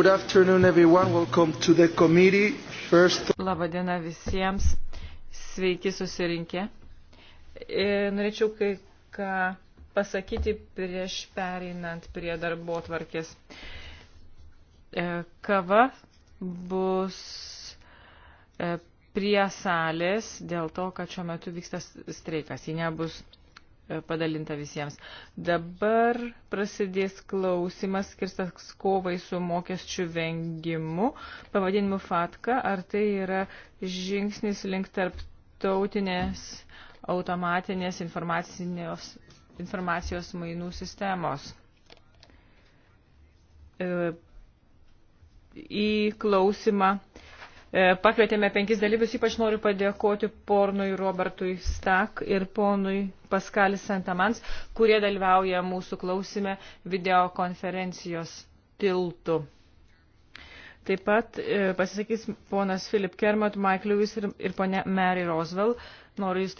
Good afternoon, everyone. Welcome to the committee. First... Labadiena visiems. Sveiki susirinkę. E, norėčiau kai ką pasakyti prieš pereinant prie darbo tvarkės. E, kava bus e, prie salės dėl to, kad šiuo metu vyksta streikas. Ji nebus padalinta visiems. Dabar prasidės klausimas skirtas kovai su mokesčių vengimu, pavadinimu FATKA, ar tai yra žingsnis link tarptautinės automatinės informacijos, informacijos mainų sistemos. E, į klausimą E, pakvietėme penkis dalyvius, ypač noriu padėkoti pornui Robertui Stak ir ponui Paskalis Santamans, kurie dalyvauja mūsų klausime videokonferencijos tiltų. Taip pat e, pasisakys ponas Philip Kermot, Mike Lewis ir, ir ponia Mary Roswell. Noriu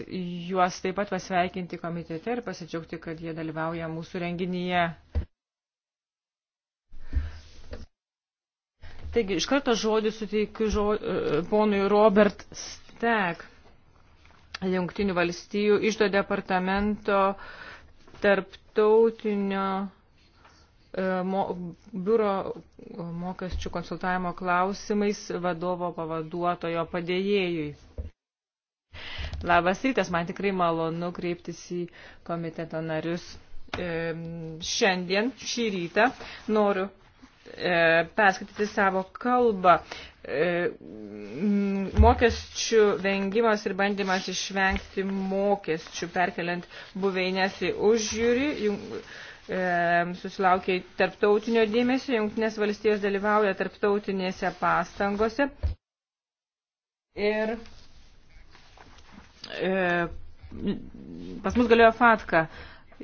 juos taip pat pasveikinti komitete ir pasidžiaugti, kad jie dalyvauja mūsų renginyje. Taigi, iš karto žodį suteikiu žo, e, ponui Robert Stack, Jungtinių valstijų išdo departamento tarptautinio e, mo, biuro mokesčių konsultavimo klausimais vadovo pavaduotojo padėjėjui. Labas rytas, man tikrai malonu kreiptis į komiteto narius. E, šiandien, šį rytą, noriu E, perskaityti savo kalbą. E, mokesčių vengimas ir bandymas išvengti mokesčių perkeliant buveinės į užjūrį e, susilaukė tarptautinio dėmesio, jungtinės valstijos dalyvauja tarptautinėse pastangose. Ir e, pas mus galėjo fatka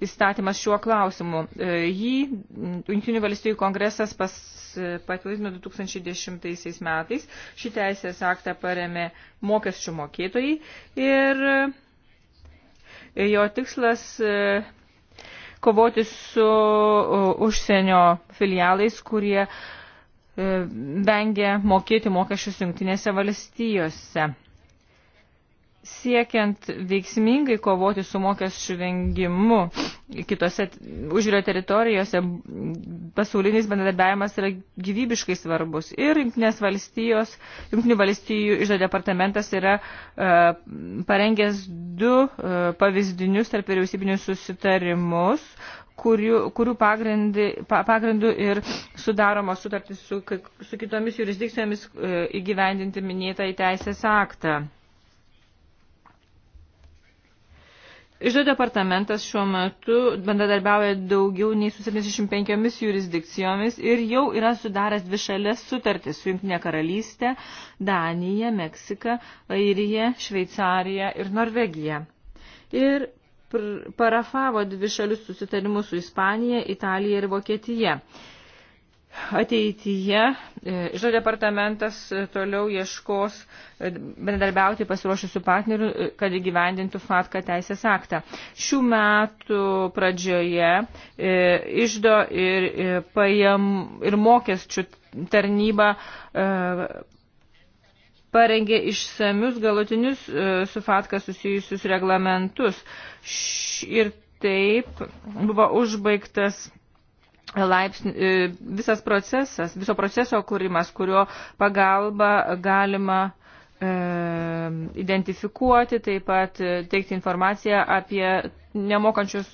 įstatymas šiuo klausimu. E, jį Junktinių valstybių kongresas pas, e, patvirtino 2010 metais. Šį teisės aktą paremė mokesčių mokėtojai ir e, jo tikslas kovoti su užsienio filialais, kurie vengia mokėti mokesčius Junktinėse valstijose siekiant veiksmingai kovoti su mokesčių vengimu kitose užžiūrio teritorijose, pasaulinis bendradarbiavimas yra gyvybiškai svarbus. Ir Junktinės valstijos, Junktinių valstijų iždo departamentas yra uh, parengęs du uh, pavyzdinius tarp vyriausybinius susitarimus, kurių, kurių pagrindų ir sudaromos sutartys su, su kitomis jurisdikcijomis e, įgyvendinti minėtą į teisės aktą. Iždo departamentas šiuo metu bendradarbiauja daugiau nei su 75 jurisdikcijomis ir jau yra sudaręs dvi šalės sutartis su Junktinė karalystė, Danija, Meksika, Airija, Šveicarija ir Norvegija. Ir parafavo dvi šalius susitarimus su Ispanija, Italija ir Vokietija ateityje žodžio e, departamentas e, toliau ieškos e, bendarbiauti pasiruošusių partnerių, kad įgyvendintų FATKA teisės aktą. Šių metų pradžioje išdo ir, pajam, ir mokesčių tarnyba parengė išsamius galutinius su FATKA susijusius reglamentus. Ir taip buvo užbaigtas laipsnių, e, visas procesas, viso proceso kūrimas, kurio pagalba galima e, identifikuoti, taip pat e, teikti informaciją apie nemokančius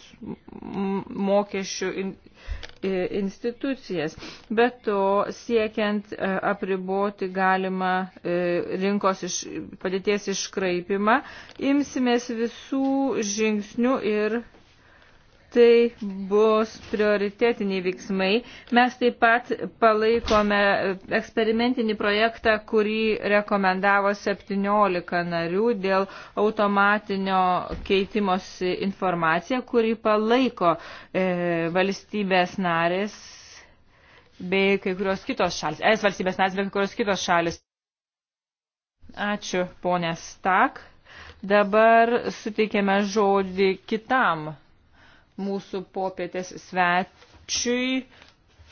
mokesčių in, institucijas. Be to, siekiant e, apriboti galimą rinkos iš, padėties iškraipimą, imsimės visų žingsnių ir tai bus prioritetiniai veiksmai. Mes taip pat palaikome eksperimentinį projektą, kurį rekomendavo 17 narių dėl automatinio keitimosi informacija, kurį palaiko e, valstybės narės bei kai kurios kitos šalis. Es valstybės narės bei kai kurios kitos šalis. Ačiū, ponė Stak. Dabar suteikėme žodį kitam mūsų popietės svečiui,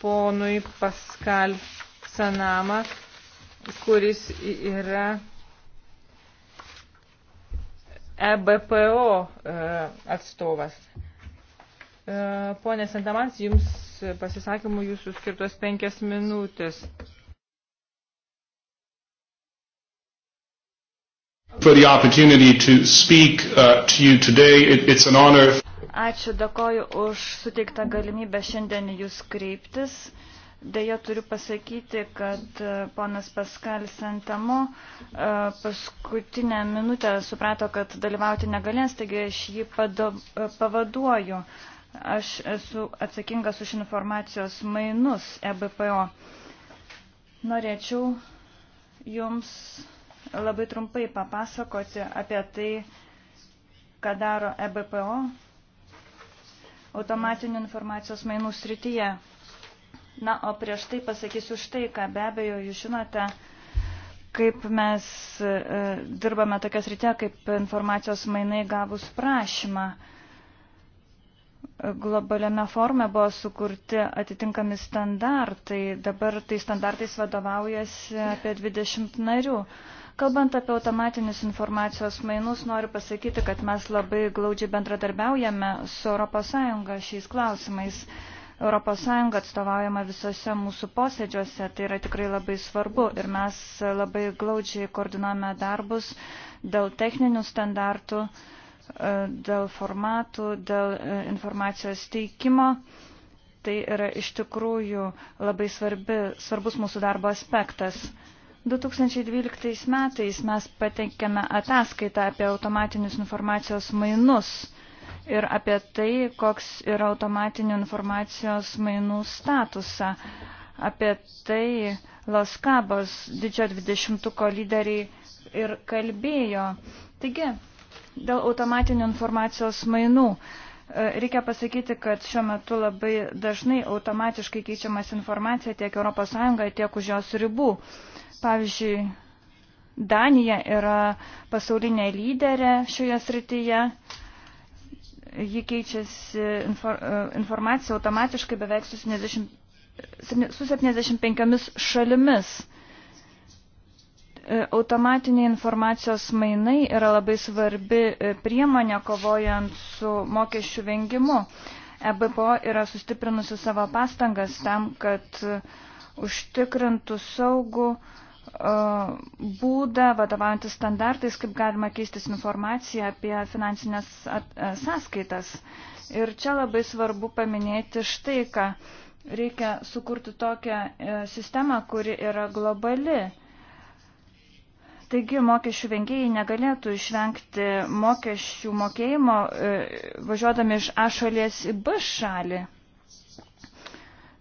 ponui Paskal Sanama, kuris yra EBPO e, atstovas. E, pone Santamans, jums pasisakymų jūsų skirtos penkias minutės. For the opportunity to speak uh, to you today, it, it's an honor. Ačiū, dėkoju už suteiktą galimybę šiandien jūs kreiptis. Deja, turiu pasakyti, kad e, ponas Paskal Sentamo e, paskutinę minutę suprato, kad dalyvauti negalės, taigi aš jį pado, e, pavaduoju. Aš esu atsakingas už informacijos mainus EBPO. Norėčiau Jums labai trumpai papasakoti apie tai, ką daro EBPO automatinių informacijos mainų srityje. Na, o prieš tai pasakysiu štai, ką be abejo jūs žinote, kaip mes e, dirbame tokias rytė, kaip informacijos mainai gavus prašymą. Globaliame forme buvo sukurti atitinkami standartai, dabar tai standartais vadovaujasi apie 20 narių. Kalbant apie automatinius informacijos mainus, noriu pasakyti, kad mes labai glaudžiai bendradarbiaujame su ES šiais klausimais. ES atstovaujama visose mūsų posėdžiuose, tai yra tikrai labai svarbu ir mes labai glaudžiai koordinuojame darbus dėl techninių standartų, e, dėl formatų, dėl e, informacijos teikimo. Tai yra iš tikrųjų labai svarbi, svarbus mūsų darbo aspektas. 2012 metais mes pateikėme ataskaitą apie automatinius informacijos mainus ir apie tai, koks yra automatinių informacijos mainų statusą. Apie tai Los Cabos didžio 20-ko lyderiai ir kalbėjo. Taigi, dėl automatinių informacijos mainų. E, reikia pasakyti, kad šiuo metu labai dažnai automatiškai keičiamas informacija tiek ES, tiek už jos ribų. Uh, Pavyzdžiui, Danija yra pasaulinė lyderė šioje srityje. Ji keičiasi e, informacija automatiškai beveik su 70 su 75 šalimis. E, automatiniai informacijos mainai yra labai svarbi e, priemonė kovojant su mokesčių vengimu. EBPO yra sustiprinusi savo pastangas tam, kad užtikrintų saugų uh, būdą, vadovaujantis standartais, kaip galima keistis informaciją apie finansinės sąskaitas. Ir čia labai svarbu paminėti štai, ką reikia sukurti tokią e, sistemą, kuri yra globali. Taigi mokesčių vengėjai negalėtų išvengti mokesčių mokėjimo e, važiuodami iš A šalies į B šalį.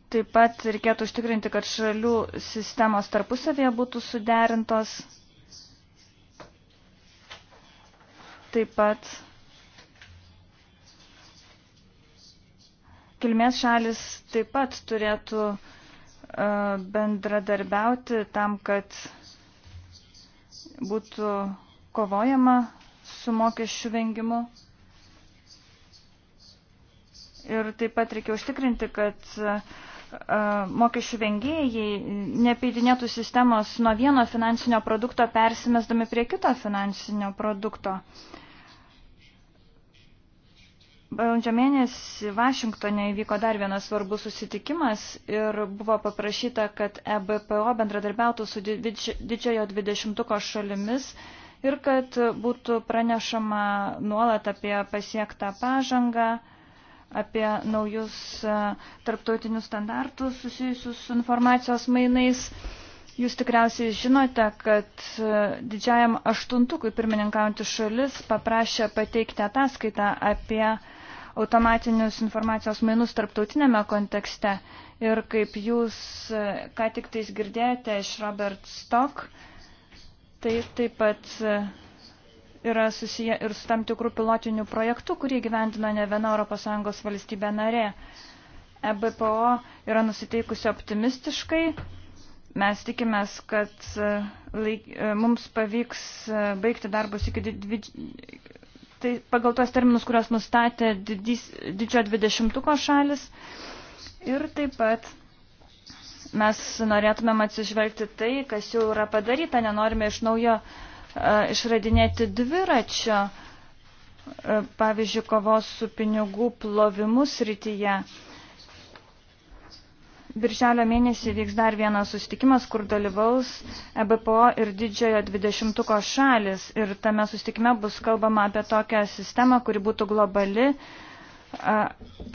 Taip pat reikėtų užtikrinti, kad šalių sistemos tarpusavėje būtų suderintos. Taip pat kilmės šalis taip pat turėtų uh, bendradarbiauti tam, kad būtų kovojama su mokesčių vengimu. Ir taip pat reikia užtikrinti, kad uh, mokesčių vengėjai nepeidinėtų sistemos nuo vieno finansinio produkto persimesdami prie kito finansinio produkto. Balandžio mėnesį Vašingtonė įvyko dar vienas svarbus susitikimas ir buvo paprašyta, kad EBPO bendradarbiautų su didžiojo dvidešimtuko šalimis ir kad būtų pranešama nuolat apie pasiektą pažangą apie naujus e, tarptautinius standartus susijusius su informacijos mainais. Jūs tikriausiai žinote, kad e, didžiajam aštuntukui pirmininkaujantį šalis paprašė pateikti ataskaitą apie automatinius informacijos mainus tarptautinėme kontekste. Ir kaip jūs e, ką tik tais girdėjote iš Robert Stock, tai taip pat yra susiję ir su tam tikrų pilotinių projektų, kurį gyventina ne viena ES valstybė narė. EBPO yra nusiteikusi optimistiškai. Mes tikimės, kad e, laik, e, mums pavyks e, baigti darbus iki dvidž... tai pagal tuos terminus, kuriuos nustatė didys, didžio dvidešimtuko šalis. Ir taip pat mes norėtumėm atsižvelgti tai, kas jau yra padaryta, nenorime iš naujo uh, išradinėti dviračio, pavyzdžiui, kovos su pinigų plovimu srityje. Birželio mėnesį vyks dar vienas susitikimas, kur dalyvaus EBPO ir didžiojo 20-ko šalis. Ir tame susitikime bus kalbama apie tokią sistemą, kuri būtų globali,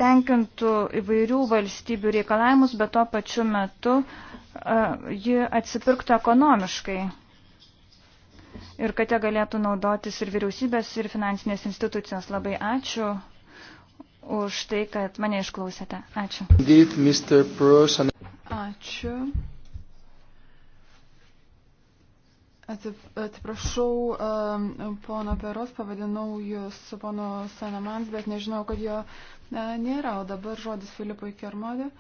tenkintų įvairių valstybių reikalavimus, bet tuo pačiu metu ji atsipirktų ekonomiškai ir kad jie galėtų naudotis ir vyriausybės, ir finansinės institucijos. Labai ačiū už tai, kad mane išklausėte. Ačiū. Ačiū. Atsiprašau, um, pono Peros, pavadinau jūs pono Sanamans, bet nežinau, kad jo e, nėra. O dabar žodis Filipui Kermodė,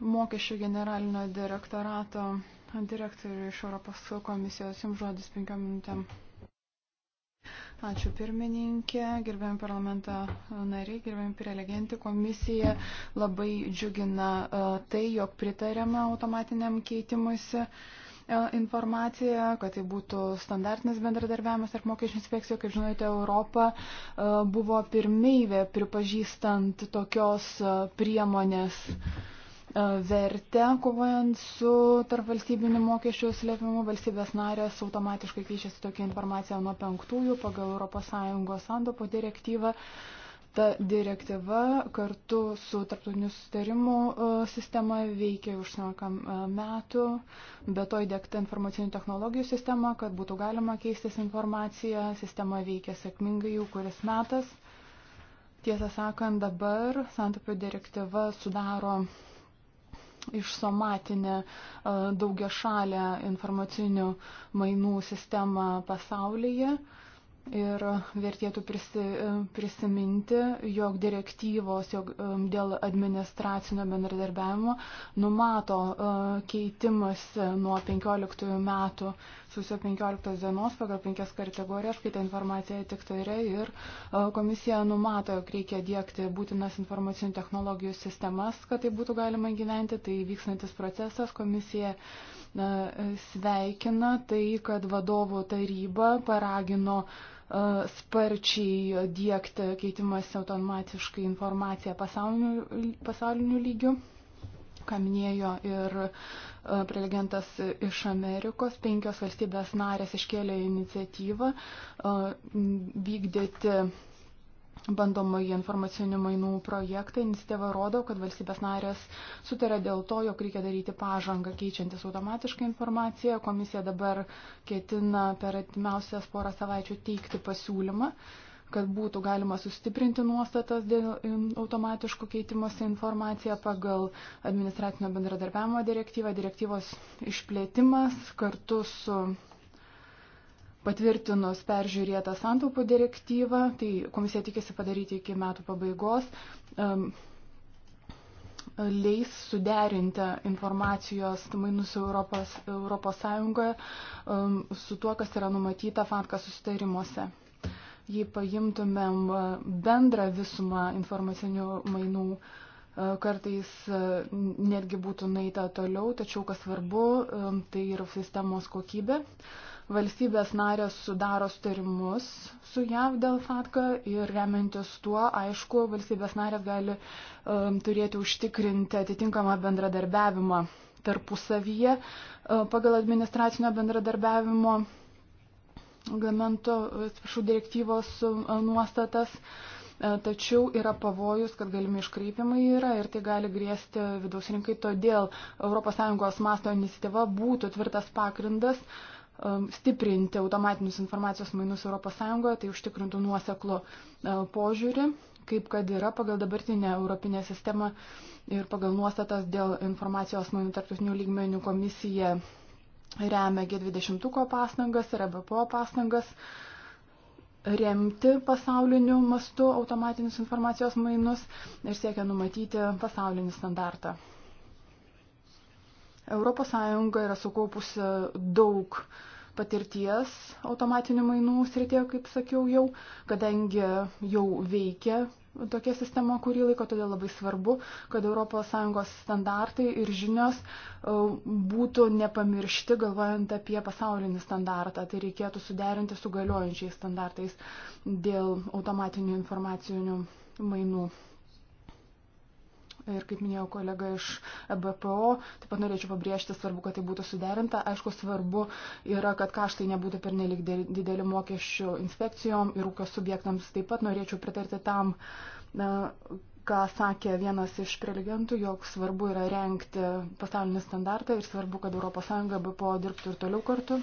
mokesčių generalinio direktorato direktoriui iš Europos komisijos. Jums žodis penkiom minutėm. Ačiū pirmininkė, gerbėjom parlamento nariai, gerbėjom prelegentį. Komisija labai džiugina e, tai, jog pritarėme automatiniam keitimuisi e, informaciją, kad tai būtų standartinis bendradarbiavimas tarp mokesčių inspekcijų. Kaip žinote, Europa e, buvo pirmeivė pripažįstant tokios priemonės. Mhm E, vertę kovojant su tarpvalstybiniu mokesčių slėpimu. Valstybės narės automatiškai keičiasi tokia informacija nuo penktųjų pagal ES sandopo direktyvą. Ta direktyva kartu su tarptautiniu sustarimu e, sistema veikia už 18 e, metų, be to įdėkta informacinių technologijų sistema, kad būtų galima keistis informaciją. Sistema veikia sėkmingai jau kuris metas. Tiesą sakant, dabar santopio direktyva sudaro išsomatinę e, daugia šalę informacinių mainų sistemą pasaulyje. Ir vertėtų prisi, prisiminti, jog direktyvos jog, dėl administracinio bendradarbiavimo numato e, keitimas nuo 15 metų susio 15 dienos pagal penkias kategorijas, kai ta informacija tik tai yra ir e, komisija numato, jog reikia dėkti būtinas informacinių technologijų sistemas, kad tai būtų galima gyventi. Tai vykstantis procesas komisija e, sveikina tai, kad vadovų taryba paragino uh, sparčiai dėkti keitimas automatiškai informaciją pasauliniu, pasauliniu lygiu ką minėjo ir e, prelegentas iš Amerikos, penkios valstybės narės iškėlė iniciatyvą e, vykdyti bandomai informacinių mainų projektai. Iniciatyva rodo, kad valstybės narės sutarė dėl to, jog reikia daryti pažangą keičiantis automatiškai informaciją. Komisija dabar ketina per atimiausias porą savaičių teikti pasiūlymą kad būtų galima sustiprinti nuostatas dėl automatiško keitimosi informacija pagal administracinio bendradarbiavimo direktyvą, direktyvos išplėtimas kartu su patvirtinus peržiūrėtą santaupų direktyvą, tai komisija tikisi padaryti iki metų pabaigos, leis suderinti informacijos mainus Europos, Europos Sąjungoje su tuo, kas yra numatyta FATKA susitarimuose. Jei paimtumėm bendrą visumą informacinių mainų, e, kartais e, netgi būtų naita toliau, tačiau kas svarbu, e, tai yra sistemos kokybė valstybės narės sudaro sutarimus su JAV dėl FATKA ir remiantis tuo, aišku, valstybės narės gali um, turėti užtikrinti atitinkamą bendradarbiavimą tarpusavyje um, pagal administracinio bendradarbiavimo gamento, atsiprašau, direktyvos um, nuostatas. Uh, tačiau yra pavojus, kad galimi iškreipimai yra ir tai gali grėsti vidaus rinkai. Todėl ES masto iniciatyva būtų tvirtas pagrindas uh, Um, stiprinti automatinius informacijos mainus ES, tai užtikrintų nuoseklų e, požiūrį, kaip kad yra pagal dabartinę Europinę sistemą ir pagal nuostatas dėl informacijos mainų tarptautinių lygmenių komisija remia G20 pastangas ir ABPO e pastangas remti pasauliniu mastu automatinius informacijos mainus ir siekia numatyti pasaulinį standartą. ES yra sukaupusi daug uh, patirties automatinių mainų srityje, kaip sakiau jau, kadangi jau veikia tokia sistema kurį laiką, todėl labai svarbu, kad ES standartai ir žinios e, būtų nepamiršti, galvojant apie pasaulinį standartą. Tai reikėtų suderinti su galiojančiais standartais dėl automatinių informacinių mainų. Ir kaip minėjau kolega iš e BPO, taip pat norėčiau pabrėžti, svarbu, kad tai būtų suderinta. Aišku, svarbu yra, kad kaštai nebūtų pernelik dideli mokesčių inspekcijom ir ūkio subjektams. Taip pat norėčiau pritarti tam, na, ką sakė vienas iš prelegentų, jog svarbu yra renkti pasaulinį standartą ir svarbu, kad ES e BPO dirbtų ir toliau kartu.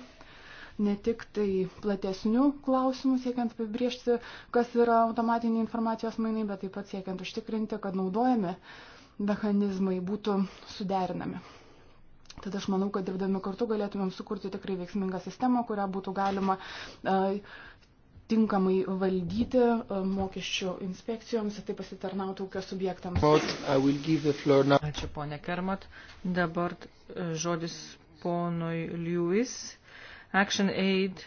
Ne tik tai platesnių klausimų siekiant apibriežti, kas yra automatiniai informacijos mainai, bet taip pat siekiant užtikrinti, kad naudojami uh, mechanizmai būtų suderinami. Tad aš manau, kad dirbdami kartu galėtumėm sukurti tikrai veiksmingą sistemą, kurią būtų galima e, tinkamai valdyti e, mokesčių inspekcijoms ir tai pasitarnauti ūkio subjektams. Ačiū, ponė Kermat. Dabar e, žodis ponui Lewis. Action Aid,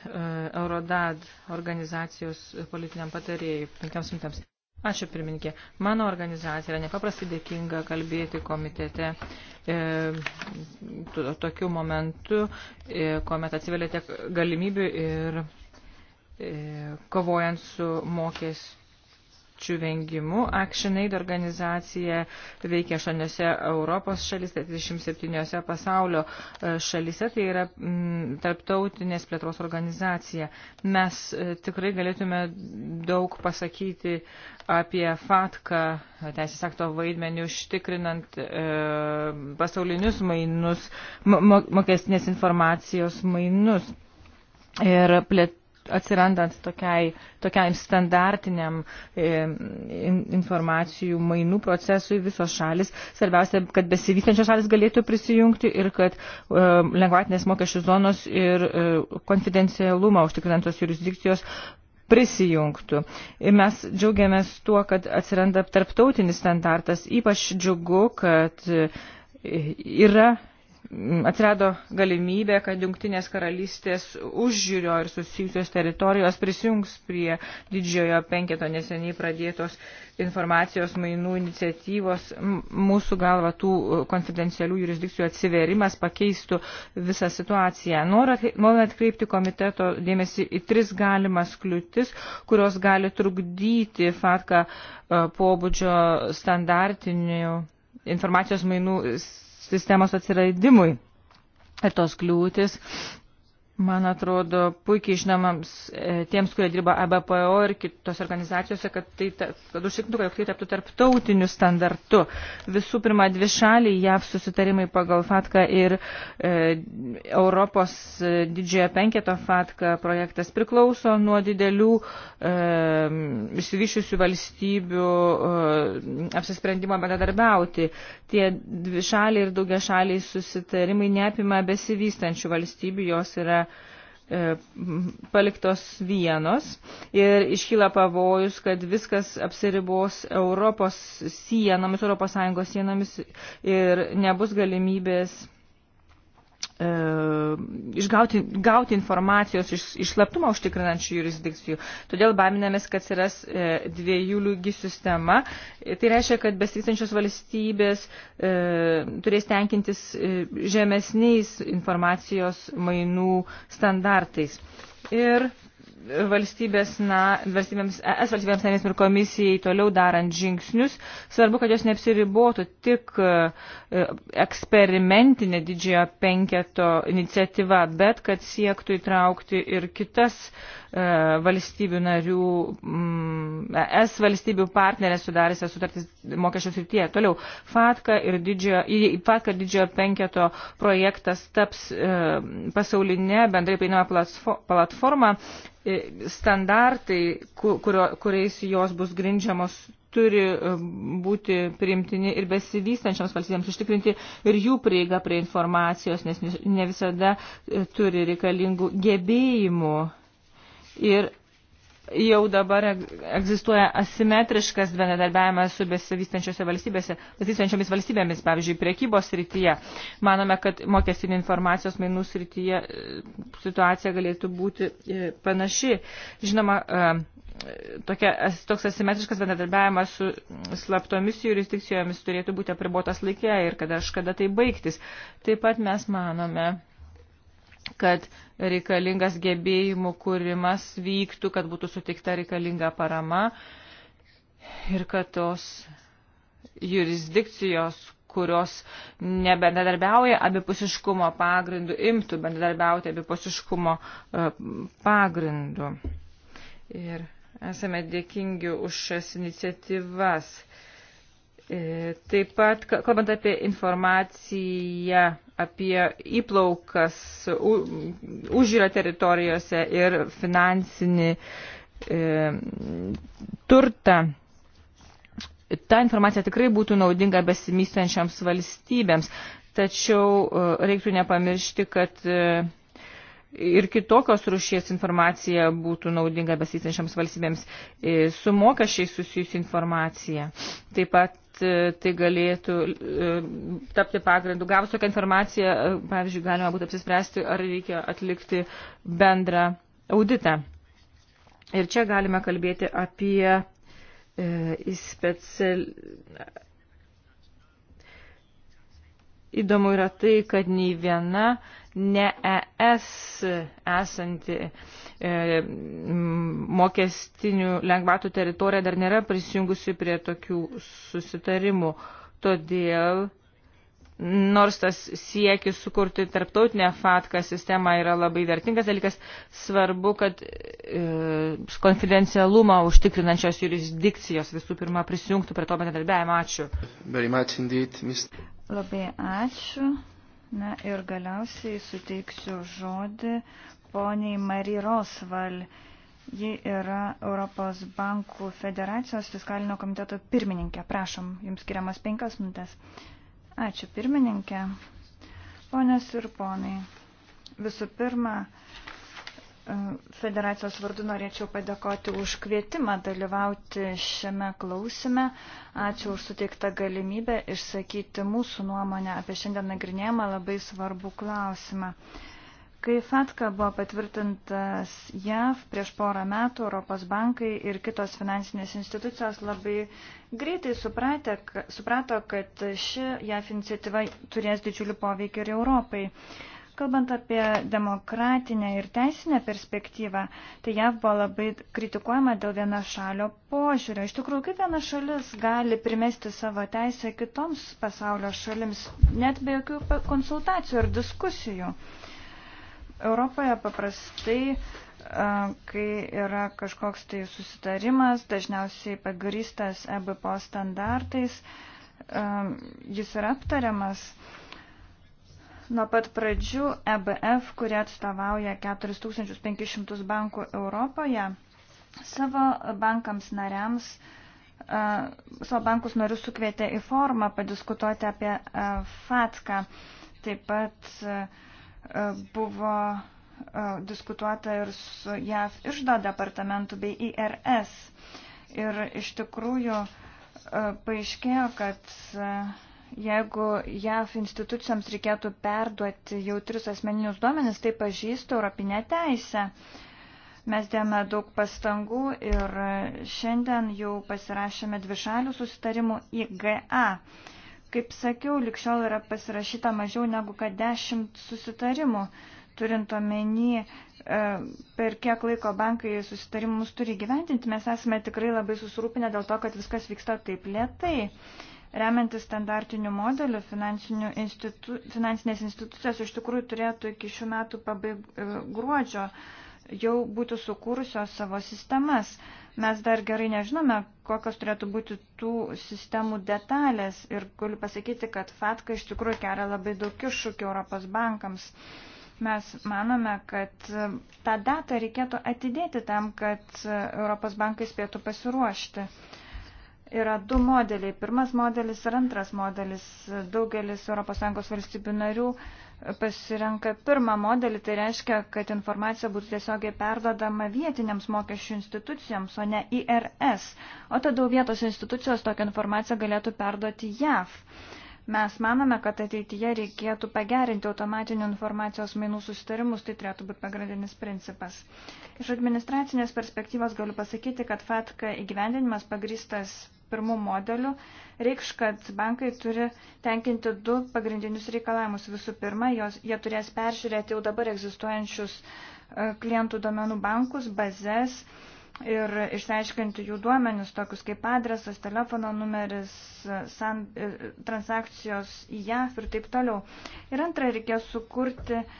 Eurodad organizacijos politiniam patarėjai. Penkiams minutėms. Ačiū pirmininkė. Mano organizacija yra nepaprastai dėkinga kalbėti komitete e, tokiu momentu, e, kuomet atsivelėte galimybių ir e, kovojant su mokesčiu mokesčių vengimu. ActionAid organizacija veikia 8 Europos šalise, 37 pasaulio e, šalise, tai yra m, mm, tarptautinės plėtros organizacija. Mes e, tikrai galėtume daug pasakyti apie FATKA teisės akto vaidmenį užtikrinant e, pasaulinius mainus, mo, mokestinės informacijos mainus. Ir plėt, atsirandant tokiai, tokiam standartiniam e, informacijų mainų procesui visos šalis. Svarbiausia, kad besivystančios šalis galėtų prisijungti ir kad e, lengvatinės mokesčių zonos ir e, konfidencialumą užtikrinantos jurisdikcijos prisijungtų. Ir mes džiaugiamės tuo, kad atsiranda tarptautinis standartas. Ypač džiugu, kad e, yra atsirado galimybė, kad jungtinės karalystės užžiūrio ir susijusios teritorijos prisijungs prie didžiojo penketo neseniai pradėtos informacijos mainų iniciatyvos. Mūsų galva tų e, konfidencialių jurisdikcijų atsiverimas pakeistų visą situaciją. Noriu atkreipti komiteto dėmesį į tris galimas kliūtis, kurios gali trukdyti fatka e, pobūdžio standartinių informacijos mainų sistemos atsiradimui. Ir tos kliūtis Man atrodo, puikiai žinomams e, tiems, kurie dirba ABPO ir kitos organizacijose, kad, tai, kad užsikrintų, kad tai taptų tarptautiniu standartu. Visų pirma, dvi šaliai JAV susitarimai pagal FATKA ir e, Europos e, didžiojo penketo FATKA projektas priklauso nuo didelių e, išsivyšiusių valstybių e, apsisprendimo bendradarbiauti. Tie dvi šaliai ir daugia šaliai susitarimai neapima besivystančių valstybių, jos yra E, paliktos vienos ir iškyla pavojus, kad viskas apsiribos Europos sienomis, ES sienomis ir nebus galimybės E, išgauti gauti informacijos iš, iš slaptumą užtikrinančių jurisdikcijų. Todėl baiminamės, kad atsiras e, dviejų lygių sistema. E, tai reiškia, kad besistančios valstybės e, turės tenkintis e, žemesniais informacijos mainų standartais. Ir valstybės na, valstybėms, es valstybėms narėms ir komisijai toliau darant žingsnius. Svarbu, kad jos neapsiribotų tik e, eksperimentinė didžiojo penketo iniciatyva, bet kad siektų įtraukti ir kitas e, valstybių narių, mm, es valstybių partnerės sudarėse sutartis mokesčių srityje. Toliau, FATKA ir didžiojo, FATKA didžiojo penketo projektas taps e, pasaulinė bendrai prieinama platforma E, standartai, kurio, kuriais jos bus grindžiamos, turi e, būti priimtini ir besivystančiams valstybėms užtikrinti ir jų prieigą prie informacijos, nes ne visada e, turi reikalingų gebėjimų. Ir jau dabar egzistuoja asimetriškas bendradarbiavimas su besivystančiomis valstybėmis, pavyzdžiui, priekybos srityje. Manome, kad mokestinių informacijos mainų srityje e, situacija galėtų būti e, panaši. Žinoma, e, tokia, toks asimetriškas bendradarbiavimas su slaptomis jurisdikcijomis turėtų būti apribotas laikė ir kada aš kada tai baigtis. Taip pat mes manome, kad reikalingas gebėjimų kūrimas vyktų, kad būtų sutikta reikalinga parama ir kad tos jurisdikcijos, kurios nebendradarbiauja abipusiškumo pagrindu, imtų bendradarbiauti abipusiškumo e, pagrindu. Ir esame dėkingi už šias iniciatyvas. E, taip pat, kalbant apie informaciją, apie įplaukas užyra teritorijose ir finansinį e, turtą, ta informacija tikrai būtų naudinga besimystančiams valstybėms. Tačiau e, reiktų nepamiršti, kad e, ir kitokios rušies informacija būtų naudinga besistančiams valstybėms su mokesčiai susijusi informacija. Taip pat E, tai galėtų e, tapti pagrindu. Gavus tokią informaciją, e, pavyzdžiui, galima būtų apsispręsti, ar reikia atlikti bendrą auditą. Ir čia galime kalbėti apie special, Įdomu yra tai, kad nei viena ne ES esanti e, mokestinių lengvatų teritorija dar nėra prisijungusi prie tokių susitarimų. Todėl nors tas siekis sukurti tarptautinę fatką sistemą yra labai vertingas dalykas, svarbu, kad e, konfidencialumą užtikrinančios jurisdikcijos visų pirma prisijungtų prie to bendradarbiavimo. Ačiū. Indeed, labai ačiū. Na ir galiausiai suteiksiu žodį poniai Mari Rosval. Ji yra Europos bankų federacijos fiskalinio komiteto pirmininkė. Prašom, jums skiriamas penkias minutės. Uh, Ačiū pirmininkė. Ponės ir ponai, visų pirma, e, federacijos vardu norėčiau padėkoti už kvietimą dalyvauti šiame klausime. Ačiū už suteiktą galimybę išsakyti mūsų nuomonę apie šiandien nagrinėjimą labai svarbų klausimą. Kai FATKA buvo patvirtintas JAV prieš porą metų, Europos bankai ir kitos finansinės institucijos labai greitai supratė, suprato, kad ši JAV iniciatyva turės didžiulį poveikį ir Europai. Kalbant apie demokratinę ir teisinę perspektyvą, tai JAV buvo labai kritikuojama dėl viena šalio požiūrio. Iš tikrųjų, kaip viena šalis gali primesti savo teisę kitoms pasaulio šalims, net be jokių konsultacijų ar diskusijų. Uh, Europoje paprastai, kai yra kažkoks tai susitarimas, dažniausiai pagrystas EBPO standartais, jis yra aptariamas. Nuo pat pradžių EBF, kurie atstovauja 4500 bankų Europoje, savo bankams nariams, savo bankus norius sukvietė į formą padiskutuoti apie FATKą. Taip pat uh, E, buvo e, diskutuota ir su JAV išdo departamentu bei IRS. Ir iš tikrųjų e, paaiškėjo, kad jeigu JAV institucijoms reikėtų perduoti jautrius asmeninius duomenis, tai pažįsta Europinę teisę. Mes dėjome daug pastangų ir šiandien jau pasirašėme dvišalių susitarimų IGA. GA Kaip sakiau, likščiol yra pasirašyta mažiau negu kad dešimt susitarimų, turint omeny, e, per kiek laiko bankai susitarimus turi gyventinti. Mes esame tikrai labai susirūpinę dėl to, kad viskas vyksta taip lietai. Remiantis standartiniu modeliu, institu, finansinės institucijos iš tikrųjų turėtų iki šių metų pabaig, e, gruodžio jau būtų sukūrusios savo sistemas. Mes dar gerai nežinome, kokios turėtų būti tų sistemų detalės ir galiu pasakyti, kad FATKA iš tikrųjų kelia labai daug iššūkių Europos bankams. Mes manome, kad e, tą datą reikėtų atidėti tam, kad e, Europos bankai spėtų pasiruošti. Yra du modeliai. Pirmas modelis ir antras modelis. Daugelis ES valstybių narių uh, pasirenka pirmą modelį, tai reiškia, kad informacija būtų tiesiogiai perdodama vietiniams mokesčių institucijoms, o ne IRS. O tada vietos institucijos tokią informaciją galėtų perduoti JAV. Mes manome, kad ateityje reikėtų pagerinti automatinių informacijos mainų susitarimus, tai turėtų būti pagrindinis principas. Iš administracinės perspektyvos galiu pasakyti, kad FATKA įgyvendinimas pagristas pirmų modelių reikš, kad bankai turi tenkinti du pagrindinius reikalavimus. Visų pirma, jos, jie turės peržiūrėti jau dabar egzistuojančius e, klientų duomenų bankus, bazės ir išsiaiškinti jų duomenis, tokius kaip adresas, telefono numeris, e, san, e, transakcijos į JAF ir taip toliau. Ir antra, reikės sukurti uh,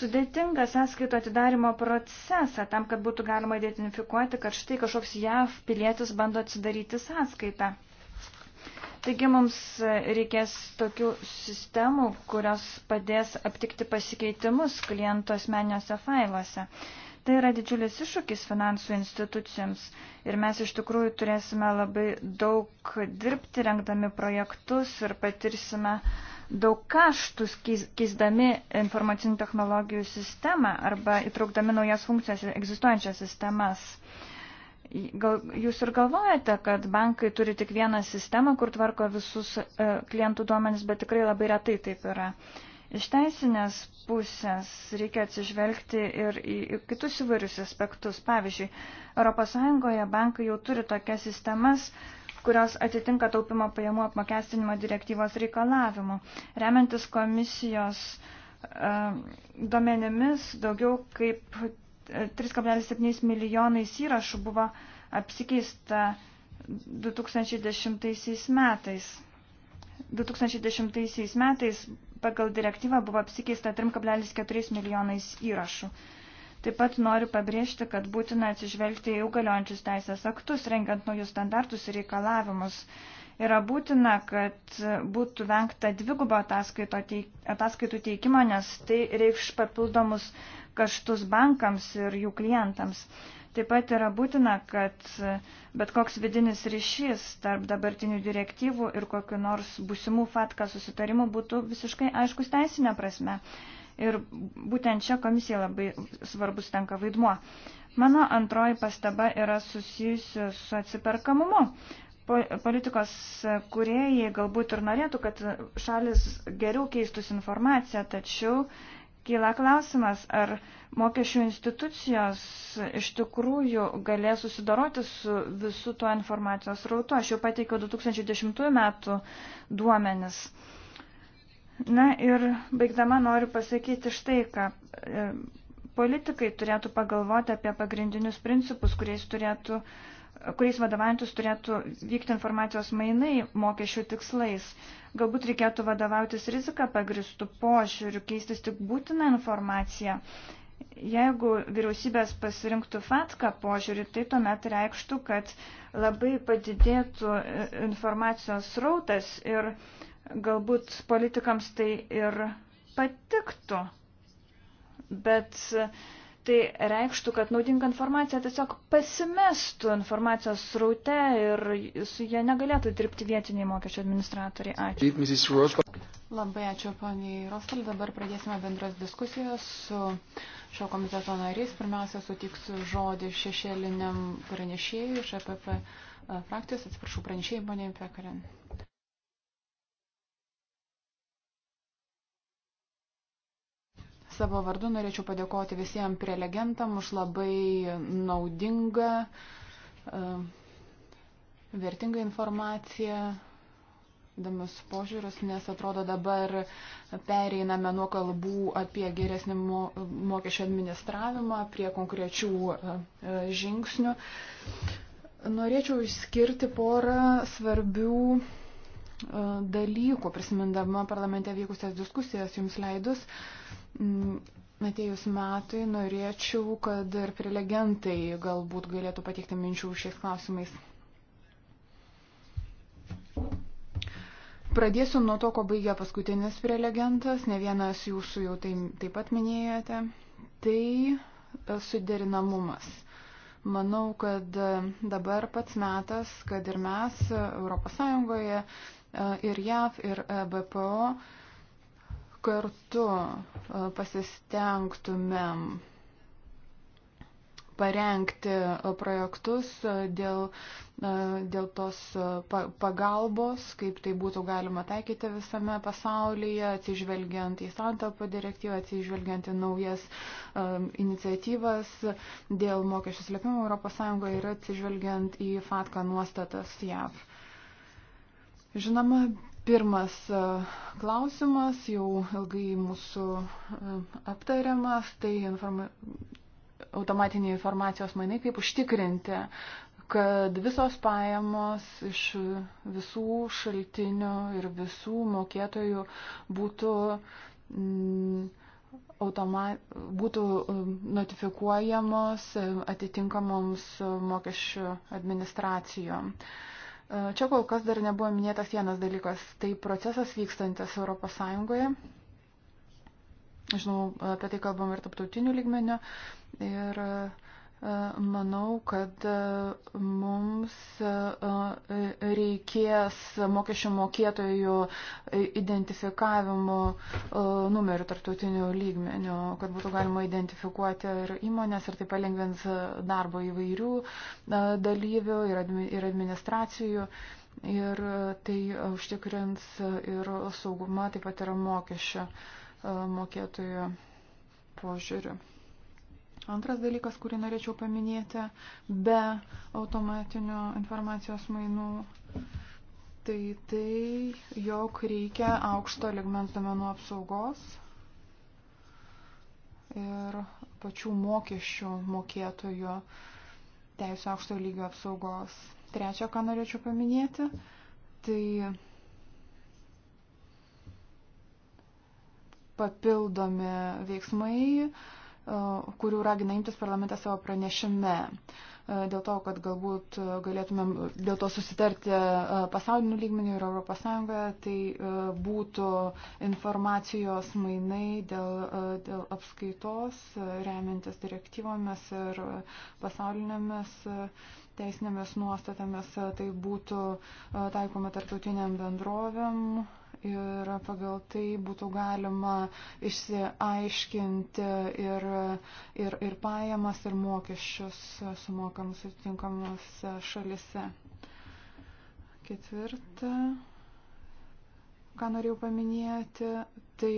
sudėtingą sąskaito atidarimo procesą tam, kad būtų galima identifikuoti, kad štai kažkoks JAV pilietis bando atsidaryti sąskaitą. Taigi mums reikės tokių sistemų, kurios padės aptikti pasikeitimus kliento asmeniuose failuose. Tai yra didžiulis iššūkis finansų institucijoms ir mes iš tikrųjų turėsime labai daug dirbti, rengdami projektus ir patirsime uh, daug kaštų keisdami informacinių technologijų sistemą arba įtraukdami naujas funkcijas į egzistuojančias sistemas. Gal, jūs ir galvojate, kad bankai turi tik vieną sistemą, kur tvarko visus e, klientų duomenis, bet tikrai labai retai taip yra. Iš teisinės pusės reikia atsižvelgti ir į, į kitus įvairius aspektus. Pavyzdžiui, ES bankai jau turi tokias sistemas, e, kurios atitinka taupimo pajamų apmokestinimo direktyvos reikalavimu. Remiantis komisijos e, duomenimis, daugiau kaip 3,7 e, milijonais įrašų buvo apsikeista 2010 metais. 2010 metais pagal direktyvą buvo apsikeista 3,4 milijonais įrašų. Taip pat noriu pabrėžti, kad būtina atsižvelgti jau galiojančius teisės aktus, rengiant naujus standartus ir reikalavimus. Yra būtina, kad būtų vengta dvigubo ataskaitų teikimo, nes tai reikš papildomus kaštus bankams ir jų klientams. Taip pat yra būtina, kad bet koks vidinis ryšys tarp dabartinių direktyvų ir kokiu nors būsimų fatka susitarimų būtų visiškai aiškus teisinė prasme. Ir būtent čia komisija labai svarbus tenka vaidmuo. Mano antroji pastaba yra susijusi su atsiperkamumu. Politikos kuriejai galbūt ir norėtų, kad šalis geriau keistųsi informaciją, tačiau kyla klausimas, ar mokesčių institucijos iš tikrųjų galės susidoroti su visu tuo informacijos rautu. Aš jau pateikiau 2010 metų duomenis. Na ir baigdama noriu pasakyti štai, ką e, politikai turėtų pagalvoti apie pagrindinius principus, kuriais, turėtų, kuriais vadovantis turėtų vykti informacijos mainai mokesčių tikslais. Galbūt reikėtų vadovautis riziką pagristų požiūrių, keistis tik būtiną informaciją. Jeigu vyriausybės pasirinktų fatką požiūrį, tai tuomet reikštų, kad labai padidėtų e, informacijos srautas ir uh, Galbūt politikams tai ir patiktų, bet tai reikštų, kad naudinga informacija tiesiog pasimestų informacijos sraute ir su jie negalėtų dirbti vietiniai mokesčio administratoriai. Ačiū. Labai ačiū, poniai Rostal. Dabar pradėsime bendras diskusijas su šio komiteto nariais. Pirmiausia, sutiksiu žodį šešėliniam pranešėjui iš EPP e, frakcijos. Atsiprašau, pranešėjai, poniai Pekarin. Savo vardu norėčiau padėkoti visiems prelegentam už labai naudingą, e, vertingą informaciją įdomius požiūrius, nes atrodo dabar pereiname nuo kalbų apie geresnį mo mokesčio administravimą prie konkrečių e, e, žingsnių. Norėčiau išskirti porą svarbių dalykų, prisimindama parlamente vykusias diskusijas jums leidus. Uh, Mm, Atėjus metui norėčiau, kad ir prelegentai galbūt galėtų pateikti minčių šiais klausimais. Pradėsiu nuo to, ko baigė paskutinis prelegentas, ne vienas jūsų jau tai, taip pat minėjote. Tai e, suderinamumas. Manau, kad e, dabar pats metas, kad ir mes ES, e, ir JAV, ir BPO kartu e, pasistengtumėm parengti e, projektus e, dėl, dėl tos pagalbos, kaip tai būtų galima taikyti visame pasaulyje, atsižvelgiant į santapo direktyvą, atsižvelgiant į naujas um, iniciatyvas dėl mokesčių slėpimo ES ir atsižvelgiant į FATKA nuostatas JAV. Žinoma, Pirmas e, klausimas, jau ilgai mūsų e, aptariamas, tai informa automatiniai informacijos mainai, kaip užtikrinti, kad visos pajamos iš visų šaltinių ir visų mokėtojų būtų, mm, automa, būtų e, notifikuojamos atitinkamoms mokesčių administracijom. Uh, E, čia kol kas dar nebuvo minėtas vienas dalykas, tai procesas vykstantis ES. Žinau, apie tai kalbam ir taptautinių lygmenio. Ir uh, Manau, kad e, mums e, reikės mokesčių mokėtojų identifikavimo e, numerių tarptautinių lygmenių, kad būtų galima identifikuoti ir įmonės ir tai palengvins darbo įvairių dalyvių ir administracijų. Ir tai užtikrins ir saugumą, taip pat yra mokesčio mokėtojų požiūrių. Antras dalykas, kurį norėčiau paminėti, be automatinio informacijos mainų, tai tai, jog reikia aukšto ligmens domenų apsaugos ir pačių mokesčių mokėtojų teisų aukšto lygio apsaugos. Trečia, ką norėčiau paminėti, tai papildomi veiksmai, E, kurių ragina imtis parlamentas savo pranešime. E, dėl to, kad galbūt e, galėtumėm dėl to susitarti pasaulinių lygmenių ir ES, tai būtų informacijos mainai dėl, dėl apskaitos, remiantis direktyvomis ir pasaulinėmis teisinėmis nuostatomis, tai būtų taikoma tarptautiniam bendrovėm ir pagal tai būtų galima išsiaiškinti ir, ir, ir pajamas, ir mokesčius sumokamus atitinkamus šalise. Ketvirta, ką norėjau paminėti, tai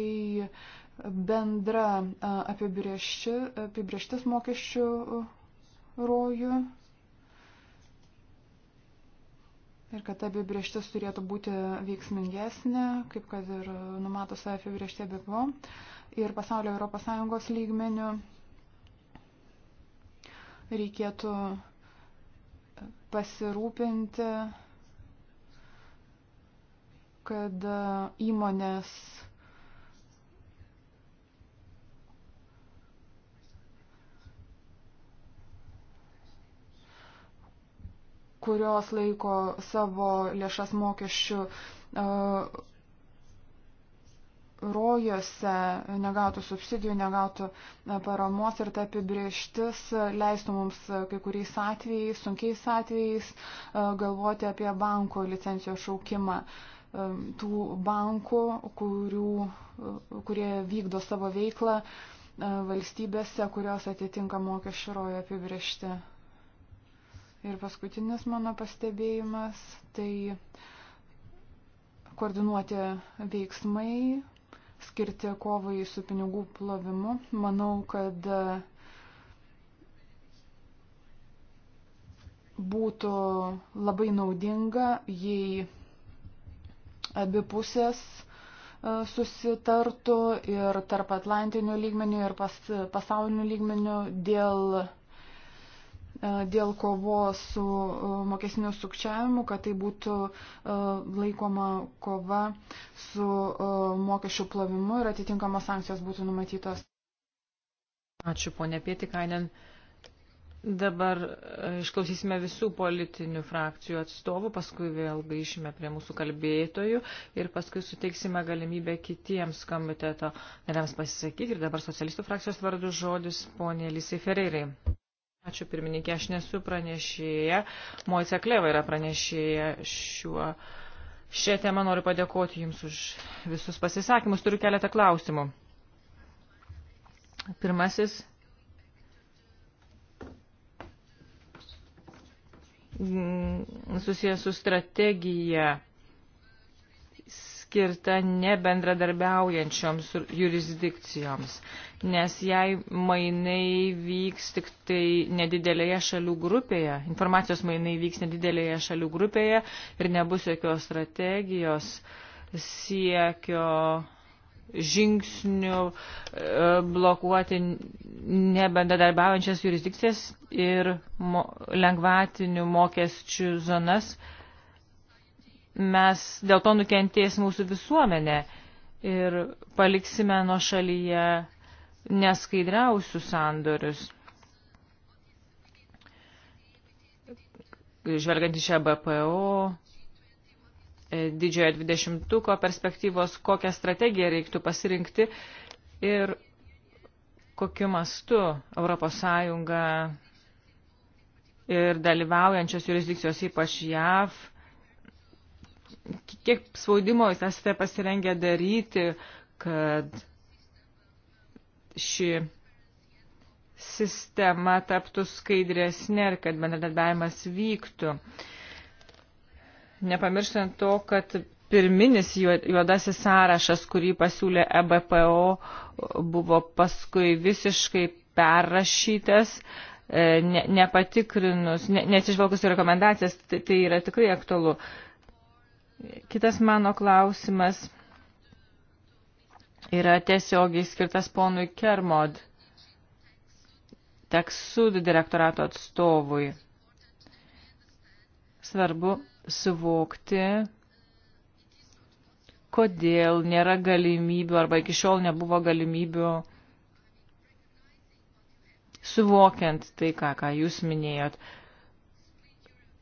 bendra apibrieštis mokesčių rojų ir kad ta apibrieštis turėtų būti veiksmingesnė, kaip kad ir numato savo apibrieštė BPO ir pasaulio Europos Sąjungos lygmenių reikėtų pasirūpinti, kad įmonės kurios laiko savo lėšas mokesčių e, rojose, negautų subsidijų, negautų e, paramos ir ta apibrieštis leistų mums e, kai kuriais atvejais, sunkiais atvejais galvoti apie banko licencijos šaukimą tų bankų, kurių, kurie vykdo savo veiklą valstybėse, kurios atitinka mokesčių rojo apibriešti. Ir paskutinis mano pastebėjimas, tai koordinuoti veiksmai skirti kovai su pinigų plovimu. Manau, kad būtų labai naudinga, jei abi pusės e, susitartų ir tarp Atlantinių lygmenių ir pas, pasaulinių lygmenių dėl E, dėl kovos su e, mokesniu sukčiavimu, kad tai būtų e, laikoma kova su mokesčių plovimu ir atitinkamos sankcijos būtų numatytos. Ačiū, ponė Pietikainen. Dabar išklausysime visų politinių frakcijų atstovų, paskui vėl grįšime prie mūsų kalbėtojų ir paskui suteiksime galimybę kitiems komiteto nariams pasisakyti. Ir dabar socialistų frakcijos vardu žodis ponė Lisai Ferreirai. Ačiū pirmininkė, aš nesu pranešėja. Moise Kleva yra pranešėja šiuo. Šią temą noriu padėkoti Jums už visus pasisakymus. Turiu keletą klausimų. Pirmasis. Mm, susijęs su strategija skirta nebendradarbiaujančioms jurisdikcijoms, nes jei mainai vyks tik tai nedidelėje šalių grupėje, informacijos mainai vyks nedidelėje šalių grupėje ir nebus jokios strategijos siekio žingsnių e, blokuoti nebendradarbiaujančias jurisdikcijas ir mo, lengvatinių mokesčių zonas mes dėl to nukentės mūsų visuomenė ir paliksime nuo šalyje neskaidriausius sandorius. Žvelgiant į šią BPO, e, didžiojo dvidešimtuko perspektyvos, kokią strategiją reiktų pasirinkti ir kokiu mastu Europos Sąjunga ir dalyvaujančios jurisdikcijos, ypač JAV, kiek spaudimo jūs esate pasirengę daryti, kad ši sistema taptų skaidresnė ir kad bendradarbiavimas vyktų. Nepamirštant to, kad pirminis juodasis sąrašas, kurį pasiūlė EBPO, buvo paskui visiškai perrašytas, e, ne, nepatikrinus, ne, nesižvelgus į rekomendacijas, tai, tai yra tikrai aktualu. E, Kitas mano klausimas yra tiesiogiai skirtas ponui Kermod, teksud direktorato atstovui. Svarbu suvokti, kodėl nėra galimybių arba iki šiol nebuvo galimybių suvokiant tai, ką, ką jūs minėjot,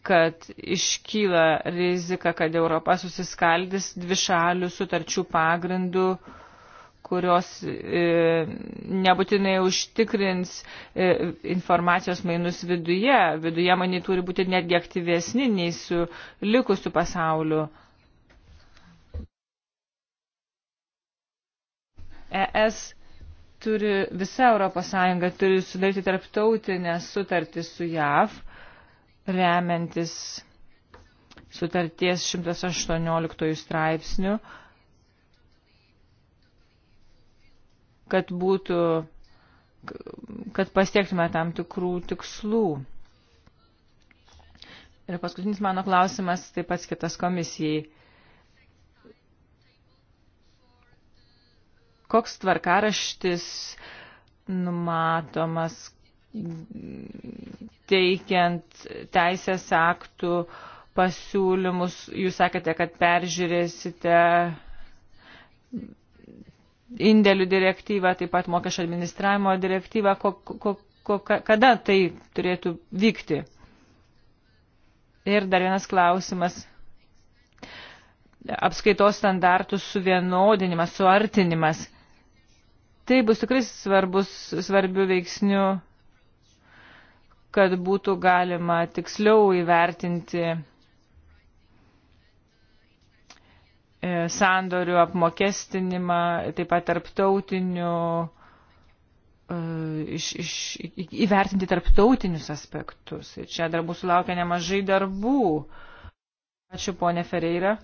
kad iškyla rizika, kad Europa susiskaldys dvišalių sutarčių pagrindų kurios e, nebūtinai užtikrins e, informacijos mainus viduje. Viduje, manai, turi būti netgi aktyvesni nei su likusiu pasauliu. ES turi, visa ES turi sudaryti tarptautinę sutartį su JAV remiantis sutarties 118 straipsnių, kad būtų, kad pasiektume tam tikrų tikslų. Ir paskutinis mano klausimas taip pat skirtas komisijai. Koks tvarkaraštis numatomas teikiant teisės aktų pasiūlymus. Jūs sakėte, kad peržiūrėsite indėlių direktyvą, taip pat mokesčio administravimo direktyvą. Ko, ko, ko, kada tai turėtų vykti? Ir dar vienas klausimas. Apskaitos standartų suvienodinimas, suartinimas. Tai bus tikrai svarbus, svarbių veiksnių kad būtų galima tiksliau įvertinti e, sandorių apmokestinimą, taip pat tarptautinių, e, iš, iš, įvertinti tarptautinius aspektus. Ir čia dar mūsų laukia nemažai darbų. Ačiū, ponė Fereira.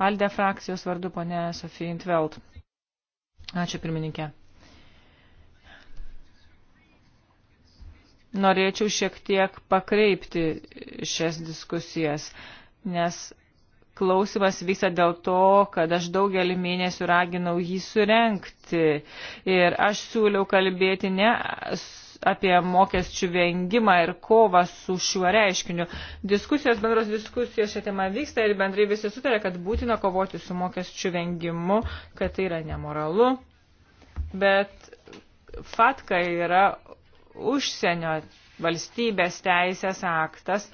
Alde frakcijos vardu, ponė Sofija Intveld. Ačiū, pirmininkė. norėčiau šiek tiek pakreipti šias diskusijas, nes klausimas vyksta dėl to, kad aš daugelį mėnesių raginau jį surenkti ir aš siūliau kalbėti ne apie mokesčių vengimą ir kovą su šiuo reiškiniu. Diskusijos, bendros diskusijos šią temą vyksta ir bendrai visi sutarė, kad būtina kovoti su mokesčių vengimu, kad tai yra nemoralu. Bet fatka yra užsienio valstybės teisės aktas,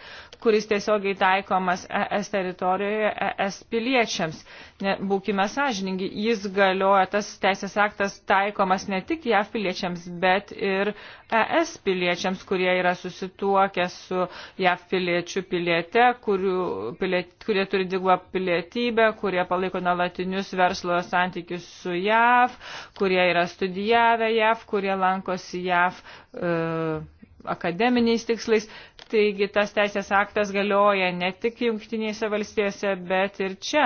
kuris tiesiogiai taikomas ES teritorijoje ES piliečiams. Ne, būkime sąžiningi, jis galioja, tas teisės aktas taikomas ne tik JAV piliečiams, bet ir ES piliečiams, kurie yra susituokę su JAV piliečių piliete, kurių, piliet, kurie turi dvigubą pilietybę, kurie palaiko nuolatinius verslo santykius su JAV, kurie yra studijavę JAV, kurie lankosi JAV. Uh, akademiniais tikslais. Taigi tas teisės aktas galioja ne tik jungtinėse valstijose, bet ir čia.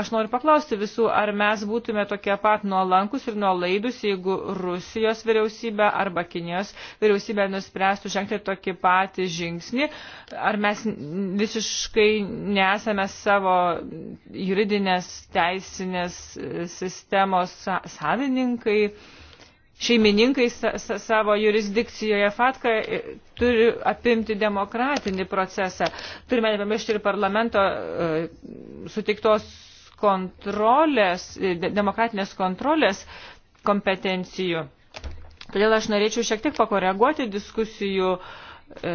Aš noriu paklausti visų, ar mes būtume tokie pat nuolankus ir nuolaidus, jeigu Rusijos vyriausybė arba Kinijos vyriausybė nuspręstų žengti tokį patį žingsnį, ar mes visiškai nesame savo juridinės teisinės sistemos savininkai. Sa šeimininkai savo jurisdikcijoje fatka e, turi apimti demokratinį procesą. Turime nepamiršti ir parlamento e, sutiktos kontrolės, e, demokratinės kontrolės kompetencijų. Todėl aš norėčiau šiek tiek pakoreguoti diskusijų, e,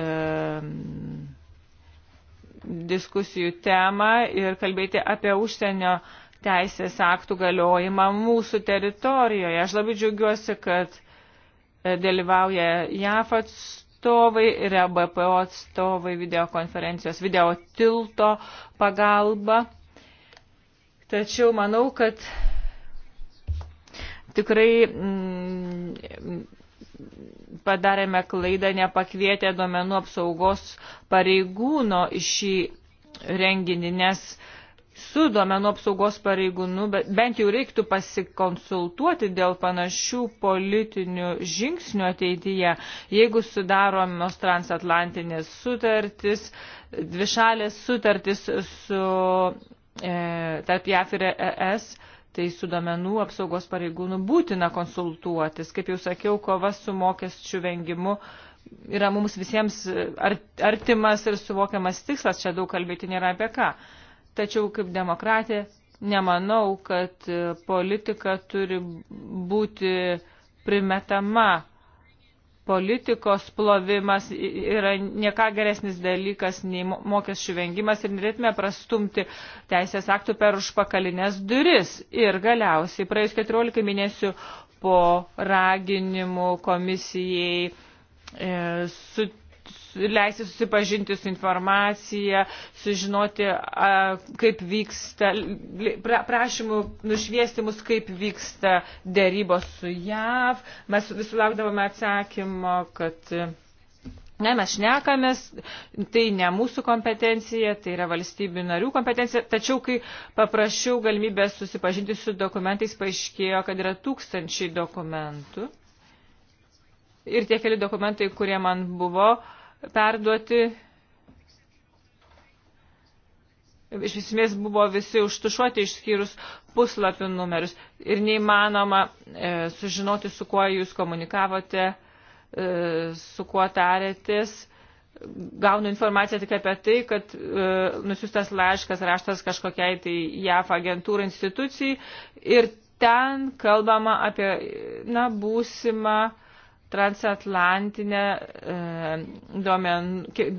diskusijų temą ir kalbėti apie užsienio e, teisės aktų galiojimą mūsų teritorijoje. Aš labai džiaugiuosi, kad e, dalyvauja JAF atstovai ir ABPO e atstovai videokonferencijos, video tilto pagalba. Tačiau manau, kad tikrai mm, padarėme klaidą nepakvietę duomenų apsaugos pareigūno šį renginį, nes uh, su duomenų apsaugos pareigūnu, bet bent jau reiktų pasikonsultuoti dėl panašių politinių žingsnių ateityje, jeigu sudaromos transatlantinės sutartis, dvišalės sutartis su e, tarp JAF ir ES. Tai su domenų apsaugos pareigūnų būtina konsultuotis. Kaip jau sakiau, kova su mokesčių vengimu yra mums visiems artimas ir suvokiamas tikslas, čia daug kalbėti nėra apie ką tačiau kaip demokratė nemanau, kad e, politika turi būti primetama. Politikos plovimas yra nieka geresnis dalykas nei mokesčių vengimas ir norėtume prastumti teisės aktų per užpakalinės duris. Ir galiausiai praėjus 14 mėnesių po raginimų komisijai e, su leisti susipažinti su informacija, sužinoti, kaip vyksta, prašymų nušviesti mus, kaip vyksta dėrybos su JAV. Mes vis laukdavome atsakymo, kad Ne, mes šnekamės, tai ne mūsų kompetencija, tai yra valstybių narių kompetencija, tačiau kai paprašiau galimybę susipažinti su dokumentais, paaiškėjo, kad yra tūkstančiai dokumentų. Ir tie keli dokumentai, kurie man buvo uh, perduoti. Iš esmės buvo visi užtušuoti išskyrus puslapių numerius ir neįmanoma e, sužinoti, su kuo jūs komunikavote, e, su kuo tarėtės. Gaunu informaciją tik apie tai, kad e, nusiustas laiškas raštas kažkokiai tai JAF agentūrų institucijai ir ten kalbama apie na, būsimą e, transatlantinę e, duomenų,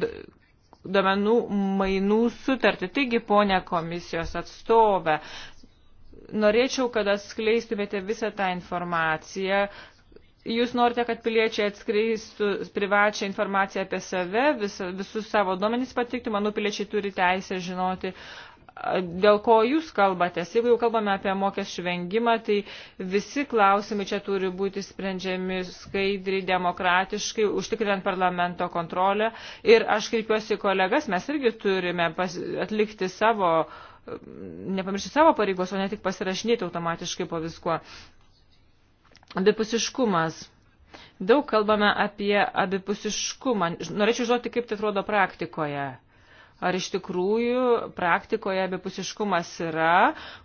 duomenų mainų sutartį. Taigi, ponia komisijos atstovė, norėčiau, kad atskleistumėte visą tą informaciją. Jūs norite, kad piliečiai atskleistų privačią informaciją apie save, vis, visus savo duomenys patiktų. Manau, piliečiai turi teisę žinoti, uh, dėl ko jūs kalbatės. Jeigu jau kalbame apie mokesčių vengimą, tai visi klausimai čia turi būti sprendžiami skaidriai, demokratiškai, užtikrinant parlamento kontrolę. Ir aš kreipiuosi kolegas, mes irgi turime pas, atlikti savo, nepamiršti savo pareigos, o ne tik pasirašinėti automatiškai po viskuo. Abipusiškumas. Daug kalbame apie abipusiškumą. Norėčiau žinoti, kaip tai atrodo praktikoje ar iš tikrųjų praktikoje abipusiškumas yra,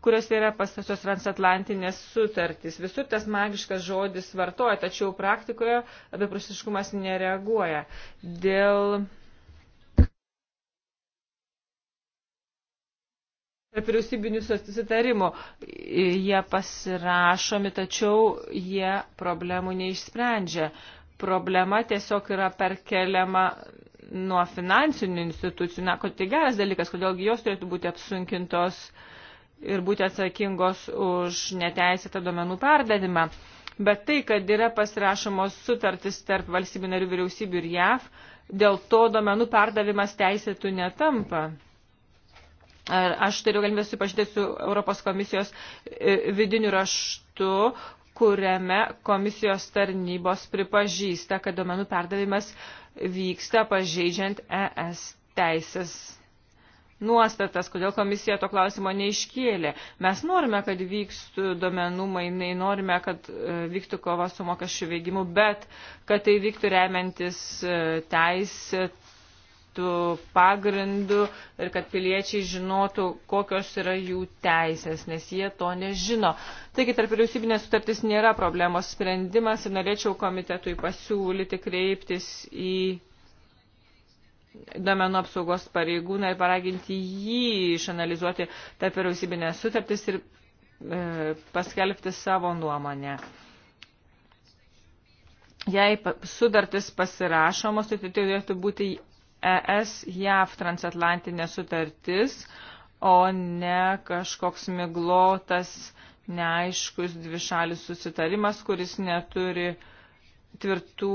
kurios yra pastačios transatlantinės sutartys. Visur tas magiškas žodis vartoja, tačiau praktikoje abipusiškumas nereaguoja. Dėl tarp vyriausybinių susitarimų jie pasirašomi, tačiau jie problemų neišsprendžia. Problema tiesiog yra perkeliama nuo finansinių institucijų, na, kad tai geras dalykas, kodėlgi jos turėtų būti apsunkintos ir būti atsakingos už neteisėtą duomenų perdavimą. Bet tai, kad yra pasirašomos sutartis tarp valstybių narių vyriausybių ir JAV, dėl to duomenų perdavimas teisėtų netampa. Ar aš turiu galimybę supažinti su Europos komisijos e, vidiniu raštu, kuriame komisijos tarnybos pripažįsta, kad duomenų perdavimas uh, vyksta pažeidžiant ES teisės nuostatas, kodėl komisija to klausimo neiškėlė. Mes norime, kad vykstų domenų mainai, norime, kad e, vyktų kova su mokesčių veigimu, bet kad tai vyktų remiantis e, teisė teisų pagrindų ir kad piliečiai žinotų, kokios yra jų teisės, nes jie to nežino. Taigi, tarp vyriausybinė sutartis nėra problemos sprendimas ir norėčiau komitetui pasiūlyti kreiptis į domenų apsaugos pareigūną ir paraginti jį išanalizuoti tarp vyriausybinės sutartis ir e, paskelbti savo nuomonę jei sudartis pasirašomos, tai turėtų būti ES-JAV transatlantinė sutartis, o ne kažkoks miglotas, neaiškus dvišalis susitarimas, kuris neturi tvirtų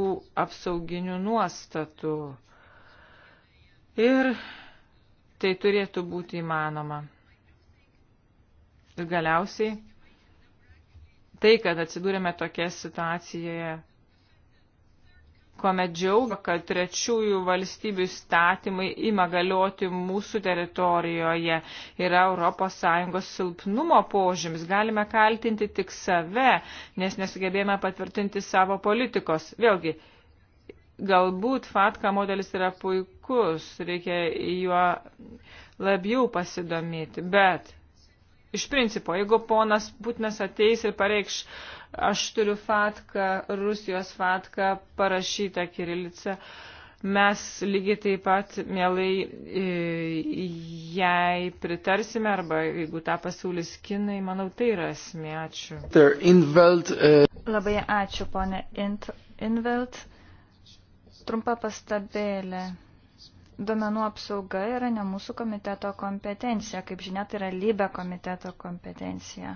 apsauginių nuostatų. Ir tai turėtų būti įmanoma. Ir galiausiai tai, kad atsidūrėme tokia situacijoje, kuomet džiaugia, kad trečiųjų valstybių statymai ima galioti mūsų teritorijoje, yra ES silpnumo požymis. Galime kaltinti tik save, nes nesugebėjome patvirtinti savo politikos. Vėlgi, galbūt FATKA modelis yra puikus, reikia juo labiau pasidomėti, bet Iš principo, jeigu ponas Putinas ateis ir pareikš, aš turiu fatką, Rusijos fatką parašytą kirilicą, mes lygiai taip pat mielai e, jai pritarsime arba jeigu tą pasiūlys kinai, manau, tai yra esmė. Ačiū. E, Labai ačiū, ponė Invelt. Trumpa pastabėlė. Duomenų apsauga yra ne mūsų komiteto kompetencija, kaip žinia, tai yra lybė komiteto kompetencija.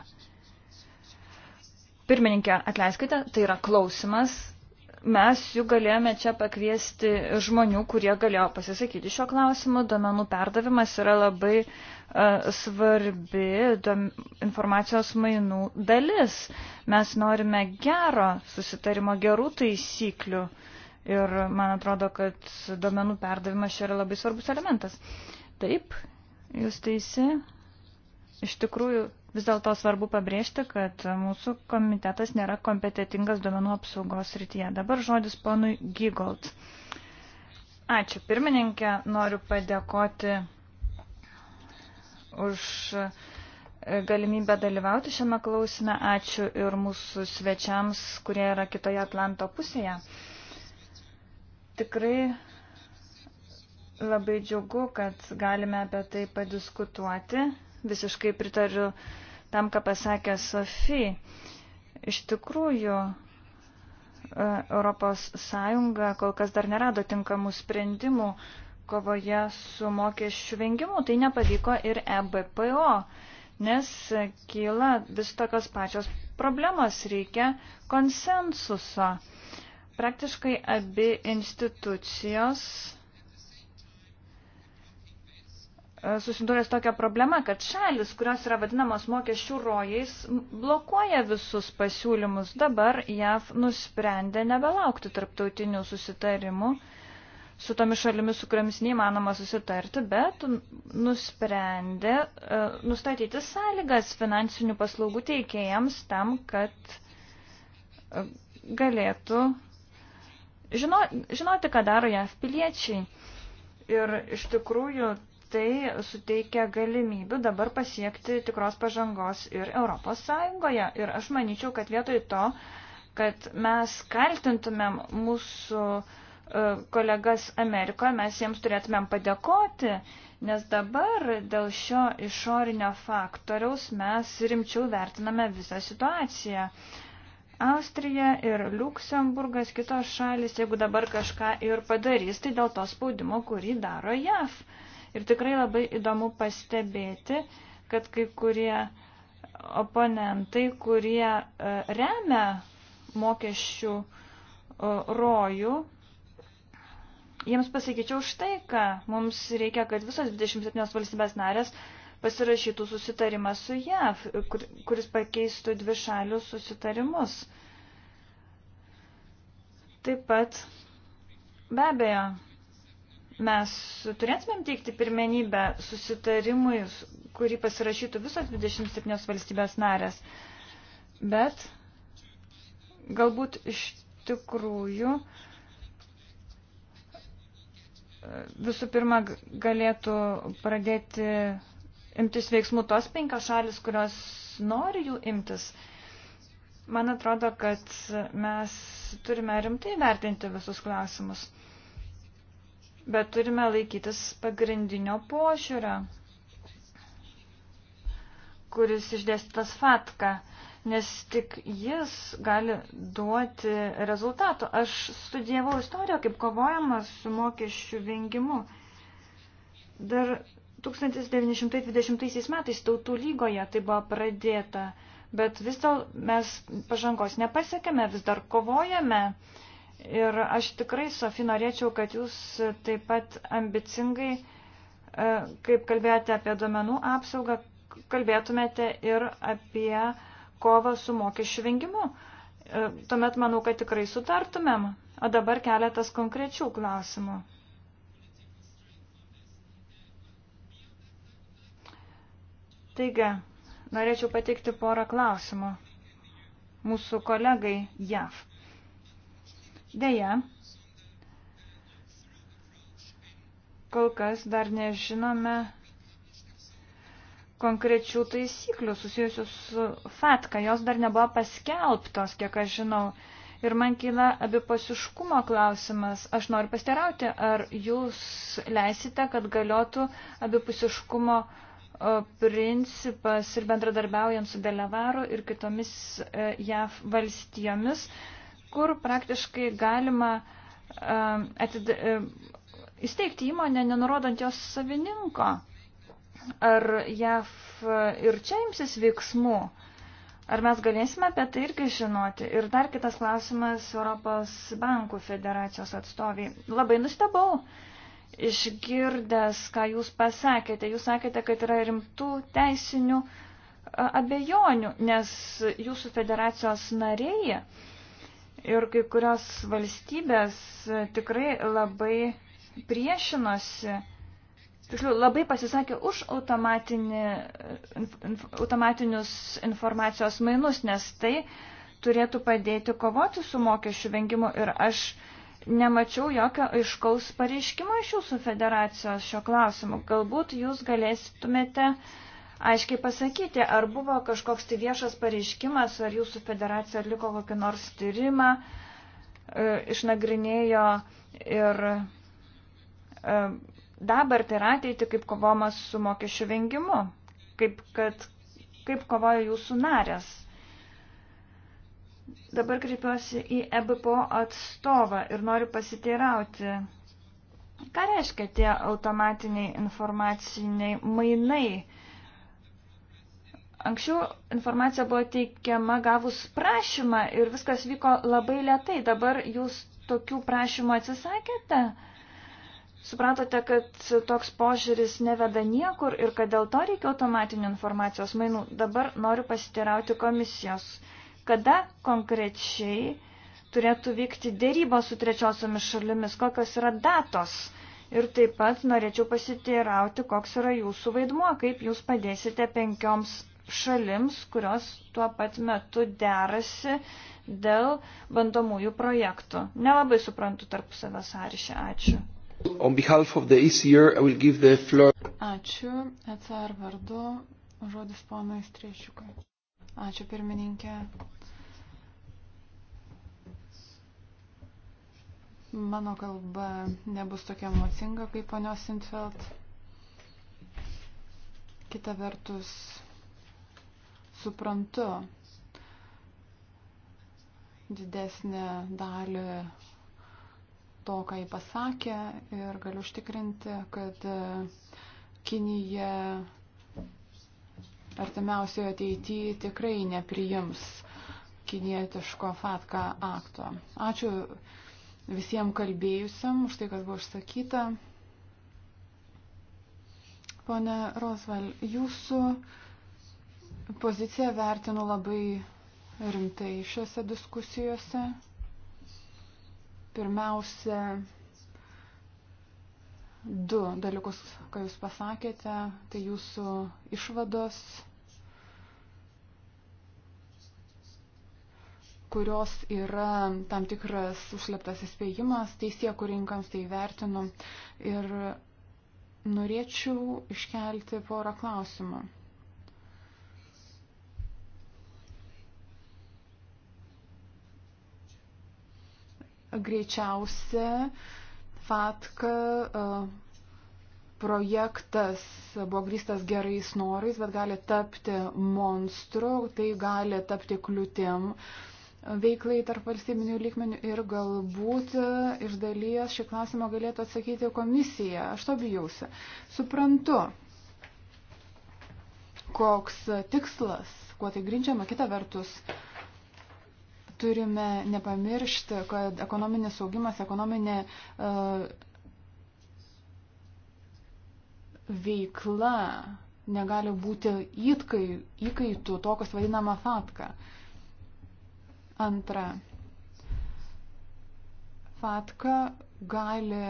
Pirmininkė, atleiskite, tai yra klausimas. Mes jų galėjome čia pakviesti žmonių, kurie galėjo pasisakyti šio klausimu. Duomenų perdavimas yra labai uh, svarbi duom, informacijos mainų dalis. Mes norime gero susitarimo, gerų taisyklių. Uh, Ir man atrodo, kad domenų perdavimas čia yra labai svarbus elementas. Taip, jūs teisi. Iš tikrųjų, vis dėlto svarbu pabrėžti, kad mūsų komitetas nėra kompetitingas domenų apsaugos rytyje. Dabar žodis ponui Gigold. Ačiū, pirmininkė. Noriu padėkoti už galimybę dalyvauti šiame klausime. Ačiū ir mūsų svečiams, kurie yra kitoje Atlanto pusėje. Tikrai labai džiugu, kad galime apie tai padiskutuoti. Visiškai pritariu tam, ką pasakė Sofija. Iš tikrųjų, ES kol kas dar nerado tinkamų sprendimų kovoje su mokesčių vengimu. Tai nepavyko ir EBPO, nes kyla vis tokios pačios problemos, reikia konsensuso praktiškai abi institucijos e, susidūrė su tokia problema, kad šalis, kurios yra vadinamos mokesčių rojais, blokuoja visus pasiūlymus. Dabar JAV nusprendė nebelaukti tarptautinių susitarimų su tomis šalimis, su kuriamis neįmanoma susitarti, bet nusprendė e, nustatyti sąlygas finansinių paslaugų teikėjams tam, kad e, galėtų žino, žinoti, ką daro JAV piliečiai. Ir iš tikrųjų tai suteikia galimybių dabar pasiekti tikros pažangos ir Europos Sąjungoje. Ir aš manyčiau, kad vietoj to, kad mes kaltintumėm mūsų e, kolegas Amerikoje, mes jiems turėtumėm padėkoti, nes dabar dėl šio išorinio faktoriaus mes rimčiau vertiname visą situaciją. Austrija ir Luksemburgas, kitos šalis, jeigu dabar kažką ir padarys, tai dėl to spaudimo, kurį daro JAV. Ir tikrai labai įdomu pastebėti, kad kai kurie oponentai, kurie e, remia mokesčių e, rojų, jiems pasakyčiau štai, ką mums reikia, kad visos 27 valstybės narės pasirašytų susitarimą su JAV, kur, kuris pakeistų dvi šalių susitarimus. Taip pat, be abejo, mes turėtumėm teikti pirmenybę susitarimui, kurį pasirašytų visos 27 valstybės narės. Bet galbūt iš tikrųjų visų pirma galėtų pradėti imtis veiksmų tos penkios šalis, kurios nori jų imtis. Man atrodo, kad mes turime rimtai vertinti visus klausimus, bet turime laikytis pagrindinio požiūrio, kuris išdėstytas fatka, nes tik jis gali duoti rezultatų. Aš studijavau istoriją, kaip kovojama su mokesčių vengimu. Dar 1920 metais tautų lygoje tai buvo pradėta, bet vis dėl mes pažangos nepasiekėme, vis dar kovojame. Ir aš tikrai, Sofi, norėčiau, kad jūs taip pat ambicingai, e, kaip kalbėjote apie duomenų apsaugą, kalbėtumėte ir apie kovą su mokesčių vengimu. E, tuomet manau, kad tikrai sutartumėm. O dabar keletas konkrečių klausimų. Taigi, norėčiau pateikti porą klausimų mūsų kolegai JAV. Deja, kol kas dar nežinome konkrečių taisyklių susijusių su FATKA. Jos dar nebuvo paskelbtos, kiek aš žinau. Ir man kyla abipasiškumo klausimas. Aš noriu pasterauti, ar jūs leisite, kad galiotų abipasiškumo klausimas principas ir bendradarbiaujant su Delevaru ir kitomis e, JAV valstijomis, kur praktiškai galima e, atid... E, įsteigti įmonę, nenurodant jos savininko. Ar JAV ir čia imsis veiksmų? Ar mes galėsime apie tai irgi žinoti? Ir dar kitas klausimas Europos bankų federacijos atstoviai. Labai nustebau išgirdęs, ką jūs pasakėte. Jūs sakėte, kad yra rimtų teisinių abejonių, nes jūsų federacijos nariai ir kai kurios valstybės tikrai labai priešinosi, tiksliau, labai pasisakė už automatinį, automatinius informacijos mainus, nes tai turėtų padėti kovoti su mokesčių vengimu ir aš uh, nemačiau jokio aiškaus pareiškimo iš jūsų federacijos šio klausimu. Galbūt jūs galėsitumėte aiškiai pasakyti, ar buvo kažkoks tai viešas pareiškimas, ar jūsų federacija atliko kokį nors tyrimą, e, išnagrinėjo ir e, dabar tai yra ateitį, kaip kovomas su mokesčių vengimu, kaip, kad, kaip kovoja jūsų narės. Dabar kreipiuosi į EBPO atstovą ir noriu pasiteirauti, ką reiškia tie automatiniai informaciniai mainai. Anksčiau informacija buvo teikiama gavus prašymą ir viskas vyko labai lietai. Dabar jūs tokių prašymų atsisakėte? Supratote, kad toks požiūris neveda niekur ir kad dėl to reikia automatinių informacijos mainų. Dabar noriu pasitirauti komisijos. Uh, Kada konkrečiai turėtų vykti dėrybos su trečiosiomis šalimis, kokios yra datos? Ir taip pat norėčiau pasiteirauti, koks yra jūsų vaidmuo, kaip jūs padėsite penkioms šalims, kurios tuo pat metu derasi dėl bandomųjų projektų. Nelabai suprantu tarpusavę sąryšę. Ačiū. ECR, Ačiū. ECR vardu žodis ponai Striešiukai. Ačiū pirmininkė. Mano kalba nebus tokia emocinga kaip ponios Sintfeld. Kita vertus, suprantu didesnę dalį to, ką jį pasakė ir galiu užtikrinti, kad Kinija artimiausioje ateityje tikrai nepriims kinietiško fatka akto. Ačiū visiems kalbėjusiam už tai, kas buvo išsakyta. Pone Rosval, jūsų poziciją vertinu labai rimtai šiuose diskusijose. Pirmiausia, du dalykus, ką Jūs pasakėte, tai Jūsų išvados, kurios yra tam tikras užsleptas įspėjimas, teisė, kur rinkams tai vertinu. Ir norėčiau iškelti porą klausimų. Greičiausia, uh, fatka e, projektas buvo grįstas gerais norais, bet gali tapti monstru, tai gali tapti kliūtim veiklai tarp valstybinių lygmenių ir galbūt iš dalies šį klausimą galėtų atsakyti komisija. Aš to bijausi. Suprantu, koks tikslas, kuo tai grindžiama, kita vertus. Uh, turime nepamiršti, kad ekonominis augimas, ekonominė uh, veikla negali būti įtkai, įkaitų to, kas vadinama fatka. Antra. Fatka gali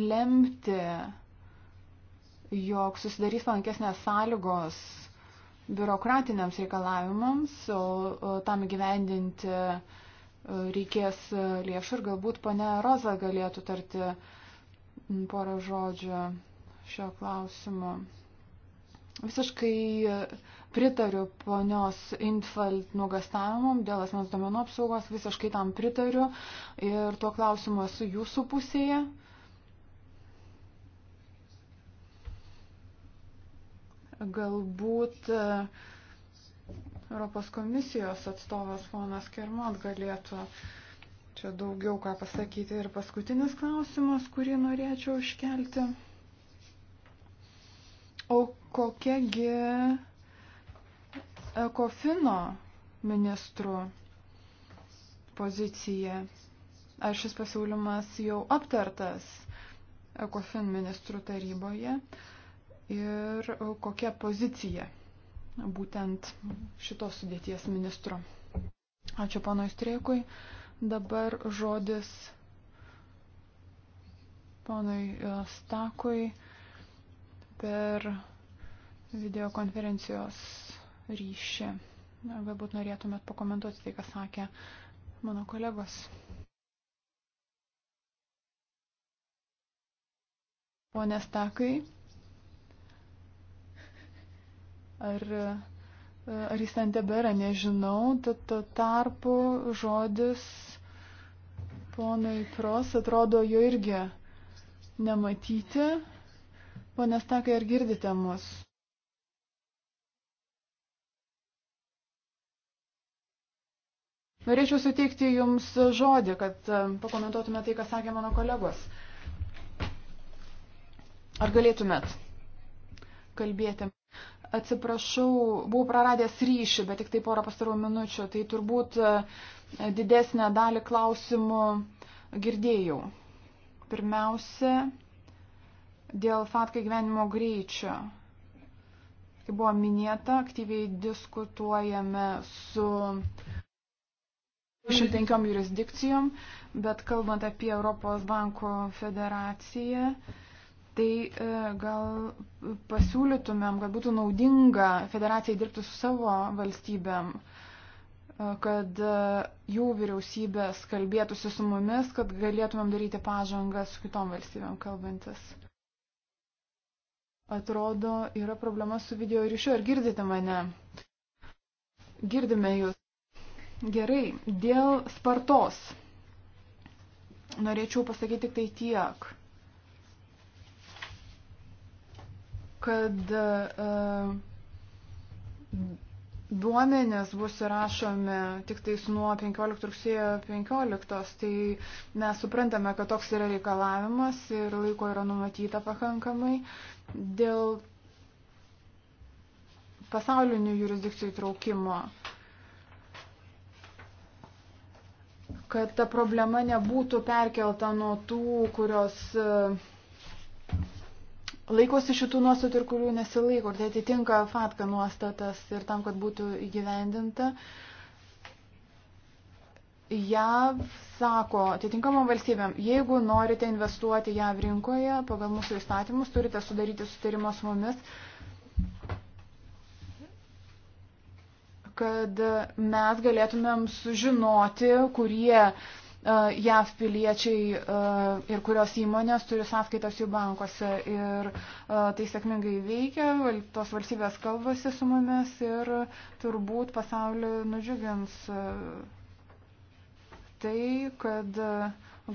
lemti, jog susidarys palankesnės sąlygos biurokratiniams reikalavimams, o tam gyvendinti e, reikės e, lėšų ir galbūt pane Roza galėtų tarti porą žodžių šio klausimu. Visiškai e, pritariu ponios Infeld nuogastavimam dėl asmens domenų apsaugos, visiškai tam pritariu ir tuo klausimu esu jūsų pusėje. Uh, Galbūt e, Europos komisijos atstovas ponas Kermont galėtų čia daugiau ką pasakyti. Ir paskutinis klausimas, kurį norėčiau iškelti. O kokiagi ekofino ministrų pozicija? Ar šis pasiūlymas jau aptartas ekofin ministrų taryboje? Uh, ir e, kokia pozicija būtent šitos sudėties ministro. Ačiū pano Istreikui. Dabar žodis ponui e, Stakui per videokonferencijos ryšį. Galbūt norėtumėt pakomentuoti tai, ką sakė mano kolegos. Pone Stakai ar, ar jis ten tebėra, nežinau. Tad tuo tarpu žodis ponai Pros atrodo jo irgi nematyti. Pone Stakai, ar girdite mus? Norėčiau suteikti Jums žodį, kad e, pakomentuotumėte tai, ką sakė mano kolegos. Ar galėtumėt kalbėti? atsiprašau, buvau praradęs ryšį, bet tik tai porą pastarų minučių, tai turbūt e, didesnę dalį klausimų girdėjau. Pirmiausia, dėl fatkai gyvenimo greičio. Kaip buvo minėta, aktyviai diskutuojame su 25 jurisdikcijom, bet kalbant apie Europos bankų federaciją, tai e, gal pasiūlytumėm, kad būtų naudinga federacijai dirbti su savo valstybėm, e, kad e, jų vyriausybės kalbėtųsi su mumis, kad galėtumėm daryti pažangą su kitom valstybėm kalbantis. Atrodo, yra problema su video ryšiu. Ar girdite mane? Girdime jūs. Gerai, dėl spartos. Norėčiau pasakyti tik tai tiek kad e, duomenės bus įrašomi tik tais nuo 15 rugsėjo 15, tai mes suprantame, kad toks yra reikalavimas ir laiko yra numatyta pakankamai. Dėl pasaulinių jurisdikcijų traukimo, kad ta problema nebūtų perkelta nuo tų, kurios uh, laikosi šitų nuostatų ir kurių nesilaiko, ir tai atitinka fatka nuostatas ir tam, kad būtų įgyvendinta. JAV sako atitinkamam valstybėm, jeigu norite investuoti JAV rinkoje pagal mūsų įstatymus, turite sudaryti sutarimą su mumis, kad mes galėtumėm sužinoti, kurie uh, E, JAV piliečiai e, ir kurios įmonės turi sąskaitas jų bankuose. Ir e, tai sėkmingai veikia, tos valstybės kalbasi su mumis ir turbūt pasaulį nudžiugins tai, kad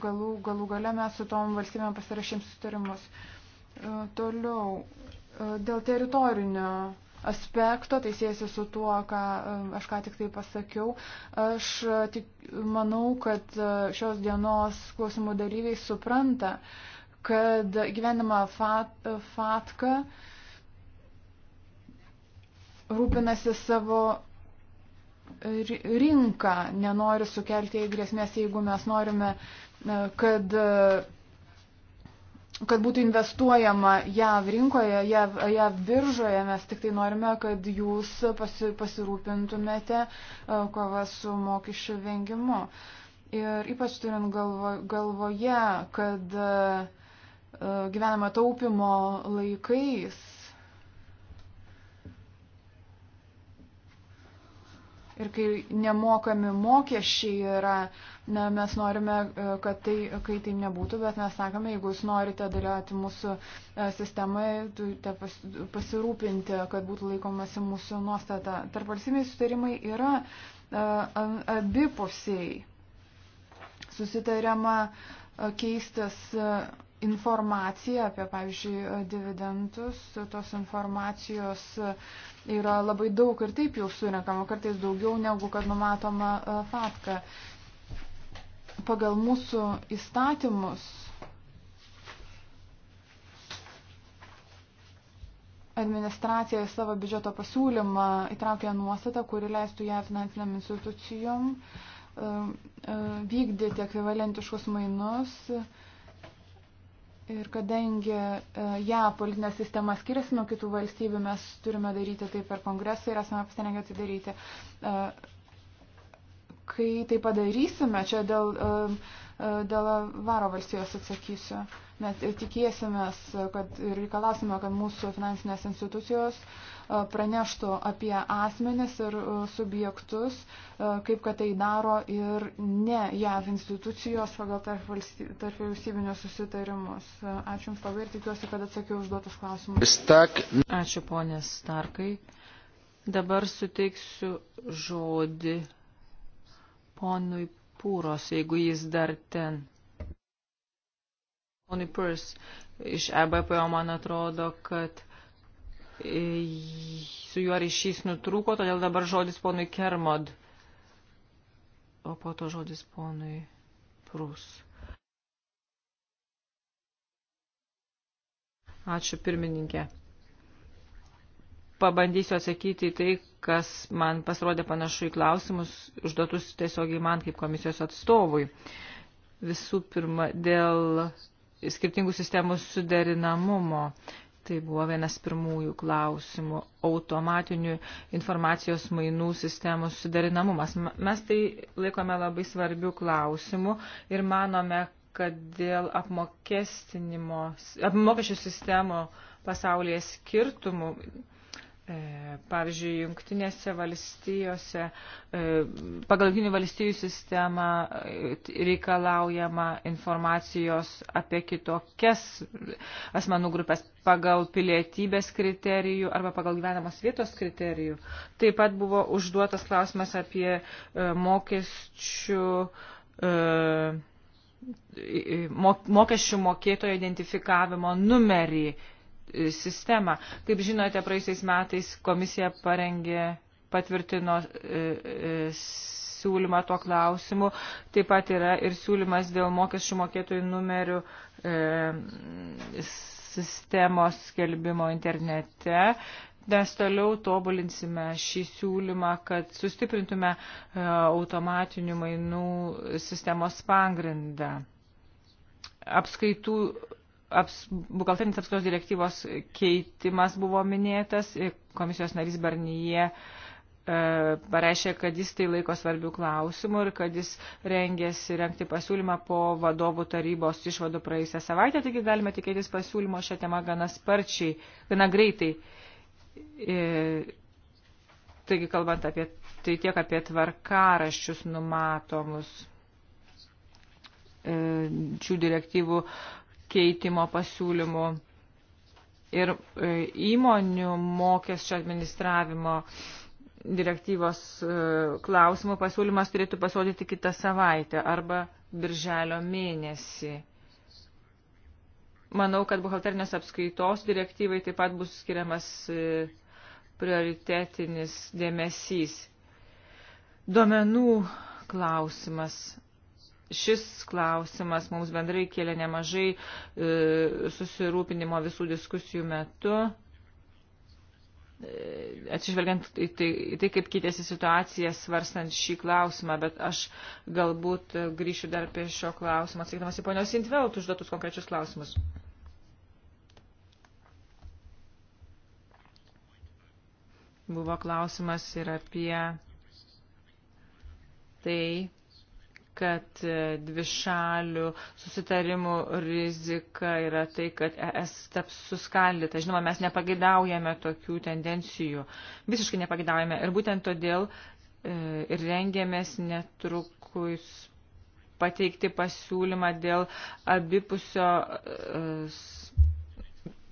galų, galų gale mes su tom valstybėm pasirašym sutarimus. Toliau, dėl teritorinio aspekto, tai siejasi su tuo, ką aš ką tik tai pasakiau. Aš tik manau, kad e, šios dienos klausimų dalyviai supranta, kad gyvenimą fat, fatka rūpinasi savo rinką, nenori sukelti grėsmės, jeigu mes norime, e, kad kad būtų investuojama JAV rinkoje, JAV, JAV biržoje, mes tik tai norime, kad jūs pasi, pasirūpintumėte e, kova su mokesčių vengimu. Ir ypač turint galvo, galvoje, kad e, gyvename taupimo laikais ir kai nemokami mokesčiai yra, na, mes norime, e, kad tai, kai tai nebūtų, bet mes sakome, jeigu jūs norite dalyvauti mūsų e, sistemai, turite pasirūpinti, kad būtų laikomasi mūsų nuostata. Tarp valstybės sutarimai yra e, abipusiai. Susitariama keistas informacija apie, pavyzdžiui, dividendus, tos informacijos yra labai daug ir taip jau surinkama, kartais daugiau negu kad numatoma e, fatka. Pagal mūsų įstatymus administracija į savo biudžeto pasiūlymą įtraukė nuostatą, kuri leistų ją finansiniam institucijom e, e, vykdyti ekvivalentiškus mainus Ir kadangi ją e, ja, politinė sistema skiriasi nuo kitų valstybių, mes turime daryti tai per kongresą ir esame pasirengę tai daryti. E, kai tai padarysime, čia dėl, e, dėl varo valstijos atsakysiu. Mes tikėsimės, kad ir reikalausime, kad mūsų finansinės institucijos e, praneštų apie asmenis ir e, subjektus, e, kaip kad tai daro ir ne JAV institucijos pagal tarp vyriausybinius susitarimus. Ačiū Jums labai ir tikiuosi, kad atsakiau užduotus klausimus. Ačiū ponė Starkai. Dabar suteiksiu žodį ponui Pūros, jeigu jis dar ten. Pony Purs iš EBPO man atrodo, kad e, su juo ryšys nutrūko, todėl dabar žodis ponui Kermod, o po to žodis ponui Prus. Ačiū pirmininkė. Pabandysiu atsakyti tai, kas man pasirodė panašu į klausimus, užduotus tiesiogiai man kaip komisijos atstovui. Visų pirma, dėl skirtingų sistemų suderinamumo. Tai buvo vienas pirmųjų klausimų - automatinių informacijos mainų sistemų suderinamumas. Mes tai laikome labai svarbių klausimų ir manome, kad dėl apmokestinimo, apmokesčių sistemo pasaulyje skirtumų E, pavyzdžiui, jungtinėse valstijose e, pagal jungtinių valstijų sistemą e, reikalaujama informacijos apie kitokias asmenų grupės pagal pilietybės kriterijų arba pagal gyvenamos vietos kriterijų. Taip pat buvo užduotas klausimas apie mokesčių mokesčių mokėtojo identifikavimo numerį sistemą. Kaip žinote, praeisiais metais komisija parengė, patvirtino e, e, siūlymą tuo klausimu. Taip pat yra ir siūlymas dėl mokesčių mokėtojų numerių e, sistemos skelbimo internete. Mes toliau tobulinsime šį siūlymą, kad sustiprintume automatinių mainų sistemos pagrindą. Apskaitų aps, bukalterinis apskaitos direktyvos keitimas buvo minėtas. Komisijos narys Barnyje e, pareiškė, kad jis tai laiko svarbių klausimų ir kad jis rengėsi renkti pasiūlymą po vadovų tarybos išvadų praėjusią savaitę, taigi galime tikėtis pasiūlymo šią temą gana sparčiai, gana greitai. E, taigi, kalbant apie tai tiek apie tvarkaraščius numatomus e, šių direktyvų keitimo pasiūlymų ir e, įmonių mokesčio administravimo direktyvos e, klausimų pasiūlymas turėtų pasiūlyti kitą savaitę arba birželio mėnesį. Manau, kad buhalterinės apskaitos direktyvai taip pat bus skiriamas e, prioritetinis dėmesys. Duomenų klausimas šis klausimas mums bendrai kėlė nemažai e, susirūpinimo visų diskusijų metu. E, atsižvelgiant į tai, į tai, kaip keitėsi situacija svarstant šį klausimą, bet aš galbūt e, grįšiu dar prie šio klausimo, atsakydamas į ponios Intvelt užduotus konkrečius klausimus. Buvo klausimas ir apie tai, kad e, dvišalių susitarimų rizika yra tai, kad ES taps suskaldyta. Žinoma, mes nepagaidaujame tokių tendencijų. Visiškai nepagaidaujame. Ir būtent todėl e, ir rengėmės netrukus pateikti pasiūlymą dėl abipusio e,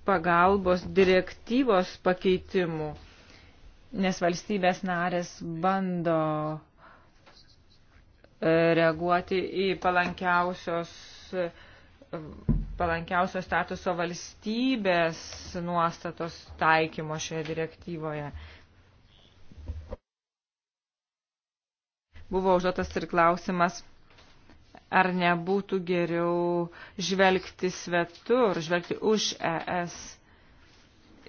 pagalbos direktyvos pakeitimų, nes valstybės narės bando reaguoti į palankiausios, palankiausios statuso valstybės nuostatos taikymo šioje direktyvoje. Buvo užduotas ir klausimas, ar nebūtų geriau žvelgti svetur, žvelgti už ES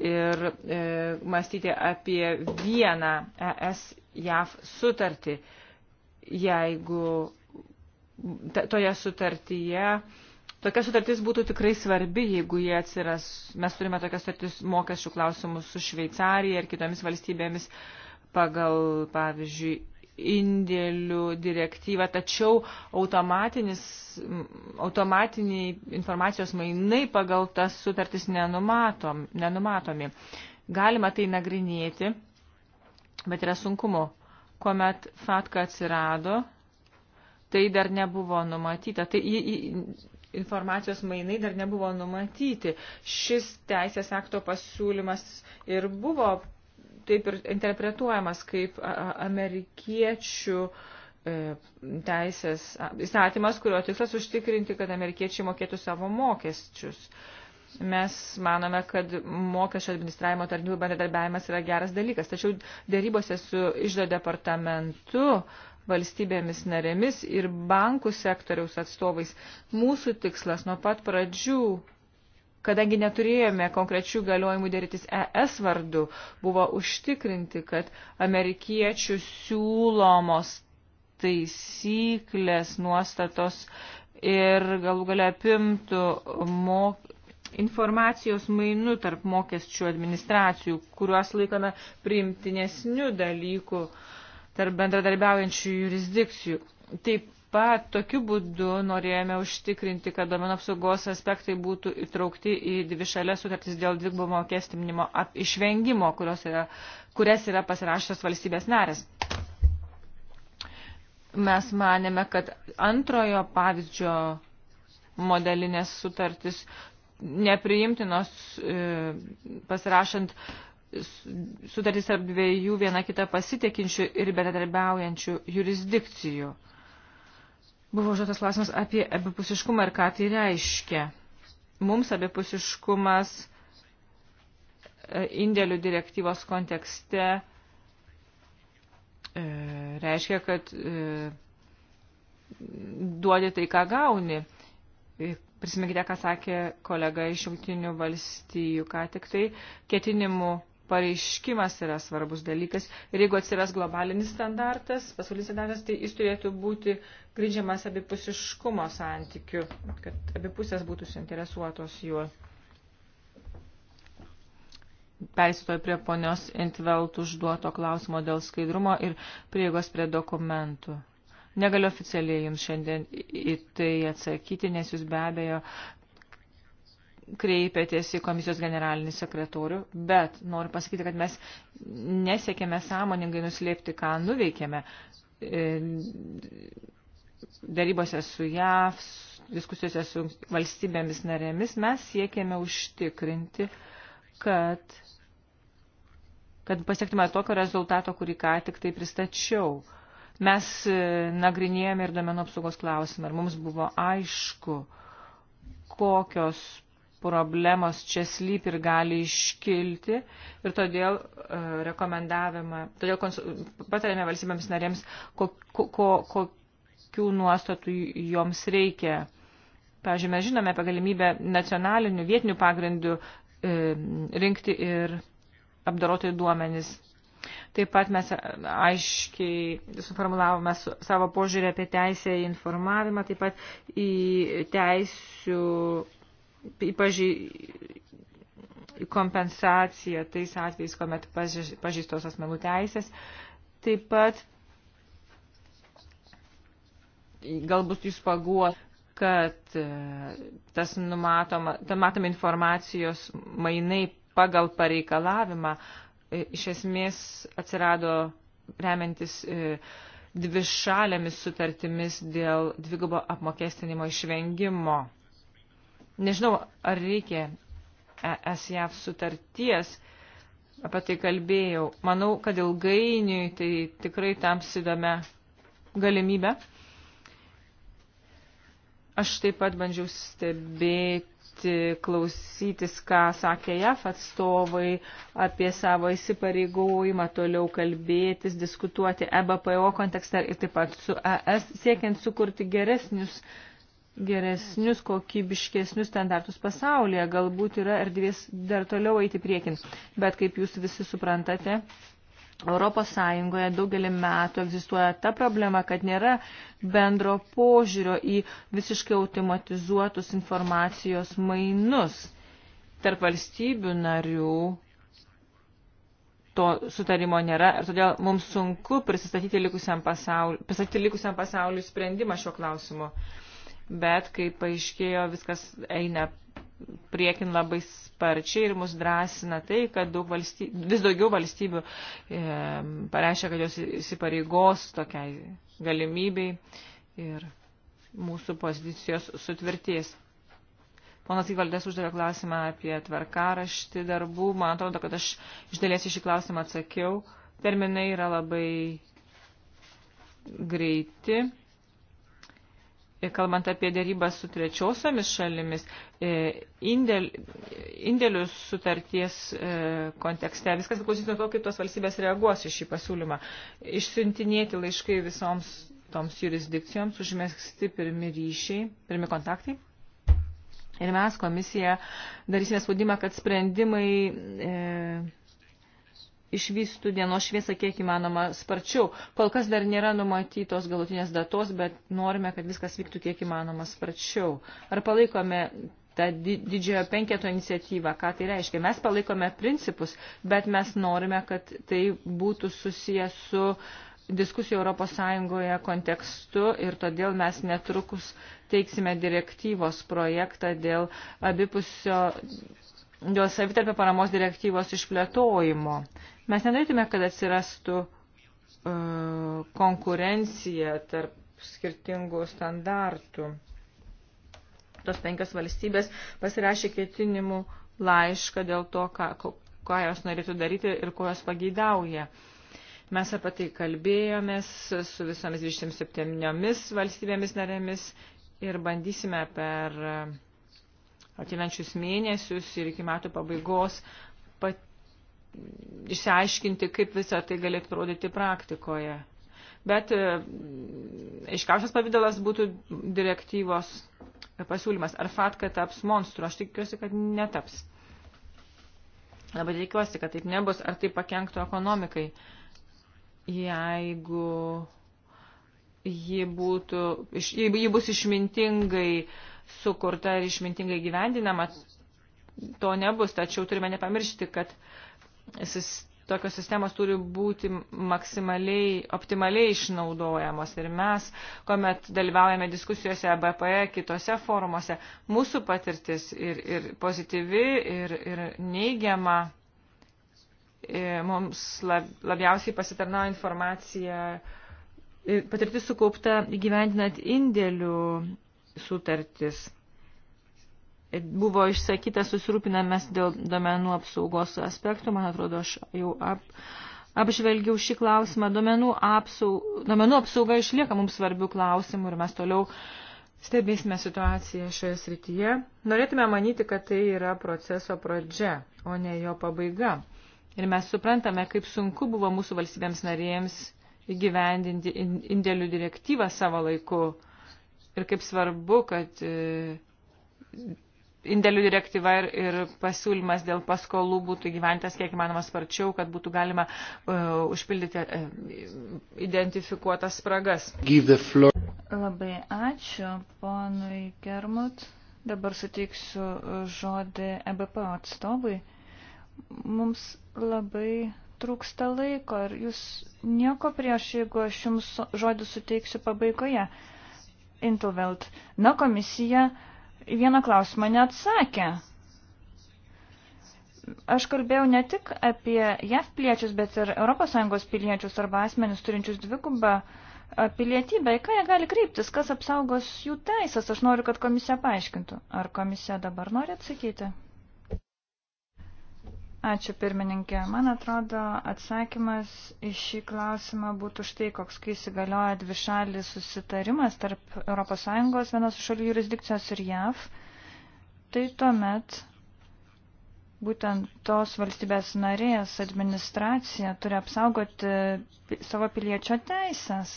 ir e, mąstyti apie vieną ES JAV sutartį. E, jeigu toje sutartyje, tokia sutartis būtų tikrai svarbi, jeigu jie atsiras, mes turime tokias sutartis mokesčių klausimus su Šveicarija ir kitomis valstybėmis pagal, pavyzdžiui, indėlių direktyvą, tačiau automatiniai informacijos mainai pagal tas sutartis nenumatom, nenumatomi. Galima tai nagrinėti, bet yra sunkumu kuomet fatka atsirado, tai dar nebuvo numatyta. Tai į, į, informacijos mainai dar nebuvo numatyti. Šis teisės akto pasiūlymas ir buvo taip ir interpretuojamas kaip amerikiečių e, teisės įstatymas, kurio tikslas užtikrinti, kad amerikiečiai mokėtų savo mokesčius. Uh, Mes manome, kad mokesčio administravimo tarnybų bendradarbiavimas yra geras dalykas, tačiau dėrybose su išdo departamentu valstybėmis narėmis ir bankų sektoriaus atstovais. Mūsų tikslas nuo pat pradžių kadangi neturėjome konkrečių galiojimų dėrytis ES vardu, buvo užtikrinti, kad amerikiečių siūlomos taisyklės, nuostatos ir galų galia apimtų mok informacijos mainų tarp mokesčių administracijų, kuriuos laikome priimtinesnių dalykų tarp bendradarbiaujančių jurisdikcijų. Taip pat tokiu būdu norėjome užtikrinti, kad domenų apsaugos aspektai būtų įtraukti į dvišalę sutartis dėl dvigubo mokestinimo išvengimo, yra, kurias yra pasirašęs valstybės narės. Mes manėme, kad antrojo pavyzdžio modelinės sutartis nepriimtinos e, pasirašant sutartys tarp dviejų viena kitą pasitekinčių ir bendradarbiaujančių jurisdikcijų. Buvo užduotas klausimas apie abipusiškumą ir ką tai reiškia. Mums abipusiškumas e, indėlių direktyvos kontekste e, reiškia, kad duodi tai, ką gauni prisiminkite, ką sakė kolega iš jungtinių valstijų, ką tik tai ketinimų pareiškimas yra svarbus dalykas. Ir jeigu atsiras globalinis standartas, pasaulinis standartas, tai jis turėtų būti grindžiamas abipusiškumo santykiu, kad abipusės būtų suinteresuotos juo. Persitoj prie ponios Intvelt užduoto klausimo dėl skaidrumo ir prieigos prie dokumentų. Negaliu oficialiai jums šiandien į tai atsakyti, nes jūs be abejo kreipėtės į komisijos generalinį sekretorių, bet noriu pasakyti, kad mes nesiekėme sąmoningai nuslėpti, ką nuveikėme. E, darybose su JAV, diskusijose su valstybėmis narėmis mes siekėme užtikrinti, kad, kad pasiektume tokio rezultato, kurį ką tik tai pristačiau. Uh, Mes e, nagrinėjome ir domenų apsaugos klausimą ir mums buvo aišku, kokios problemos čia slyp ir gali iškilti ir todėl uh, rekomendavimą, todėl patarėme valstybėms narėms, ko, ko, ko, kokių nuostatų joms reikia. Pavyzdžiui, mes žinome apie galimybę nacionalinių, vietinių pagrindų e, rinkti ir apdaroti duomenis Taip pat mes aiškiai suformulavome su, savo požiūrį apie teisę į informavimą, taip pat į teisių, į paži, kompensaciją tais atvejais, kuomet pažįstos asmenų teisės. Taip pat galbūt jūs paguos, kad e, tas numatoma, ta matoma informacijos mainai pagal pareikalavimą uh, E, iš esmės atsirado remiantis e, dvi šalėmis sutartimis dėl dvigubo apmokestinimo išvengimo. Nežinau, ar reikia ES-JAV sutarties, apie tai kalbėjau. Manau, kad ilgainiui tai tikrai tams įdomia galimybė. Aš taip pat bandžiau stebėti klausytis, ką sakė JAF atstovai apie savo įsipareigojimą toliau kalbėtis, diskutuoti EBPO kontekste ir taip pat su ES siekiant sukurti geresnius geresnius, kokybiškesnius standartus pasaulyje. Galbūt yra erdvės dar toliau eiti priekin. Bet kaip jūs visi suprantate, Europos Sąjungoje daugelį metų egzistuoja ta problema, kad nėra bendro požiūrio į visiškai automatizuotus informacijos mainus tarp valstybių narių. To sutarimo nėra ir todėl mums sunku prisistatyti likusiam pasauliu, pristatyti likusiam pasauliu sprendimą šio klausimo. Bet, kaip paaiškėjo, viskas eina priekin labai sparčiai ir mus drąsina tai, kad daug valstybių, vis daugiau valstybių e, pareiškia, kad jos įsipareigos tokiai galimybei ir mūsų pozicijos sutvirtės. Ponas Įvaldės uždavė klausimą apie tvarkaraštį darbų. Man atrodo, kad aš iš dalies į šį klausimą atsakiau. Terminai yra labai greiti kalbant apie dėrybą su trečiosiomis šalimis, e, indėl, indėlių sutarties e, kontekste. Viskas priklausys nuo to, kaip tos valstybės reaguos į šį pasiūlymą. Išsiuntinėti laiškai visoms toms jurisdikcijoms, užmėgsti pirmi ryšiai, pirmi kontaktai. Ir mes komisija darysime spaudimą, kad sprendimai. E, išvystų dienos šviesą kiek įmanoma sparčiau. Kol kas dar nėra numatytos galutinės datos, bet norime, kad viskas vyktų kiek įmanoma sparčiau. Ar palaikome tą didžiojo penketo iniciatyvą, ką tai reiškia? Mes palaikome principus, bet mes norime, kad tai būtų susijęs su diskusijų Europos Sąjungoje kontekstu ir todėl mes netrukus teiksime direktyvos projektą dėl abipusio dėl savitarpio paramos direktyvos išplėtojimo. Mes nenorėtume, kad atsirastų uh, konkurencija tarp skirtingų standartų. Tos penkios valstybės pasirašė ketinimų laišką dėl to, ką, ką jos norėtų daryti ir ko jos pageidauja. Mes apie tai kalbėjomės su visomis 27 valstybėmis narėmis ir bandysime per uh, ateinančius mėnesius ir iki metų pabaigos pat, išsiaiškinti, kaip visą tai galėtų rodyti praktikoje. Bet e, aiškiausias pavydalas būtų direktyvos pasiūlymas. Ar fatka taps monstru? Aš tikiuosi, kad netaps. Labai tikiuosi, kad taip nebus. Ar tai pakenktų ekonomikai? Jeigu ji, būtų, ji bus išmintingai uh, sukurta ir išmintingai gyvendinama. To nebus, tačiau turime nepamiršti, kad tokios sistemos turi būti maksimaliai, optimaliai išnaudojamos. Ir mes, kuomet dalyvaujame diskusijose BPE, kitose forumuose, mūsų patirtis ir, ir pozityvi, ir, ir neigiama e, mums lab, labiausiai pasitarnauja informacija, e, patirtis sukaupta įgyvendinant indėlių sutartis. Buvo išsakytas susirūpinamas dėl domenų apsaugos aspektų, man atrodo, aš jau ap, apžvelgiau šį klausimą. Domenų, apsaug, domenų apsauga išlieka mums svarbių klausimų ir mes toliau stebėsime situaciją šioje srityje. Norėtume manyti, kad tai yra proceso pradžia, o ne jo pabaiga. Ir mes suprantame, kaip sunku buvo mūsų valstybėms narėjams įgyvendinti indėlių direktyvą savo laiku ir kaip svarbu, kad e, indėlių direktyva ir, ir pasiūlymas dėl paskolų būtų gyventas kiek įmanoma sparčiau, kad būtų galima uh, užpildyti uh, identifikuotas spragas. Labai ačiū ponui Kermut. Dabar suteiksiu žodį EBPO atstovui. Mums labai trūksta laiko ir jūs nieko prieš, jeigu aš jums žodį suteiksiu pabaigoje. Uh, Intelvelt. Na, komisija į vieną klausimą neatsakė. Aš kalbėjau ne tik apie JAV piliečius, bet ir ES piliečius arba asmenis turinčius dvigubą pilietybę. Į ką jie gali kreiptis, kas apsaugos jų teisės? Aš noriu, kad komisija paaiškintų. Ar komisija dabar nori atsakyti? Ačiū pirmininkė. Man atrodo, atsakymas į šį klausimą būtų štai, koks kai įsigalioja dvišalis susitarimas tarp ES vienos šalių jurisdikcijos ir JAV, tai tuomet būtent tos valstybės narės administracija turi apsaugoti savo piliečio teisės.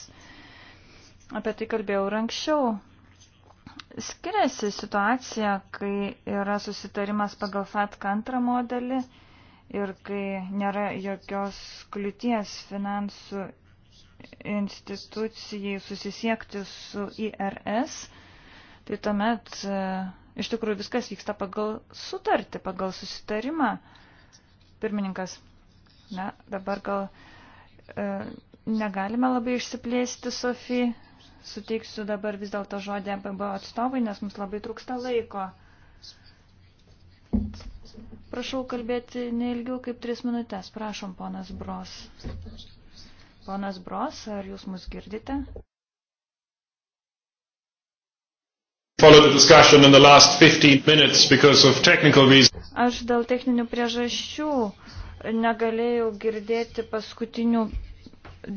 Apie tai kalbėjau ir anksčiau. Skiriasi situacija, kai yra susitarimas pagal FATK antrą modelį ir kai nėra jokios kliūties finansų institucijai susisiekti su IRS, tai tuomet e, iš tikrųjų viskas vyksta pagal sutartį, pagal susitarimą. Pirmininkas, na, dabar gal e, negalime labai išsiplėsti, Sofija. Suteiksiu dabar vis dėlto žodį MPB atstovai, nes mums labai trūksta laiko. Prašau kalbėti neilgiau kaip tris minutės. Prašom, ponas Bros. Ponas Bros, ar jūs mus girdite? Aš dėl techninių priežasčių negalėjau girdėti paskutinių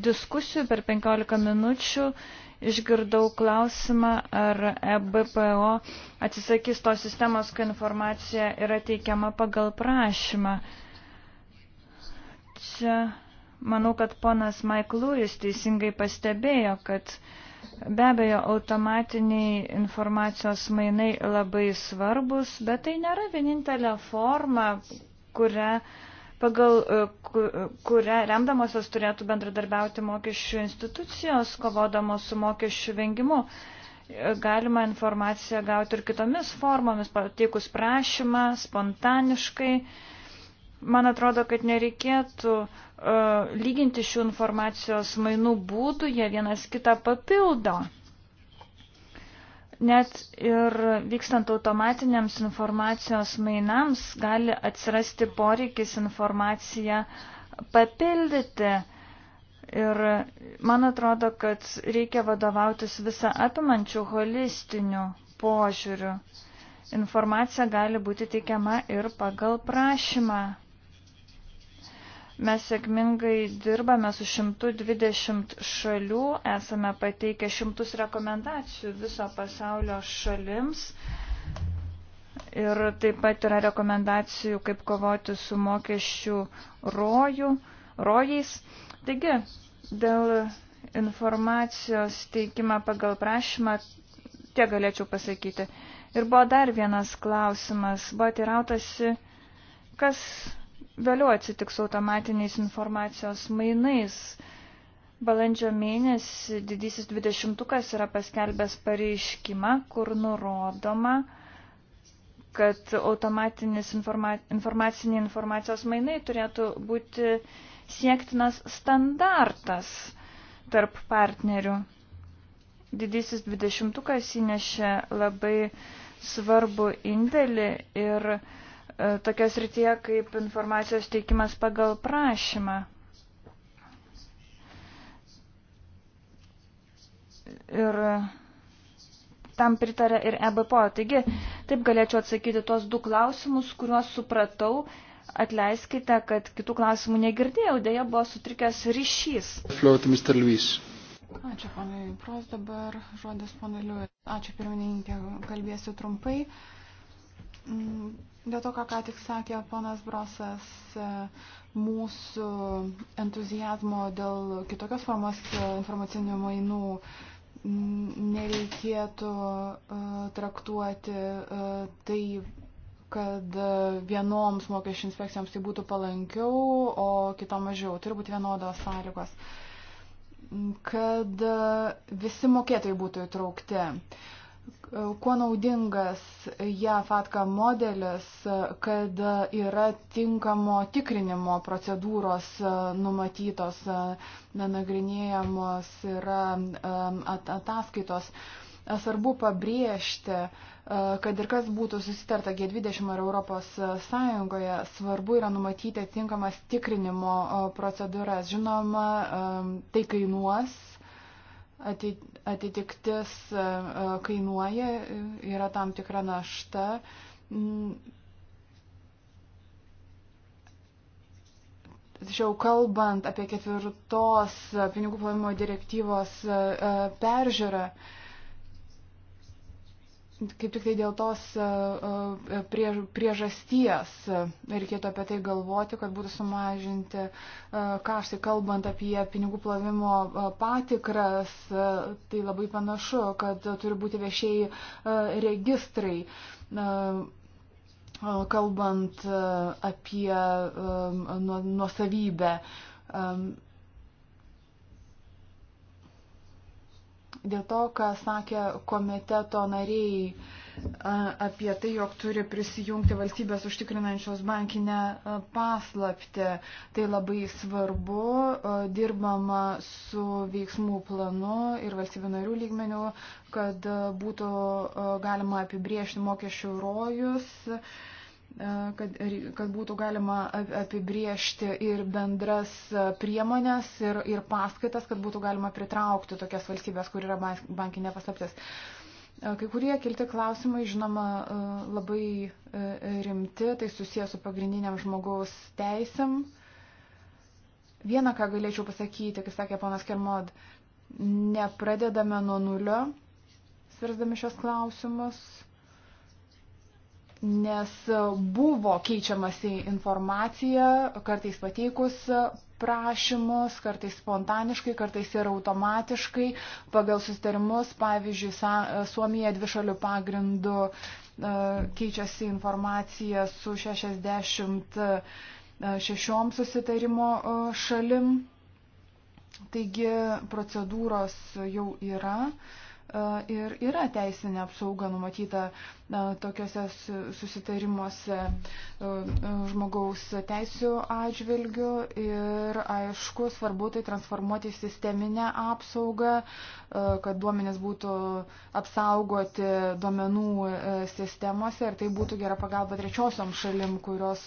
diskusijų per 15 minučių. Uh, Išgirdau klausimą, ar EBPO atsisakys tos sistemos, kai informacija yra teikiama pagal prašymą. Čia manau, kad ponas Mike Lewis teisingai pastebėjo, kad be abejo automatiniai informacijos mainai labai svarbus, bet tai nėra vienintelė forma, kurią uh, pagal e, kurią remdamosios turėtų bendradarbiauti mokesčių institucijos, kovodamos su mokesčių vengimu. E, galima informaciją gauti ir kitomis formomis, pateikus prašymą, spontaniškai. Man atrodo, kad nereikėtų uh, lyginti šių informacijos mainų būdų, jie vienas kitą papildo net ir vykstant automatiniams informacijos mainams gali atsirasti poreikis informaciją papildyti. Ir man atrodo, kad reikia vadovautis visą apimančių holistinių požiūrių. Informacija gali būti teikiama ir pagal prašymą. Mes sėkmingai dirbame su 120 šalių, esame pateikę šimtus rekomendacijų viso pasaulio šalims. Ir taip pat yra rekomendacijų, kaip kovoti su mokesčių rojų, rojais. Taigi, dėl informacijos teikimą pagal prašymą, tie galėčiau pasakyti. Ir buvo dar vienas klausimas, buvo teirautasi, kas vėliau atsitiks automatiniais informacijos mainais. Balandžio mėnesį didysis dvidešimtukas yra paskelbęs pareiškimą, kur nurodoma, kad automatinis informa informaciniai informacijos mainai turėtų būti siektinas standartas tarp partnerių. Didysis dvidešimtukas įnešė labai svarbu indėlį ir uh, E, tokios rytyje kaip informacijos teikimas pagal prašymą. Ir tam pritarė ir EBPO. Taigi, taip galėčiau atsakyti tuos du klausimus, kuriuos supratau. Atleiskite, kad kitų klausimų negirdėjau, dėja buvo sutrikęs ryšys. Float, Mr. Luis. Ačiū, ponai Pros, dabar žodis ponai Liu. Ačiū, pirmininkė, kalbėsiu trumpai. Mm, Be to, ką, ką tik sakė ponas Brosas, e, mūsų entuzijazmo dėl kitokios formos e, informacinių mainų nereikėtų e, traktuoti tai, kad vienoms mokesčių inspekcijoms tai būtų palankiau, o kitom mažiau. Turi būti vienodos sąlygos. Kad visi mokėtojai būtų įtraukti kuo naudingas JAF atka modelis, kad yra tinkamo tikrinimo procedūros e, numatytos, e, nagrinėjamos yra e, ataskaitos. Svarbu pabrėžti, kad ir kas būtų susitarta G20 ar Europos Sąjungoje, svarbu yra numatyti tinkamas tikrinimo procedūras. Žinoma, tai kainuos atitiktis e, e, kainuoja, yra tam tikra našta. Mm. Tačiau kalbant apie ketvirtos pinigų plovimo direktyvos e, peržiūrą, kaip tik tai dėl tos e, e, priežasties reikėtų apie tai galvoti, kad būtų sumažinti e, kaštai, kalbant apie pinigų plovimo patikras, tai labai panašu, kad turi būti viešiai registrai. Kalbant apie nuosavybę, dėl to, ką sakė komiteto nariai apie tai, jog turi prisijungti valstybės užtikrinančios bankinę paslapti. Tai labai svarbu, dirbama su veiksmų planu ir valstybių narių lygmenių, kad būtų galima apibriežti mokesčių rojus E, kad, kad būtų galima apibriežti ir bendras e, priemonės, ir, ir paskaitas, kad būtų galima pritraukti tokias valstybės, kur yra bankinė paslaptis. E, kai kurie kilti klausimai, žinoma, labai rimti, tai susijęs su pagrindiniam žmogaus teisėm. Vieną, ką galėčiau pasakyti, kaip sakė ponas Kermod, nepradedame nuo nulio, svirsdami šios klausimus nes buvo keičiamasi informacija, kartais pateikus prašymus, kartais spontaniškai, kartais ir automatiškai pagal sustarimus, pavyzdžiui, Suomija dvišalių pagrindų e, keičiasi informacija su 66 e, susitarimo e, šalim. Taigi procedūros jau yra. Uh, ir yra teisinė apsauga numatyta tokiuose susitarimuose žmogaus teisų atžvilgių ir aišku svarbu tai transformuoti į sisteminę apsaugą, kad duomenės būtų apsaugoti duomenų e, sistemose ir tai būtų gera pagalba trečiosiom šalim, kurios,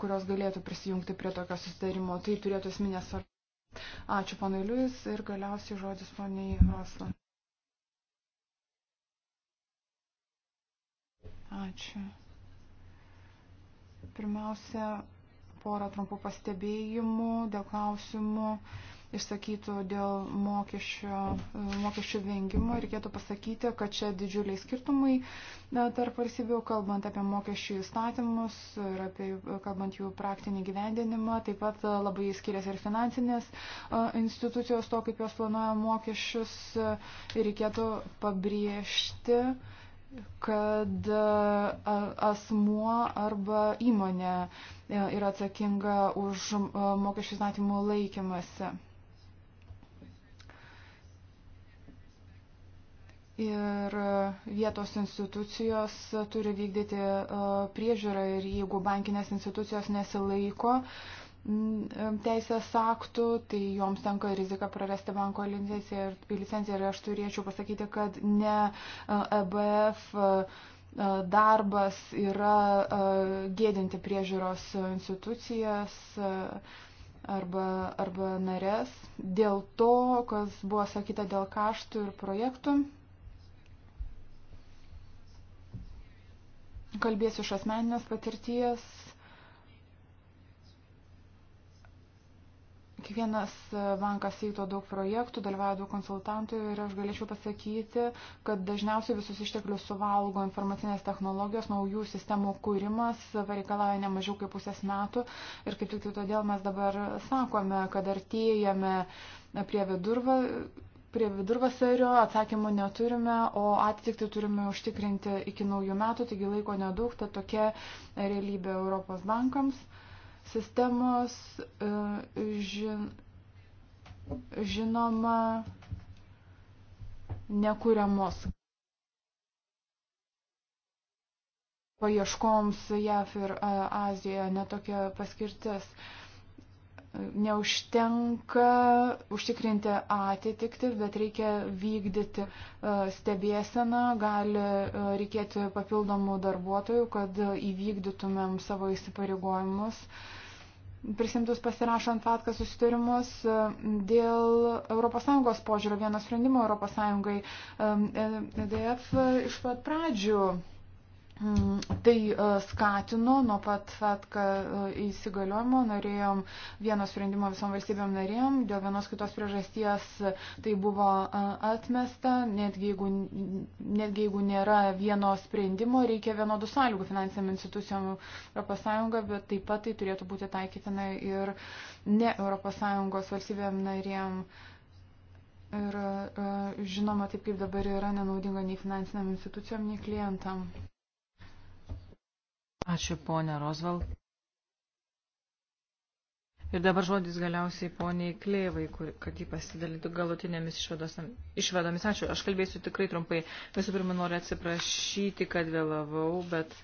kurios galėtų prisijungti prie tokio susitarimo. Tai turėtų esminės svarbos. Ačiū panai Liujus ir galiausiai žodis poniai Rosla. Ačiū. Pirmiausia, porą trumpų pastebėjimų dėl klausimų išsakytų dėl mokesčio, e, mokesčių vengimo. Reikėtų pasakyti, kad čia didžiuliai skirtumai e, tarp valstybių, kalbant apie mokesčių įstatymus ir apie, e, kalbant jų praktinį gyvendinimą. Taip pat labai skiriasi ir finansinės institucijos to, kaip jos planuoja mokesčius. Reikėtų pabrėžti kad e, asmuo arba įmonė e, yra atsakinga už e, mokesčių įstatymų laikymasi. Ir vietos institucijos turi vykdyti priežiūrą ir jeigu bankinės institucijos nesilaiko, uh, Mm, teisės aktų, tai joms tenka rizika prarasti banko licenciją ir licenciją. Ir aš turėčiau pasakyti, kad ne EBF e e, e, darbas yra gėdinti priežiūros institucijas arba, arba narės dėl to, kas buvo sakyta dėl kaštų ir projektų. Kalbėsiu iš asmeninės patirties Kiekvienas e, bankas įto daug projektų, dalyvauja daug konsultantų ir aš galėčiau pasakyti, kad dažniausiai visus išteklius suvalgo informacinės technologijos, naujų sistemų kūrimas e, pareikalauja ne mažiau kaip pusės metų ir kaip tik tai todėl mes dabar sakome, kad artėjame prie vidurva. Prie vidurvasario atsakymų neturime, o atitikti turime užtikrinti iki naujų metų, taigi laiko nedaug, ta tokia realybė Europos bankams sistemos, e, žin, žinoma, nekūriamos paieškoms JAF ir e, Azijoje netokia paskirtis. Uh, neužtenka užtikrinti atitikti, bet reikia vykdyti e, stebėseną, gali e, reikėti papildomų darbuotojų, kad įvykdytumėm savo įsipareigojimus prisimtus pasirašant fatką susitarimus e, dėl ES požiūrio vieno sprendimo ES EDF iš pat pradžių Mm, tai e, skatino nuo pat FATKA e, įsigaliojimo, norėjom vieno sprendimo visom valstybėm narėjom, dėl vienos kitos priežasties tai buvo e, atmesta, netgi jeigu, netgi jeigu nėra vieno sprendimo, reikia vienodų sąlygų finansiniam institucijom ES, bet taip pat tai turėtų būti taikytina ir ne ES valstybėm narėjom. Ir žinoma, taip kaip dabar yra, nenaudinga nei finansiniam institucijom, nei klientam. Ačiū, ponė Rozvald. Ir dabar žodis galiausiai poniai Klėvai, kur, kad jį pasidalintų galutinėmis išvadomis. Ačiū, aš kalbėsiu tikrai trumpai. Visų pirma, noriu atsiprašyti, kad vėlavau, bet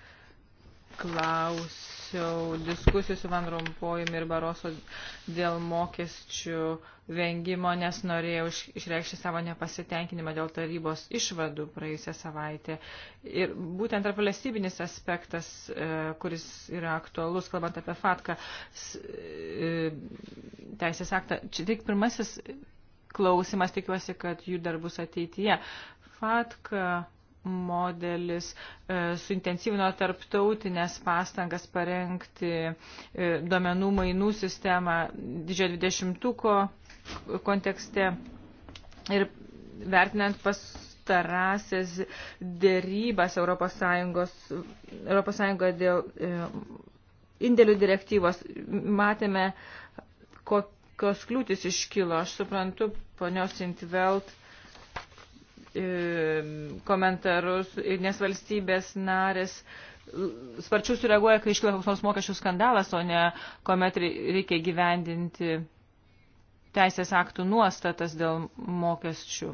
klausiau diskusijų su Van Rompojumi ir Baroso dėl mokesčių vengimo, nes norėjau išreikšti savo nepasitenkinimą dėl tarybos išvadų praėjusią savaitę. Ir būtent tarp valstybinis aspektas, e, kuris yra aktualus, kalbant apie fatką e, teisės aktą, čia tik pirmasis klausimas, tikiuosi, kad jų dar bus ateityje. Fatka modelis e, suintensyvino tarptautinės pastangas parengti duomenų mainų sistemą didžiojo dvidešimtuko kontekste ir vertinant pastarąsias dėrybas Europos, Sąjungos, Europos Sąjungoje dėl e, indėlių direktyvos, matėme, kokios kliūtis iškilo. Aš suprantu, ponios Intvelt e, komentarus, nes valstybės narės sparčiau sureaguoja, kai iškyla koks nors mokesčių skandalas, o ne kuomet reikia gyvendinti teisės aktų nuostatas dėl mokesčių.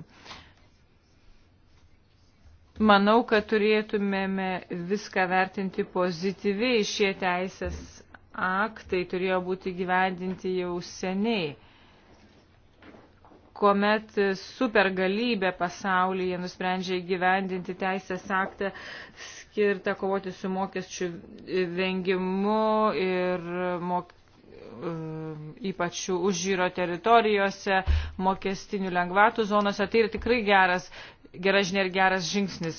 Manau, kad turėtumėme viską vertinti pozityviai. Šie teisės aktai turėjo būti gyvendinti jau seniai, kuomet supergalybė pasaulyje nusprendžia gyvendinti teisės aktą skirtą kovoti su mokesčių vengimu ir mok Um, ypač užžyro teritorijose, mokestinių lengvatų zonose. Tai yra tikrai geras, gera žinia ir geras žingsnis.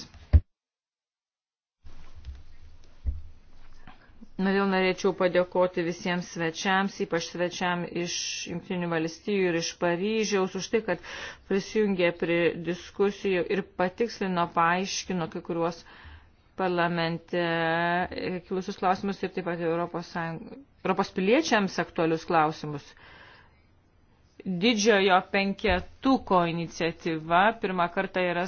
Norėjau norėčiau padėkoti visiems svečiams, ypač svečiam iš Junktinių valstijų ir iš Paryžiaus, už tai, kad prisijungė prie diskusijų ir patikslino, paaiškino kai kuriuos parlamente kilusius klausimus ir taip pat Europos Sąjungos Europos piliečiams aktualius klausimus. Didžiojo penketuko iniciatyva pirmą kartą yra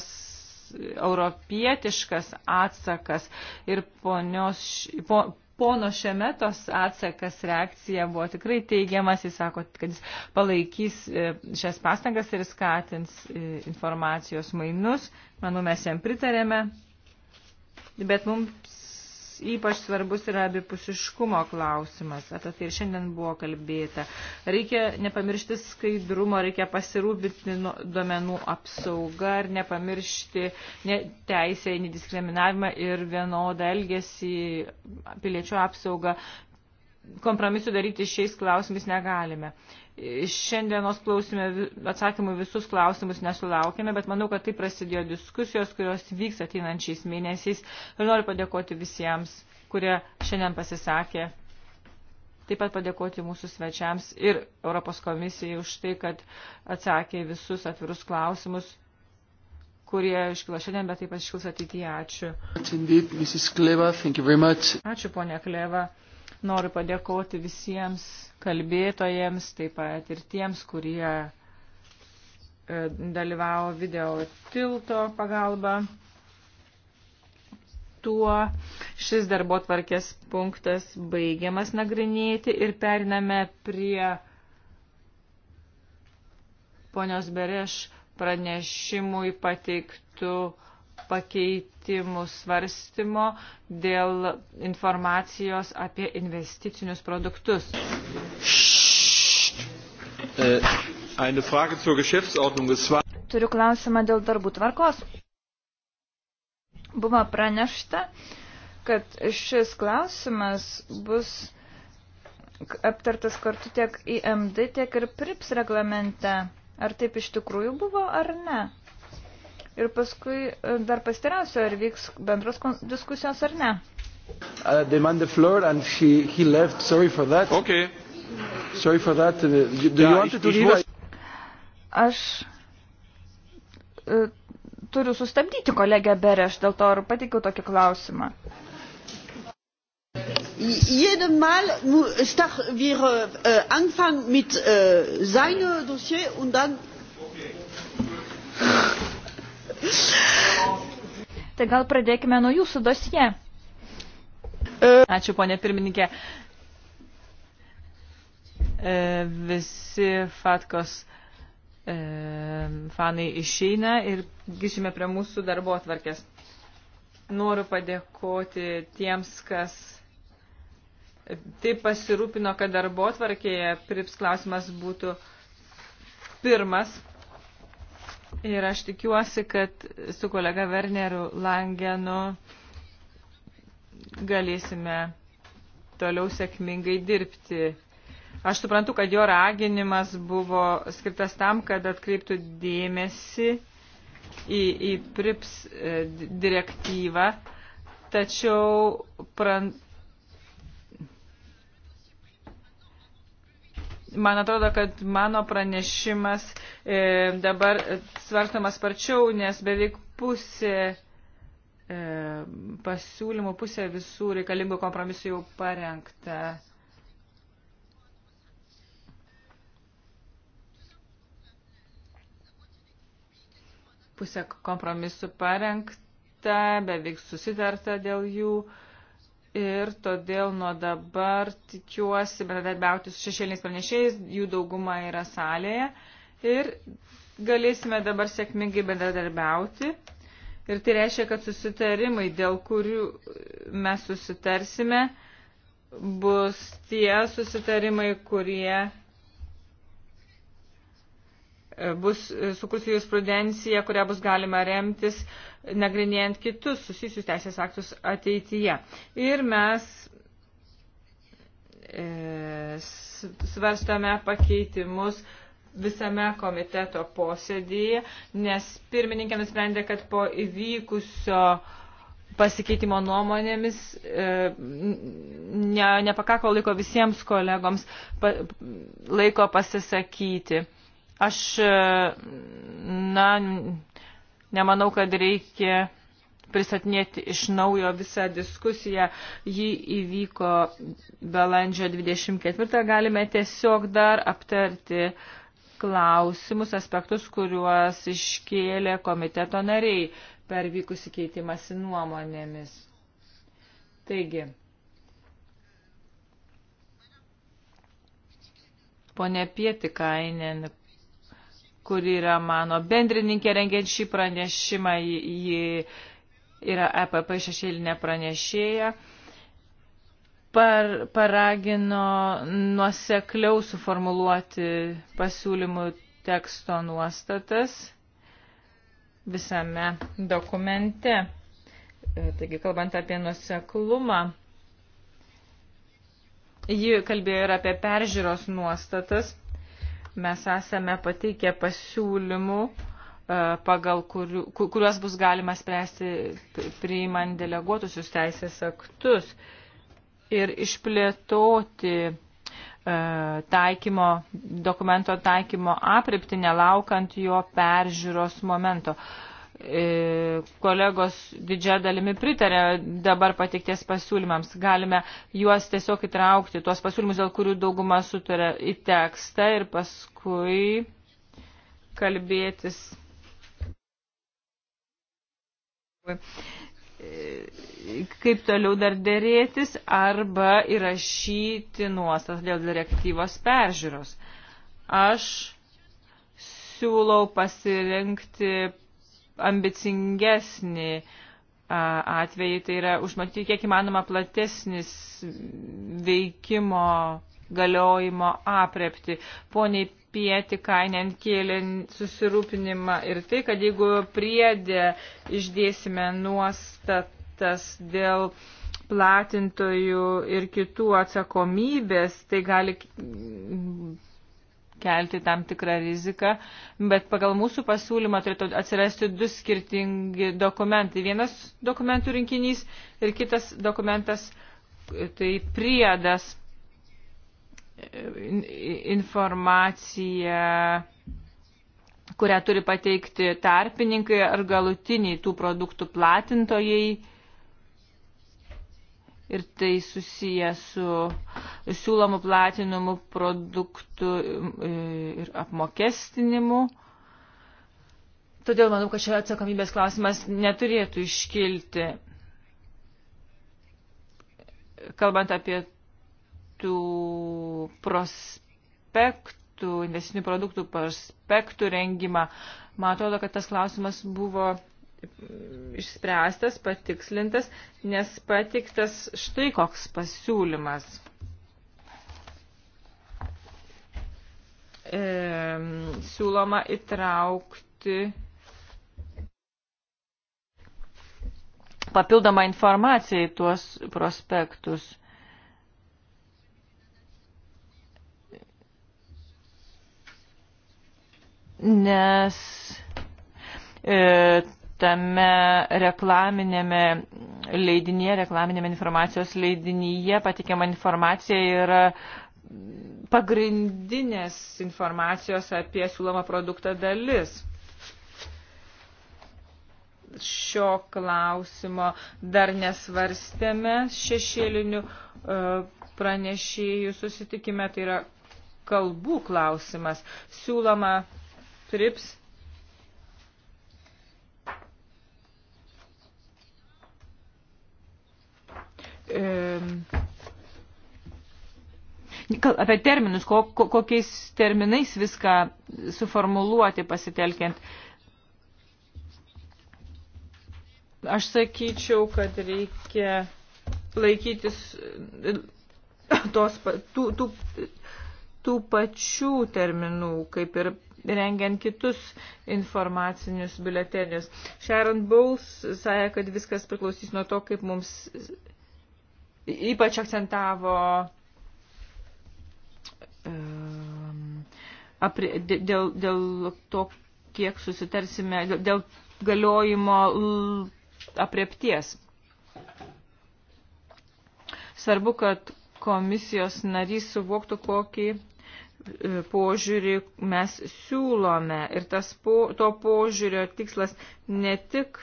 europietiškas atsakas ir ponios, po, pono Šemetos atsakas reakcija buvo tikrai teigiamas, jis sako, kad jis palaikys e, šias pastangas ir skatins e, informacijos mainus. Manau, mes jam pritarėme, bet mums ypač svarbus yra abipusiškumo klausimas. Apie tai ir šiandien buvo kalbėta. Reikia nepamiršti skaidrumo, reikia pasirūpinti nu, duomenų apsaugą ir nepamiršti ne, teisę į nediskriminavimą ir vienodą elgesį, piliečių apsaugą kompromisų daryti šiais klausimais negalime. Šiandienos klausime atsakymų visus klausimus nesulaukime, bet manau, kad tai prasidėjo diskusijos, kurios vyks ateinančiais mėnesiais. Ir noriu padėkoti visiems, kurie šiandien pasisakė. Taip pat padėkoti mūsų svečiams ir Europos komisijai už tai, kad atsakė visus atvirus klausimus kurie iškilo šiandien, bet taip pat iškils ateityje. Ačiū. Ačiū, ponė Kleva. Noriu padėkoti visiems kalbėtojams, taip pat ir tiems, kurie e, dalyvavo video tilto pagalba. Tuo šis darbo tvarkės punktas baigiamas nagrinėti ir periname prie ponios Bereš pranešimui pateiktų pakeitimų svarstymo dėl informacijos apie investicinius produktus. Äh, Turiu klausimą dėl darbų tvarkos. Buvo pranešta, kad šis klausimas bus aptartas kartu tiek IMD, tiek ir PRIPS reglamente. Ar taip iš tikrųjų buvo, ar ne? Ir paskui e, dar pastirausiu, ar vyks bendros diskusijos ar ne. Uh, demanded floor and she, he left. Sorry for that. Okay. Sorry for that. Uh, do you want to read? Aš uh, turiu sustabdyti kolegę Bereš, dėl to ir patikiu tokį klausimą. Jedemal stach wir äh, äh, anfangen mit äh, seine Dossier und dann. Okay. Tai gal pradėkime nuo jūsų dosie. Ačiū, ponė pirmininkė. E, visi Fatkos e, fanai išeina ir grįžime prie mūsų darbo atvarkės. Noriu padėkoti tiems, kas taip pasirūpino, kad darbo atvarkėje prips klausimas būtų pirmas Ir aš tikiuosi, kad su kolega Werneriu Langenu galėsime toliau sėkmingai dirbti. Aš suprantu, kad jo raginimas buvo skirtas tam, kad atkreiptų dėmesį į, į PRIPS e, direktyvą, tačiau pran, Man atrodo, kad mano pranešimas e, dabar svarstamas sparčiau, nes beveik pusė e, pasiūlymų, pusė visų reikalingų kompromisų jau parengta. Pusė kompromisų parengta, beveik susitarta dėl jų. E, ir todėl nuo dabar tikiuosi bendradarbiauti su šešėliniais pranešėjais, jų dauguma yra salėje ir galėsime dabar sėkmingai bendradarbiauti. Ir tai reiškia, kad susitarimai, dėl kurių mes susitarsime, bus tie susitarimai, kurie e, bus e, sukurs jurisprudencija, kurią bus galima remtis nagrinėjant kitus susijusius teisės aktus ateityje. Ir mes e, svarstame pakeitimus visame komiteto posėdėje, nes pirmininkė nusprendė, kad po įvykusio pasikeitimo nuomonėmis e, ne, nepakako laiko visiems kolegoms pa, laiko pasisakyti. Aš, e, na, Nemanau, kad reikia pristatinėti iš naujo visą diskusiją. Ji įvyko balandžio 24. Galime tiesiog dar aptarti klausimus, aspektus, kuriuos iškėlė komiteto nariai per vykusi keitimąsi nuomonėmis. Taigi, ponė Pietikainen kuri yra mano bendrininkė rengiant šį pranešimą. Ji yra EPP šešėlinė pranešėja. Par, paragino nuosekliau suformuluoti pasiūlymų teksto nuostatas visame dokumente. Taigi, kalbant apie nuoseklumą, ji kalbėjo ir apie peržiūros nuostatas Mes esame pateikę pasiūlymų, e, pagal kuriu, kuriuos bus galima spręsti priimant deleguotusius teisės aktus ir išplėtoti e, taikymo, dokumento taikymo apripti, nelaukant jo peržiūros momento. Uh, E, kolegos didžia dalimi pritarė dabar patikties pasiūlymams. Galime juos tiesiog įtraukti, tuos pasiūlymus, dėl kurių dauguma sutarė į tekstą ir paskui kalbėtis. Kaip toliau dar dėrėtis arba įrašyti nuostatas dėl direktyvos peržiūros. Aš siūlau pasirinkti ambicingesnį atvejį, tai yra užmatyti kiek įmanoma platesnis veikimo galiojimo aprepti. Poniai pieti kainien kėlė susirūpinimą ir tai, kad jeigu priedė išdėsime nuostatas dėl platintojų ir kitų atsakomybės, tai gali kelti tam tikrą riziką, bet pagal mūsų pasiūlymą turėtų atsirasti du skirtingi dokumentai. Vienas dokumentų rinkinys ir kitas dokumentas, tai priedas informacija, kurią turi pateikti tarpininkai ar galutiniai tų produktų platintojai ir tai susiję su siūlomu platinimu produktų e, ir apmokestinimu. Todėl manau, kad šio atsakomybės klausimas neturėtų iškilti. Kalbant apie tų prospektų, investicinių produktų prospektų rengimą, man atrodo, kad tas klausimas buvo išspręstas, patikslintas, nes patiktas štai koks pasiūlymas. E, siūloma įtraukti papildomą informaciją į tuos prospektus. Nes e, tame reklaminėme leidinėje, reklaminėme informacijos leidinyje patikiama informacija yra pagrindinės informacijos apie siūlomą produktą dalis. Šio klausimo dar nesvarstėme šešėlinių e, pranešėjų susitikime, tai yra kalbų klausimas. Siūloma TRIPS apie terminus, kokiais terminais viską suformuluoti pasitelkiant. Aš sakyčiau, kad reikia laikytis eh, tos, tų, tų, tų pačių terminų, kaip ir rengiant kitus informacinius biuletenius. Sharon Bowles sąja, kad viskas priklausys nuo to, kaip mums ypač akcentavo ehm, apri, dėl, dėl to, kiek susitarsime, dėl galiojimo apriepties. Svarbu, kad komisijos narys suvoktų, kokį e, požiūrį mes siūlome. Ir tas po, to požiūrio tikslas ne tik,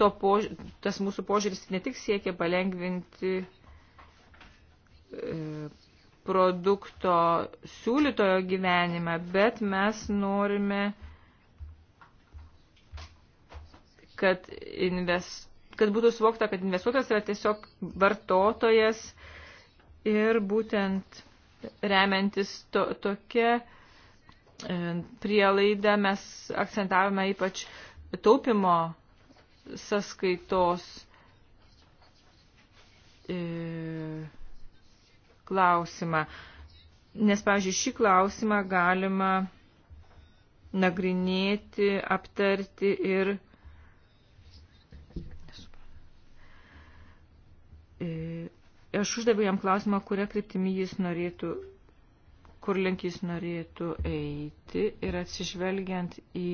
to požiūrį, tas mūsų požiūris ne tik siekia palengvinti produkto siūlytojo gyvenime, bet mes norime, kad, invest, kad būtų suvokta, kad investuotojas yra tiesiog vartotojas ir būtent remiantis to, tokia e, prielaida mes akcentavome ypač taupimo sąskaitos e, klausimą. Nes, pavyzdžiui, šį klausimą galima nagrinėti, aptarti ir e, aš uždaviau jam klausimą, kurią kryptimį jis norėtų, kur link jis norėtų eiti ir atsižvelgiant į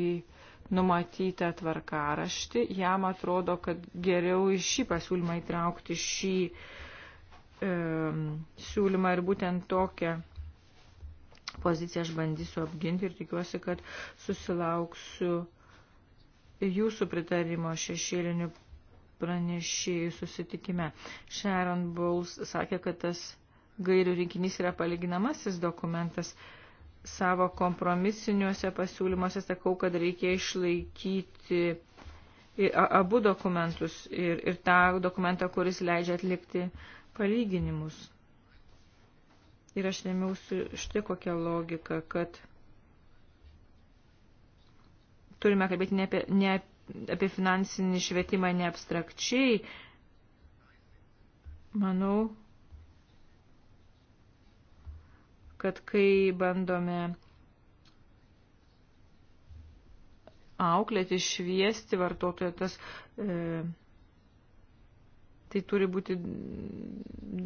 numatytą tvarkaraštį, jam atrodo, kad geriau į šį pasiūlymą įtraukti šį uh, e, siūlymą ir būtent tokią poziciją aš bandysiu apginti ir tikiuosi, kad susilauksiu jūsų pritarimo šešėlinių pranešėjų susitikime. Sharon Bowles sakė, kad tas gairių rinkinys yra palyginamasis dokumentas. Savo kompromisiniuose pasiūlymuose sakau, kad reikia išlaikyti abu dokumentus ir, ir tą dokumentą, kuris leidžia atlikti uh, palyginimus. Ir aš remiausi štai kokią logiką, kad turime kalbėti ne apie, ne apie finansinį švietimą ne abstrakčiai. Manau, kad kai bandome auklėti, šviesti vartotoją, tas e, tai turi būti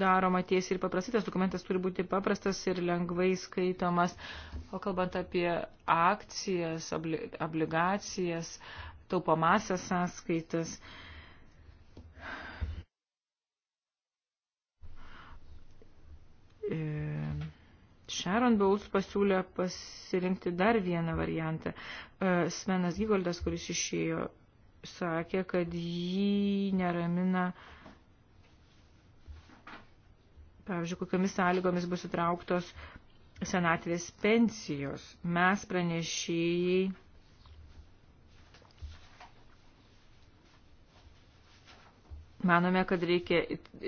daroma tiesiai ir paprastai, tas dokumentas turi būti paprastas ir lengvai skaitomas. O kalbant apie akcijas, obligacijas, taupomasias sąskaitas, e, Sharon Bowles pasiūlė pasirinkti dar vieną variantą. E, Svenas Gygoldas, kuris išėjo, sakė, kad jį neramina uh, pavyzdžiui, kokiamis sąlygomis bus įtrauktos senatvės pensijos. Mes pranešėjai. Manome, kad reikia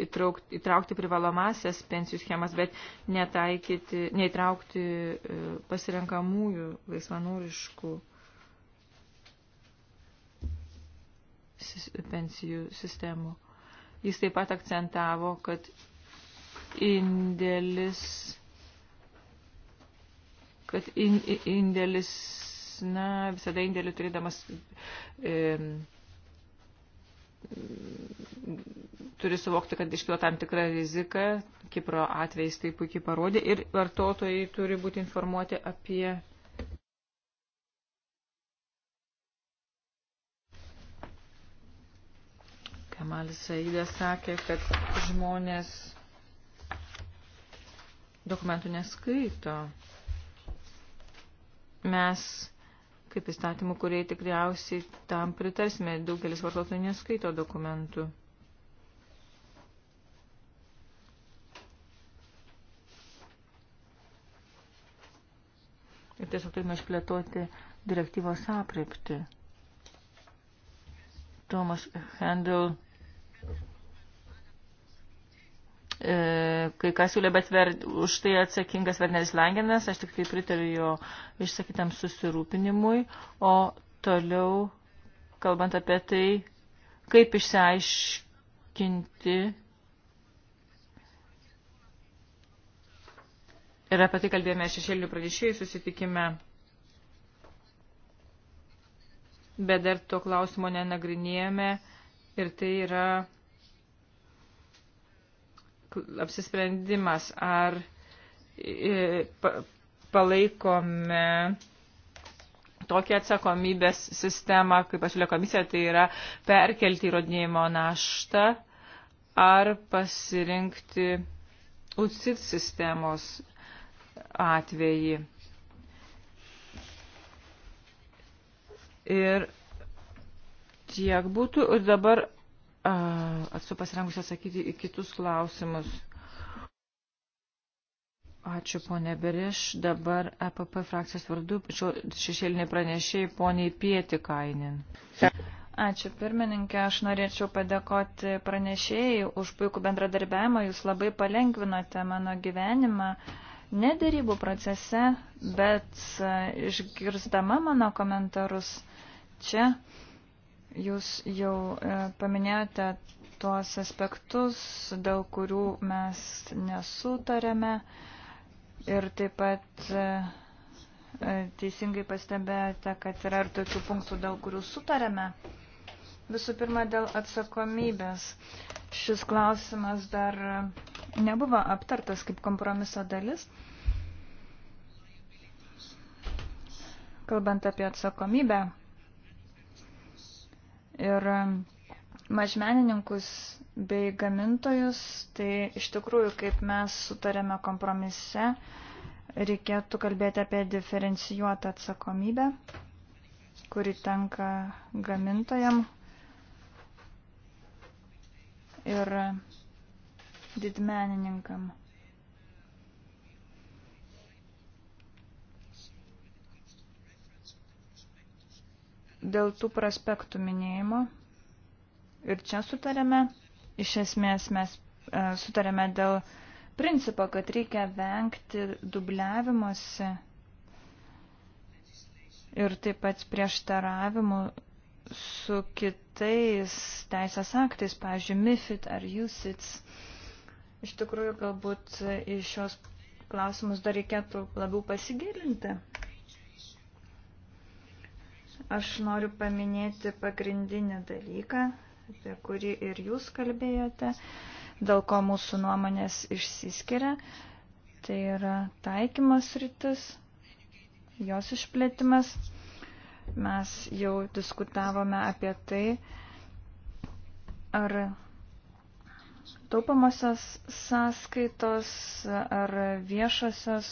įtraukti, įtraukti privalomasias pensijų schemas, bet netaikyti, neįtraukti e, pasirenkamųjų laisvanoriškų pensijų sistemų. Jis taip pat akcentavo, kad indėlis, kad in, indėlis, na, visada indėlį turėdamas e, turi suvokti, kad iškilo tam tikra rizika, Kipro atvejais tai puikiai parodė ir vartotojai turi būti informuoti apie Kamalis Saidas sakė, kad žmonės dokumentų neskaito. Mes, kaip įstatymų, kurie tikriausiai tam pritarsime, daugelis vartotojų neskaito dokumentų. Ir tiesiog turime išplėtoti direktyvos apreipti. Tomas Handel E, kai ką siūlė, bet ver, už tai atsakingas Verneris Langenas, aš tik tai pritariu jo išsakytam susirūpinimui, o toliau, kalbant apie tai, kaip išsiaiškinti ir apie tai kalbėjome šešėlinių pranešėjų susitikime, bet dar to klausimo nenagrinėjome ir tai yra apsisprendimas, ar e, palaikome tokią atsakomybės sistemą, kaip pasiūlė komisija, tai yra perkelti įrodinėjimo naštą ar pasirinkti UCIT sistemos atvejį. Ir tiek būtų. Ir dabar esu pasirengusi atsakyti į kitus klausimus. Ačiū, ponė Beriš. Dabar EPP frakcijos vardu šešėlinė pranešėjai poniai Pieti Kainin. Ačiū, pirmininkė. Aš norėčiau padėkoti pranešėjai už puikų bendradarbiavimą. Jūs labai palengvinote mano gyvenimą. Ne darybų procese, bet išgirsdama mano komentarus čia Jūs jau e, paminėjote tuos aspektus, dėl kurių mes nesutarėme ir taip pat e, e, teisingai pastebėjote, kad yra ir tokių punktų, dėl kurių sutarėme. Visų pirma, dėl atsakomybės. Šis klausimas dar nebuvo aptartas kaip kompromiso dalis. Kalbant apie atsakomybę, ir um, mažmenininkus bei gamintojus, tai iš tikrųjų, kaip mes sutarėme kompromise, reikėtų kalbėti apie diferencijuotą atsakomybę, kuri tenka gamintojam. Ir didmenininkam. dėl tų prospektų minėjimo. Ir čia sutarėme, iš esmės mes e, sutarėme dėl principo, kad reikia vengti dubliavimuose ir taip pat prieštaravimų su kitais teisės aktais, pavyzdžiui, MIFID ar USITS. Iš tikrųjų, galbūt į šios klausimus dar reikėtų labiau pasigilinti. Aš noriu paminėti pagrindinį dalyką, apie kurį ir jūs kalbėjote, dėl ko mūsų nuomonės išsiskiria. Tai yra taikymas rytis, jos išplėtimas. Mes jau diskutavome apie tai, ar taupamosios sąskaitos ar viešosios,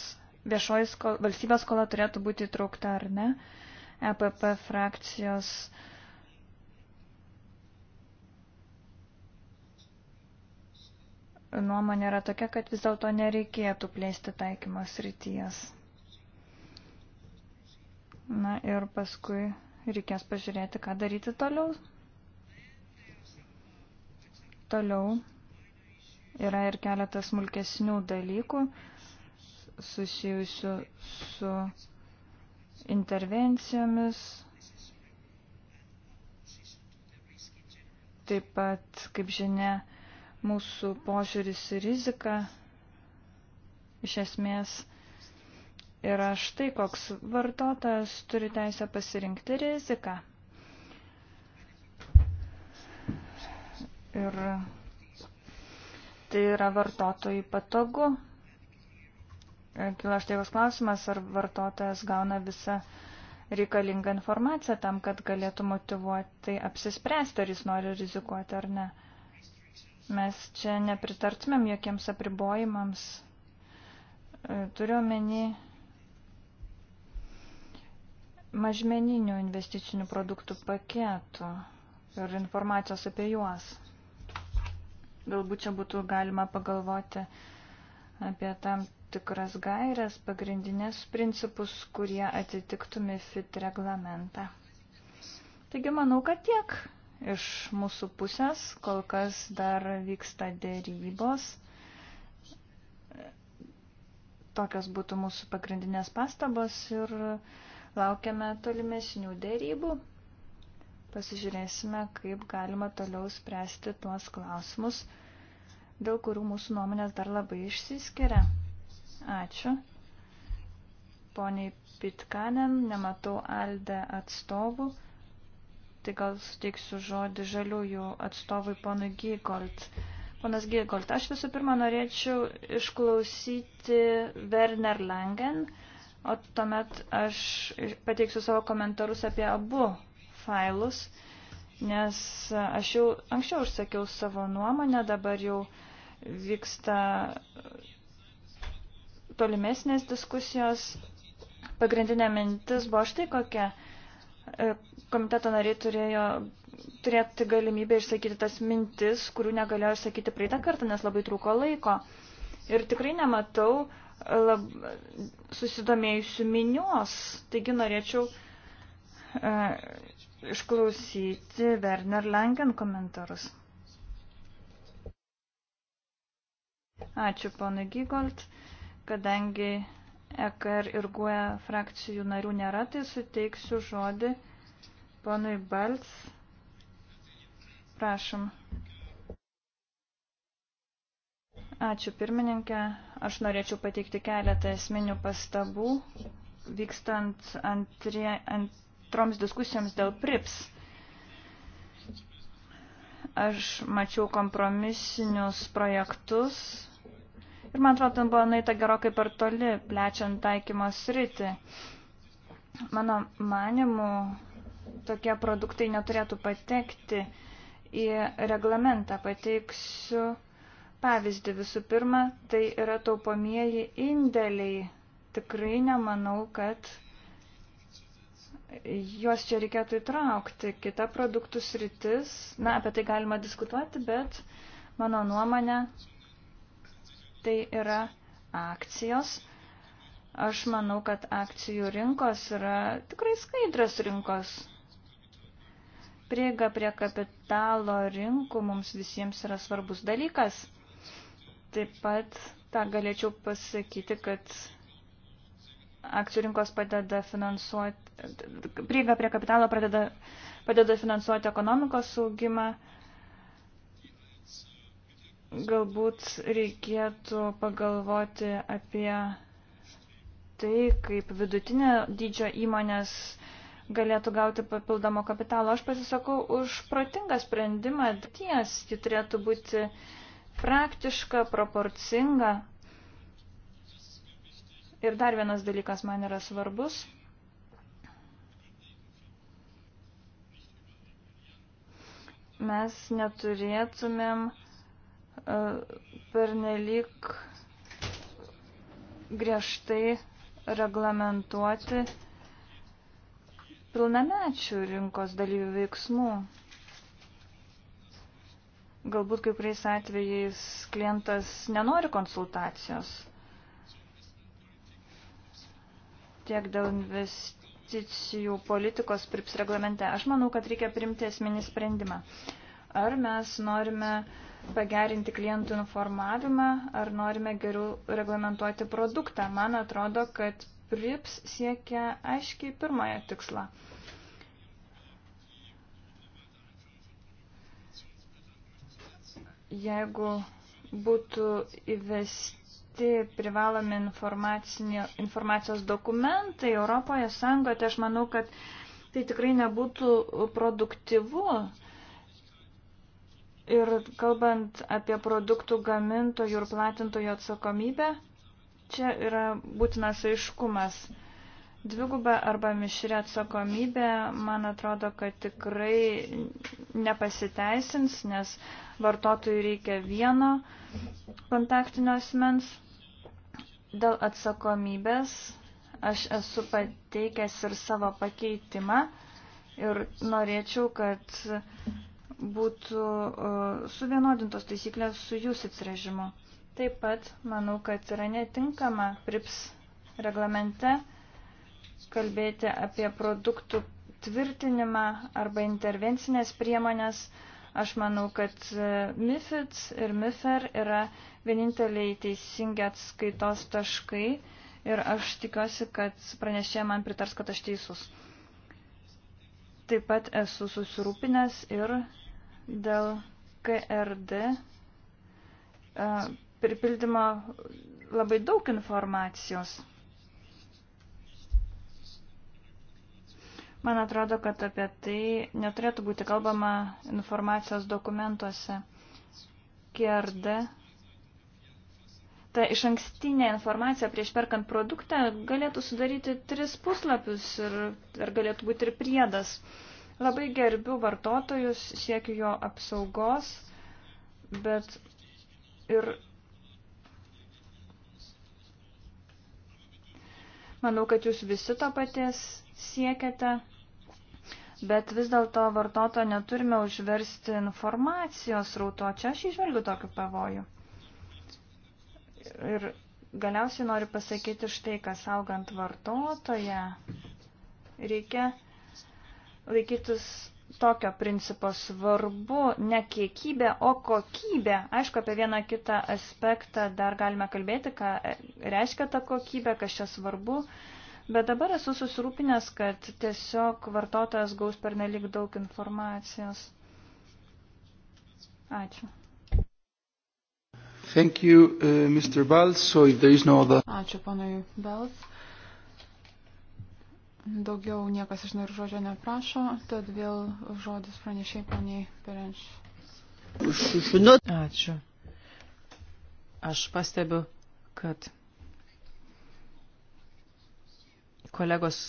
viešoji skol, valstybės skola turėtų būti įtraukta ar ne. Uh, EPP frakcijos. Nuomonė yra tokia, kad vis dėlto nereikėtų plėsti taikymos ryties. Na ir paskui reikės pažiūrėti, ką daryti toliau. Toliau yra ir keletas smulkesnių dalykų susijusių su intervencijomis, taip pat, kaip žinia, mūsų požiūris į riziką iš esmės yra štai koks vartotojas turi teisę pasirinkti riziką. Ir tai yra vartotojai patogu, E, kila štai jos klausimas, ar vartotojas gauna visą reikalingą informaciją tam, kad galėtų motivuoti apsispręsti, ar jis nori rizikuoti ar ne. Mes čia nepritartumėm jokiems apribojimams. E, turiu meni mažmeninių investicinių produktų paketų ir informacijos apie juos. Galbūt čia būtų galima pagalvoti, uh, apie tam tikras gairias, pagrindinės principus, kurie atitiktų MIFID reglamentą. Taigi manau, kad tiek iš mūsų pusės, kol kas dar vyksta dėrybos. Tokios būtų mūsų pagrindinės pastabos ir laukiame tolimesnių dėrybų. Pasižiūrėsime, kaip galima toliau spręsti tuos klausimus dėl kurių mūsų nuomonės dar labai išsiskiria. Ačiū. Poniai Pitkanen, nematau Alde atstovų. Tai gal suteiksiu žodį žaliųjų atstovui ponui Gygolt. Ponas Gygolt, aš visų pirma norėčiau išklausyti Werner Langen, o tuomet aš pateiksiu savo komentarus apie abu failus. Uh, nes aš jau anksčiau užsakiau savo nuomonę, dabar jau vyksta tolimesnės diskusijos. Pagrindinė mintis buvo štai kokia. E, komiteto nariai turėjo turėti galimybę išsakyti tas mintis, kurių negalėjo išsakyti praeitą kartą, nes labai trūko laiko. Ir tikrai nematau lab, susidomėjusių minios, taigi norėčiau e, išklausyti Werner Langen komentarus. Ačiū ponui Gygolt, kadangi EKR ir GUE frakcijų narių nėra, tai suteiksiu žodį ponui Balts. Prašom. Ačiū pirmininkė. Aš norėčiau pateikti keletą esminių pastabų. Vykstant antrie, ant, aštroms diskusijoms dėl PRIPS. Aš mačiau kompromisinius projektus ir man atrodo, ten buvo naita gerokai per toli, plečiant taikymo sritį. Mano manimu, tokie produktai neturėtų patekti į reglamentą. Pateiksiu pavyzdį visų pirma, tai yra taupomieji indėliai. Tikrai nemanau, kad juos čia reikėtų įtraukti. Kita produktų sritis, na, apie tai galima diskutuoti, bet mano nuomonė tai yra akcijos. Aš manau, kad akcijų rinkos yra tikrai skaidrės rinkos. Prieiga prie kapitalo rinkų mums visiems yra svarbus dalykas. Taip pat tą galėčiau pasakyti, kad akcijų rinkos padeda finansuoti prieiga prie kapitalo pradeda, padeda finansuoti ekonomikos saugimą. Galbūt reikėtų pagalvoti apie tai, kaip vidutinio dydžio įmonės galėtų gauti papildomo kapitalo. Aš pasisakau už protingą sprendimą, ties ji turėtų būti praktiška, proporcinga. Ir dar vienas dalykas man yra svarbus. mes neturėtumėm e, pernelyg griežtai reglamentuoti pilnamečių rinkos dalyvių veiksmų. Galbūt kai kuriais atvejais klientas nenori konsultacijos tiek dėl investicijų investicijų politikos prips reglamente. Aš manau, kad reikia primti esminį sprendimą. Ar mes norime pagerinti klientų informavimą, ar norime geriau reglamentuoti produktą. Man atrodo, kad prips siekia aiškiai pirmąją tikslą. Jeigu būtų įvesti parengti privalomi informacijos dokumentai Europoje sąjungoje, tai aš manau, kad tai tikrai nebūtų produktyvu. Ir kalbant apie produktų gamintojų ir platintojų atsakomybę, čia yra būtinas aiškumas. Dvigubą arba mišrę atsakomybę, man atrodo, kad tikrai nepasiteisins, nes vartotojui reikia vieno kontaktinio asmens. Dėl atsakomybės aš esu pateikęs ir savo pakeitimą ir norėčiau, kad būtų e, suvienodintos taisyklės su jūsit režimu. Taip pat manau, kad yra netinkama PRIPS reglamente kalbėti apie produktų tvirtinimą arba intervencinės priemonės. Aš manau, kad e, MIFID ir MIFER yra vieninteliai teisingi atskaitos taškai ir aš tikiuosi, kad pranešė man pritars, kad aš teisus. Taip pat esu susirūpinęs ir dėl KRD pripildymo labai daug informacijos. Man atrodo, kad apie tai neturėtų būti kalbama informacijos dokumentuose. KRD ta iš ankstinė informacija prieš perkant produktą galėtų sudaryti tris puslapius ir, ir galėtų būti ir priedas. Labai gerbiu vartotojus, siekiu jo apsaugos, bet ir manau, kad jūs visi to paties siekiate, bet vis dėlto vartotojo neturime užversti informacijos rauto. Čia aš išvelgiu tokį pavojų. Ir galiausiai noriu pasakyti štai, kas augant vartotoje, reikia laikytis tokio principo svarbu ne kiekybė, o kokybė. Aišku, apie vieną kitą aspektą dar galime kalbėti, ką reiškia ta kokybė, kas čia svarbu. Bet dabar esu susirūpinęs, kad tiesiog vartotojas gaus per nelik daug informacijos. Ačiū. Thank you, uh, Mr. Balz. So if there is no other... Ačiū, panai Balz. Daugiau niekas iš narių žodžio neprašo, tad vėl žodis pranešiai paniai Perenš. Ačiū. Aš pastebiu, kad kolegos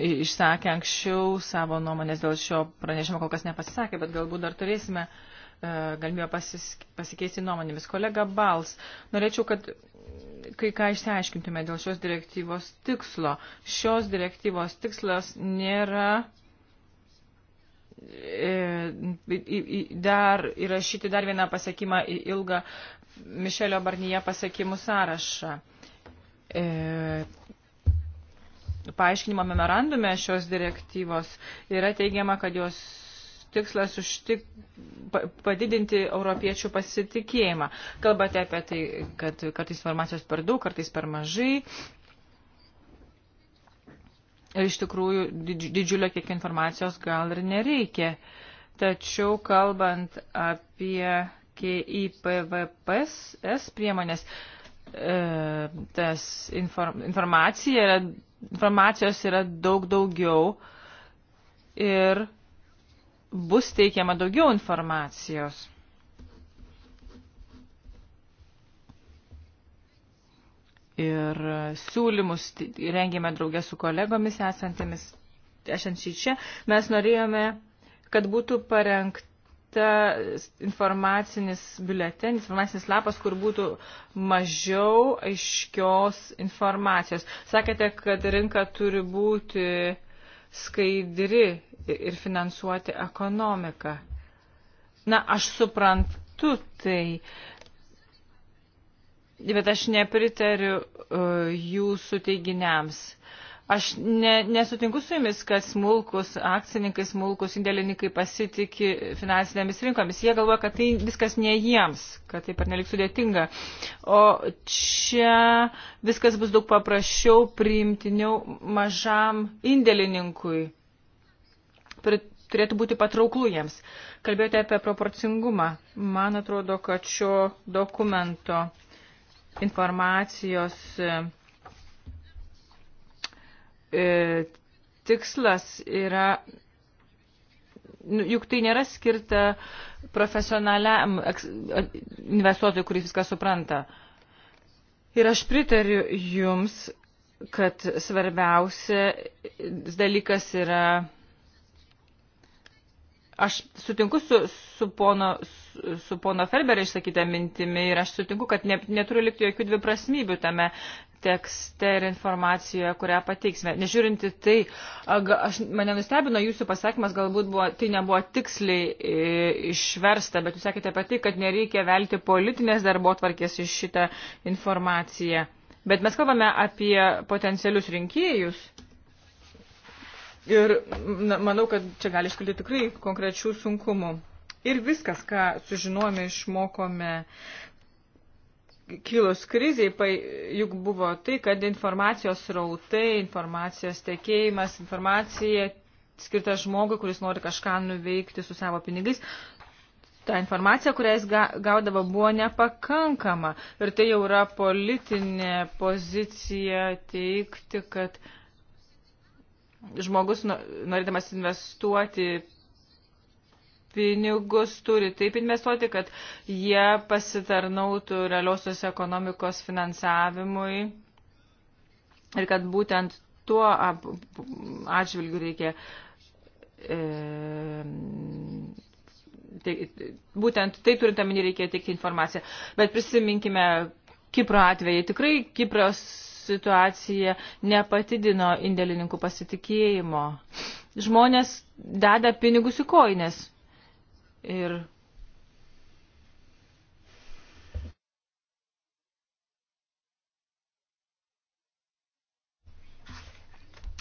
išsakė anksčiau savo nuomonės dėl šio pranešimo, kol kas nepasisakė, bet galbūt dar turėsime e, galimybę pasikeisti nuomonėmis. Kolega Bals, norėčiau, kad kai ką išsiaiškintume dėl šios direktyvos tikslo. Šios direktyvos tikslas nėra e, dar įrašyti dar vieną pasiekimą į ilgą Mišelio Barnyje pasiekimų sąrašą e, paaiškinimo memorandume šios direktyvos yra teigiama, kad jos tikslas užtik, padidinti europiečių pasitikėjimą. Kalbate apie tai, kad kartais informacijos per daug, kartais per mažai. Ir iš tikrųjų didžiulio kiek informacijos gal ir nereikia. Tačiau kalbant apie KIPVPS priemonės, e, tas inform, informacija yra informacijos yra daug daugiau ir bus teikiama daugiau informacijos. Ir siūlymus rengėme draugę su kolegomis esantėmis, esant šį čia. Mes norėjome, kad būtų parengta numatyta informacinis biuletenis, informacinis lapas, kur būtų mažiau aiškios informacijos. Sakėte, kad rinka turi būti skaidri ir finansuoti ekonomiką. Na, aš suprantu tai, bet aš nepritariu uh, jūsų teiginiams. Uh, Aš ne, nesutinku su jumis, kad smulkus akcininkai, smulkus indėlininkai pasitikė finansinėmis rinkomis. Jie galvoja, kad tai viskas ne jiems, kad tai per nelik sudėtinga. O čia viskas bus daug paprasčiau, priimtiniau mažam indėlininkui. Turėtų būti patrauklų jiems. Kalbėjote apie proporcingumą. Man atrodo, kad šio dokumento informacijos e, tikslas yra, nu, juk tai nėra skirta profesionaliam investuotojui, kuris viską supranta. Ir aš pritariu Jums, kad svarbiausia dalykas yra. Aš sutinku su, su pono su pono Ferberio išsakytą mintimi ir aš sutinku, kad ne, neturi likti jokių dviprasmybių tame tekste ir informacijoje, kurią pateiksime. Nežiūrinti tai, aš, mane nustebino jūsų pasakymas, galbūt buvo, tai nebuvo tiksliai e, išversta, bet jūs sakėte pati, kad nereikia velti politinės darbo tvarkės iš šitą informaciją. Bet mes kalbame apie potencialius rinkėjus. Ir na, manau, kad čia gali iškilti tikrai konkrečių sunkumų. Ir viskas, ką sužinojome, išmokome kilus kriziai, juk buvo tai, kad informacijos rautai, informacijos tekėjimas, informacija skirta žmogui, kuris nori kažką nuveikti su savo pinigais. Ta informacija, kurią jis gaudavo, buvo nepakankama. Ir tai jau yra politinė pozicija teikti, kad žmogus, norėdamas investuoti pinigus turi taip investuoti, kad jie pasitarnautų realiosios ekonomikos finansavimui ir kad būtent tuo atžvilgiu reikia e, tai, būtent tai turint omeny reikia teikti informaciją. Bet prisiminkime Kipro atvejį. Tikrai Kipros situacija nepatidino indėlininkų pasitikėjimo. Žmonės deda pinigus į koinės Ir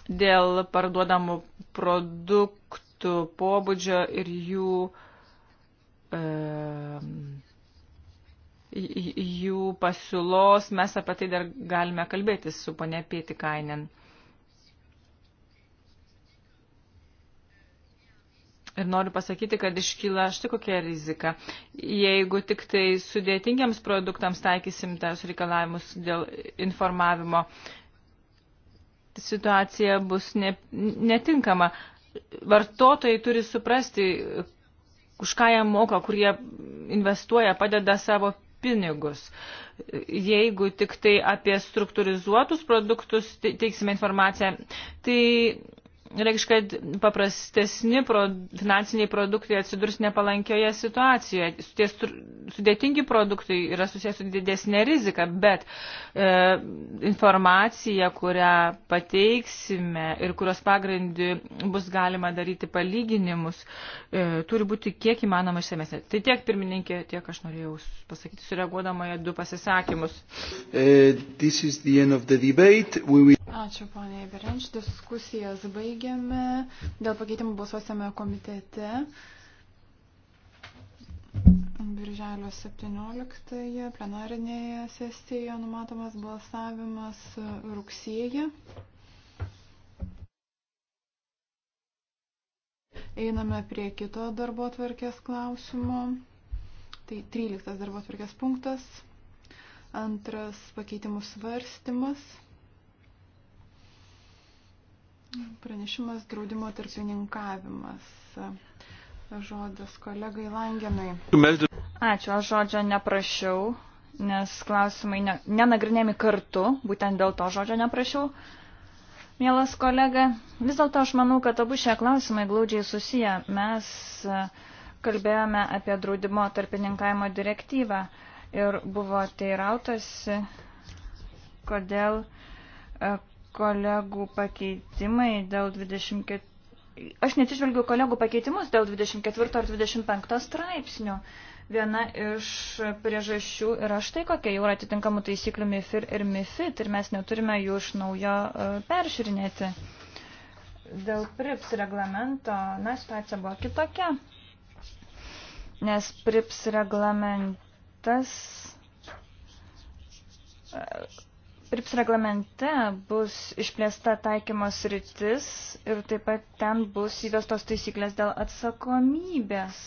dėl parduodamų produktų pobūdžio ir jų, e, jų pasiūlos mes apie tai dar galime kalbėti su ponė Pietikainen. Ir noriu pasakyti, kad iškyla štai kokia rizika. Jeigu tik tai sudėtingiams produktams taikysim tas reikalavimus dėl informavimo, situacija bus ne, netinkama. Vartotojai turi suprasti, už ką jie moka, kur jie investuoja, padeda savo pinigus. Jeigu tik tai apie struktūrizuotus produktus teiksime informaciją, tai reikš, kad paprastesni pro, finansiniai produktai atsidurs nepalankioje situacijoje. Tie sudėtingi produktai yra susijęs su didesnė rizika, bet e, informacija, kurią pateiksime ir kurios pagrindį bus galima daryti palyginimus, e, turi būti kiek įmanoma išsamesnė. Tai tiek pirmininkė, tiek aš norėjau pasakyti, sureaguodama į du pasisakymus. Uh, Ačiū, ponė Berenč, diskusijas baigė baigiame. Dėl pakeitimų balsuosime komitete. Birželio 17-ąją plenarinėje sesijoje numatomas balsavimas rugsėje. Einame prie kito darbo tvarkės klausimo. Tai 13 darbo tvarkės punktas. Antras pakeitimų svarstymas. Pranešimas draudimo tarpininkavimas. Žodis kolegai Langenai. Ačiū, aš žodžio neprašiau, nes klausimai ne, nenagrinėmi kartu, būtent dėl to žodžio neprašiau. Mielas kolega, vis dėlto aš manau, kad abu šie klausimai glaudžiai susiję. Mes e, kalbėjome apie draudimo tarpininkavimo direktyvą ir buvo teirautasi, kodėl e, kolegų pakeitimai dėl 24. Aš neatsižvelgiu kolegų pakeitimus dėl 24 ar 25 straipsnių. Viena iš priežasčių yra štai kokia jau yra atitinkamų taisyklių MIFIR ir MIFID ir mes neturime jų iš naujo e, peržiūrinėti. Dėl PRIPS reglamento, na, situacija buvo kitokia, nes PRIPS reglamentas e, RIPS reglamente bus išplėsta taikymos rytis ir taip pat ten bus įvestos taisyklės dėl atsakomybės.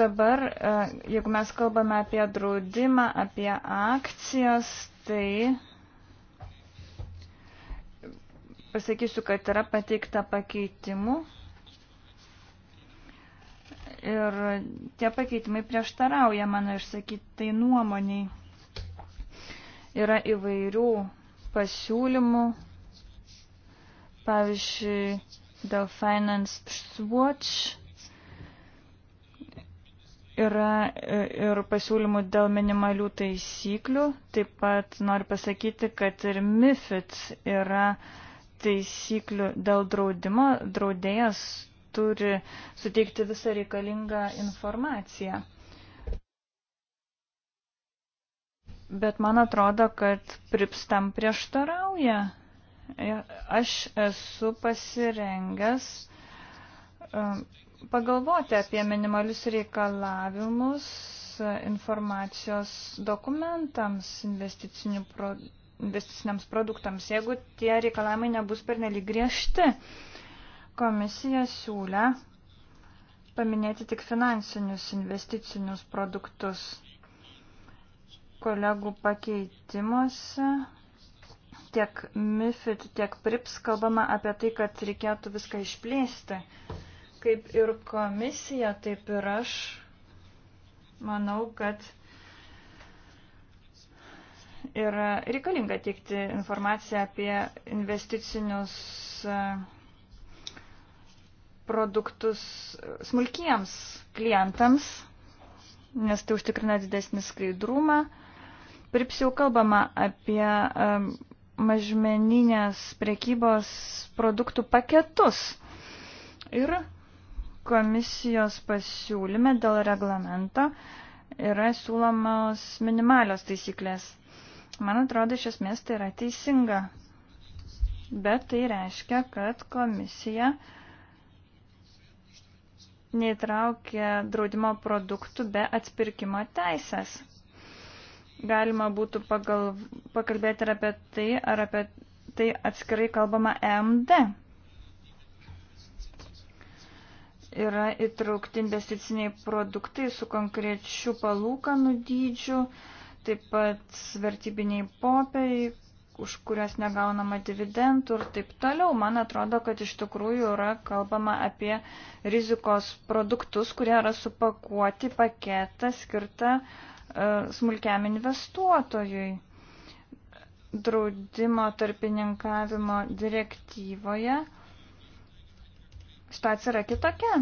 Dabar, e, jeigu mes kalbame apie draudimą, apie akcijas, tai pasakysiu, kad yra pateikta pakeitimų. Ir tie pakeitimai prieštarauja mano išsakytai nuomoniai. Yra įvairių pasiūlymų, pavyzdžiui, dėl Finance Watch yra e, ir pasiūlymų dėl minimalių taisyklių. Taip pat noriu pasakyti, kad ir MIFID yra taisyklių dėl draudimo. Draudėjas turi suteikti visą reikalingą informaciją. Bet man atrodo, kad pripstam prieštarauja. Aš esu pasirengęs um, pagalvoti apie minimalius reikalavimus uh, informacijos dokumentams, pro, investiciniams produktams, jeigu tie reikalavimai nebus pernelyg griežti. Komisija siūlė paminėti tik finansinius investicinius produktus kolegų pakeitimuose tiek MIFID, tiek PRIPS kalbama apie tai, kad reikėtų viską išplėsti. Kaip ir komisija, taip ir aš manau, kad yra reikalinga teikti informaciją apie investicinius e, produktus smulkiems klientams, nes tai užtikrina didesnį skaidrumą. Prips jau kalbama apie mažmeninės prekybos produktų paketus. Ir komisijos pasiūlyme dėl reglamento yra siūlomos minimalios taisyklės. Man atrodo, iš esmės tai yra teisinga. Bet tai reiškia, kad komisija neįtraukė draudimo produktų be atspirkimo teisės galima būtų pagal, pakalbėti ir apie tai, ar apie tai atskirai kalbama EMD. Yra įtraukti investiciniai produktai su konkrečiu palūkanų dydžiu, taip pat vertybiniai popieriai, už kurias negaunama dividendų ir taip toliau. Man atrodo, kad iš tikrųjų yra kalbama apie rizikos produktus, kurie yra supakuoti paketą skirtą uh, E, smulkiam investuotojui. Draudimo tarpininkavimo direktyvoje situacija yra kitokia.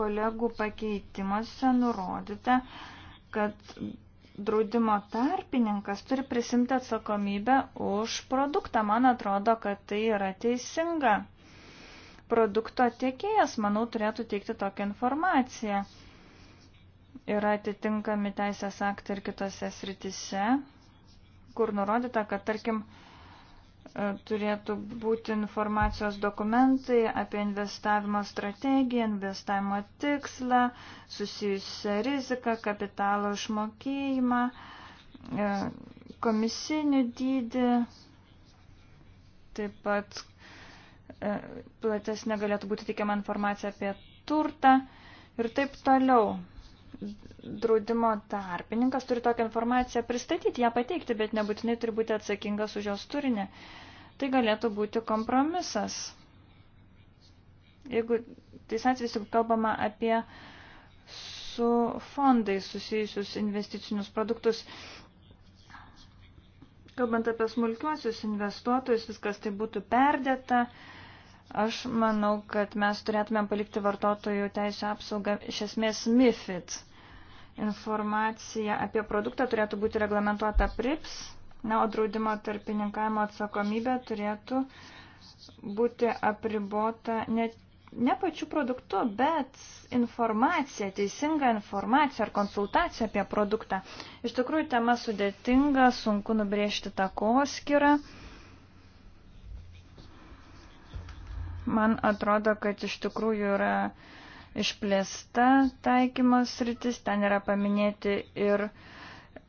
Kolegų pakeitimuose nurodyta, kad draudimo tarpininkas turi prisimti atsakomybę už produktą. Man atrodo, kad tai yra teisinga. Produkto tiekėjas, manau, turėtų teikti tokią informaciją yra atitinkami teisės aktai ir kitose sritise, kur nurodyta, kad tarkim e, turėtų būti informacijos dokumentai apie investavimo strategiją, investavimo tikslą, susijusią riziką, kapitalo išmokėjimą, e, komisinį dydį, taip pat e, platesnė galėtų būti teikiama informacija apie turtą ir taip toliau draudimo tarpininkas turi tokią informaciją pristatyti, ją pateikti, bet nebūtinai turi būti atsakingas už jos turinį. Tai galėtų būti kompromisas. Jeigu tais atvejais, jeigu kalbama apie su fondais susijusius investicinius produktus, kalbant apie smulkiuosius investuotojus, viskas tai būtų perdėta. Uh, Aš manau, kad mes turėtumėm palikti vartotojų teisų apsaugą iš esmės MIFID. Informacija apie produktą turėtų būti reglamentuota PRIPS, na, o draudimo tarpininkavimo atsakomybė turėtų būti apribota ne, ne pačiu produktu, bet informacija, teisinga informacija ar konsultacija apie produktą. Iš tikrųjų, tema sudėtinga, sunku nubrėžti tą koskirą. skirą. Man atrodo, kad iš tikrųjų yra išplėsta taikymos rytis, ten yra paminėti ir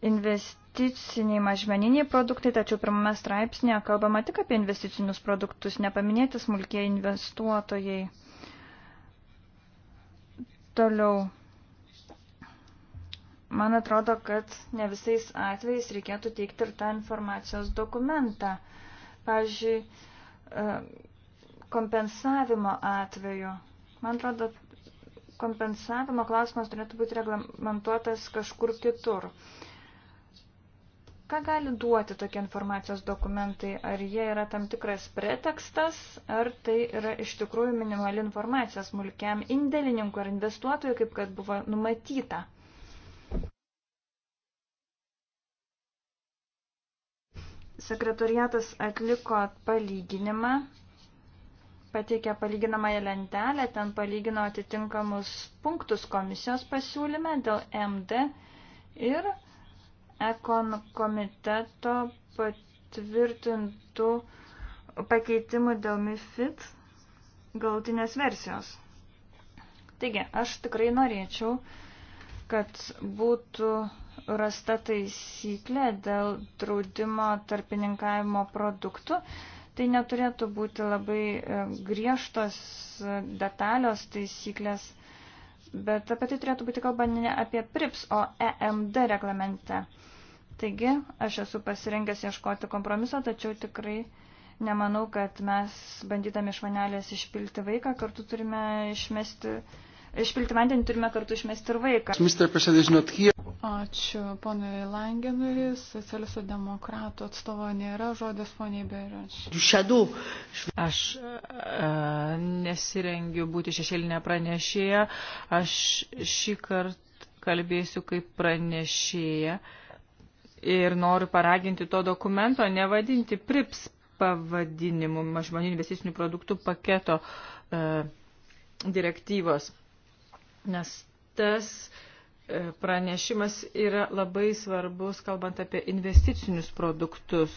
investiciniai mažmeniniai produktai, tačiau pirmame straipsnėje kalbama tik apie investicinius produktus, nepaminėti smulkiai investuotojai. Toliau. Man atrodo, kad ne visais atvejais reikėtų teikti ir tą informacijos dokumentą. Pavyzdžiui, kompensavimo atveju. Man atrodo, kompensavimo klausimas turėtų būti reglamentuotas kažkur kitur. Ką gali duoti tokie informacijos dokumentai? Ar jie yra tam tikras pretekstas, ar tai yra iš tikrųjų minimali informacija smulkiam indėlininkui ar investuotojui, kaip kad buvo numatyta? Sekretariatas atliko palyginimą pateikė palyginamąją lentelę, ten palygino atitinkamus punktus komisijos pasiūlyme dėl MD ir ekon komiteto patvirtintų pakeitimų dėl MIFID galutinės versijos. Taigi, aš tikrai norėčiau, kad būtų rasta taisyklė dėl draudimo tarpininkavimo produktų, Tai neturėtų būti labai e, griežtos e, detalios taisyklės, bet apie tai turėtų būti kalba ne apie PRIPS, o EMD reglamente. Taigi, aš esu pasirengęs ieškoti kompromiso, tačiau tikrai nemanau, kad mes bandydami iš vanelės išpilti vaiką, kartu turime išmesti, išpilti vandenį turime kartu išmesti ir vaiką. Ačiū ponui Langenui, socialistų demokratų atstovo nėra, žodis poniai Beraš. Aš a, e, nesirengiu būti šešėlinė pranešėja, aš šį kartą kalbėsiu kaip pranešėja ir noriu paraginti to dokumento nevadinti PRIPS pavadinimu, mažmonių investicinių produktų paketo a, e, direktyvos, nes tas a, E, pranešimas yra labai svarbus, kalbant apie investicinius produktus.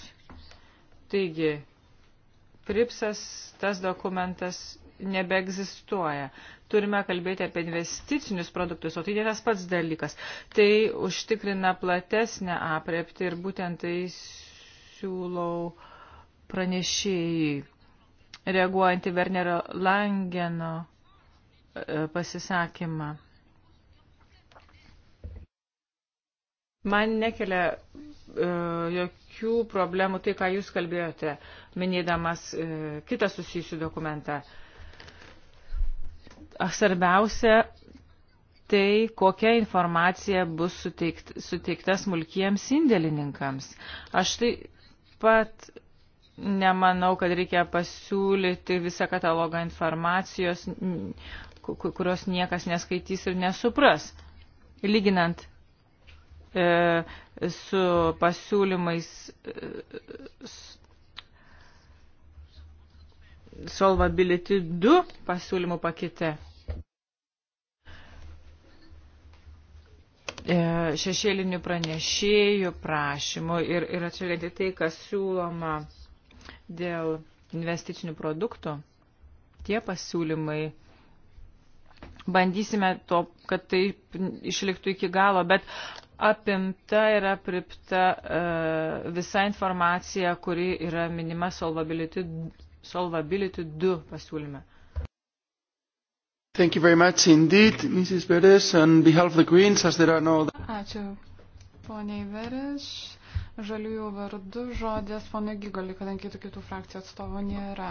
Taigi, pripsas tas dokumentas nebeegzistuoja. Turime kalbėti apie investicinius produktus, o tai ne tas pats dalykas. Tai užtikrina platesnę apriepti ir būtent tai siūlau pranešėjai, reaguojant į Wernerio Langeno e, pasisakymą. Man nekelia e, jokių problemų tai, ką jūs kalbėjote, minėdamas e, kitą susijusių dokumentą. Svarbiausia tai, kokia informacija bus suteikt, suteikta smulkiems indėlininkams. Aš taip pat nemanau, kad reikia pasiūlyti visą katalogą informacijos, kurios niekas neskaitys ir nesupras. Lyginant E, su pasiūlymais e, Solvability 2 pasiūlymų pakete. E, šešėlinių pranešėjų prašymų ir, ir atsižvelgiant į tai, kas siūloma dėl investicinių produktų, tie pasiūlymai. Bandysime to, kad tai išliktų iki galo, bet apimta ir apripta uh, visa informacija, kuri yra minima Solvability, solvability 2 pasiūlyme. Thank you very much indeed, Mrs. Beres, on behalf of the Greens, as there are no other... Ačiū, poniai Beres. Žaliųjų vardu žodės ponai Gigoli, kadangi kitų frakcijų atstovų nėra.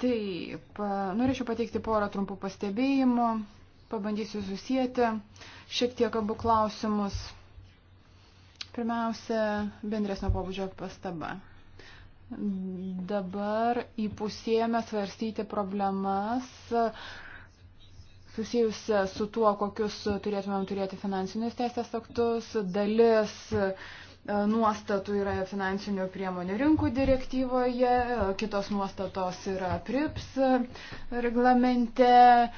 Taip, norėčiau pateikti porą trumpų pastebėjimų. Pabandysiu susijęti šiek tiek abu klausimus. Pirmiausia, bendresnio pobūdžio pastaba. Dabar įpusėjame svarstyti problemas susijusią su tuo, kokius turėtumėm turėti finansinius teisės aktus. Dalis E, nuostatų yra finansinių priemonių rinkų direktyvoje, e, kitos nuostatos yra PRIPS reglamente, e,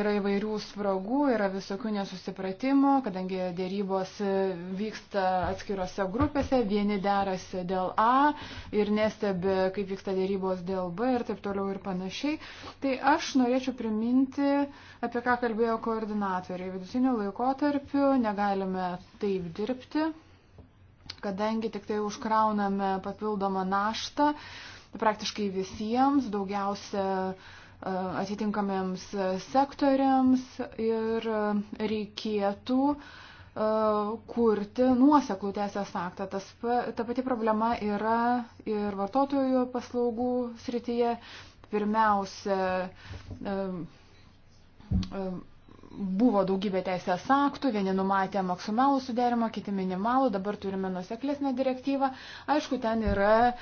yra įvairių spragų, yra visokių nesusipratimų, kadangi dėrybos vyksta atskirose grupėse, vieni derasi dėl A ir nestebi, kaip vyksta dėrybos dėl B ir taip toliau ir panašiai. Tai aš norėčiau priminti, apie ką kalbėjo koordinatoriai. Vidutiniu laikotarpiu negalime taip dirbti kadangi tik tai užkrauname papildomą naštą praktiškai visiems, daugiausia e, atitinkamiems sektoriams ir reikėtų e, kurti nuoseklų teisės aktą. Tas, ta pati problema yra ir vartotojų paslaugų srityje. Pirmiausia, e, buvo daugybė teisės aktų, vieni numatė maksimalų sudėrimą, kiti minimalų, dabar turime nuseklesnę direktyvą. Aišku, ten yra e,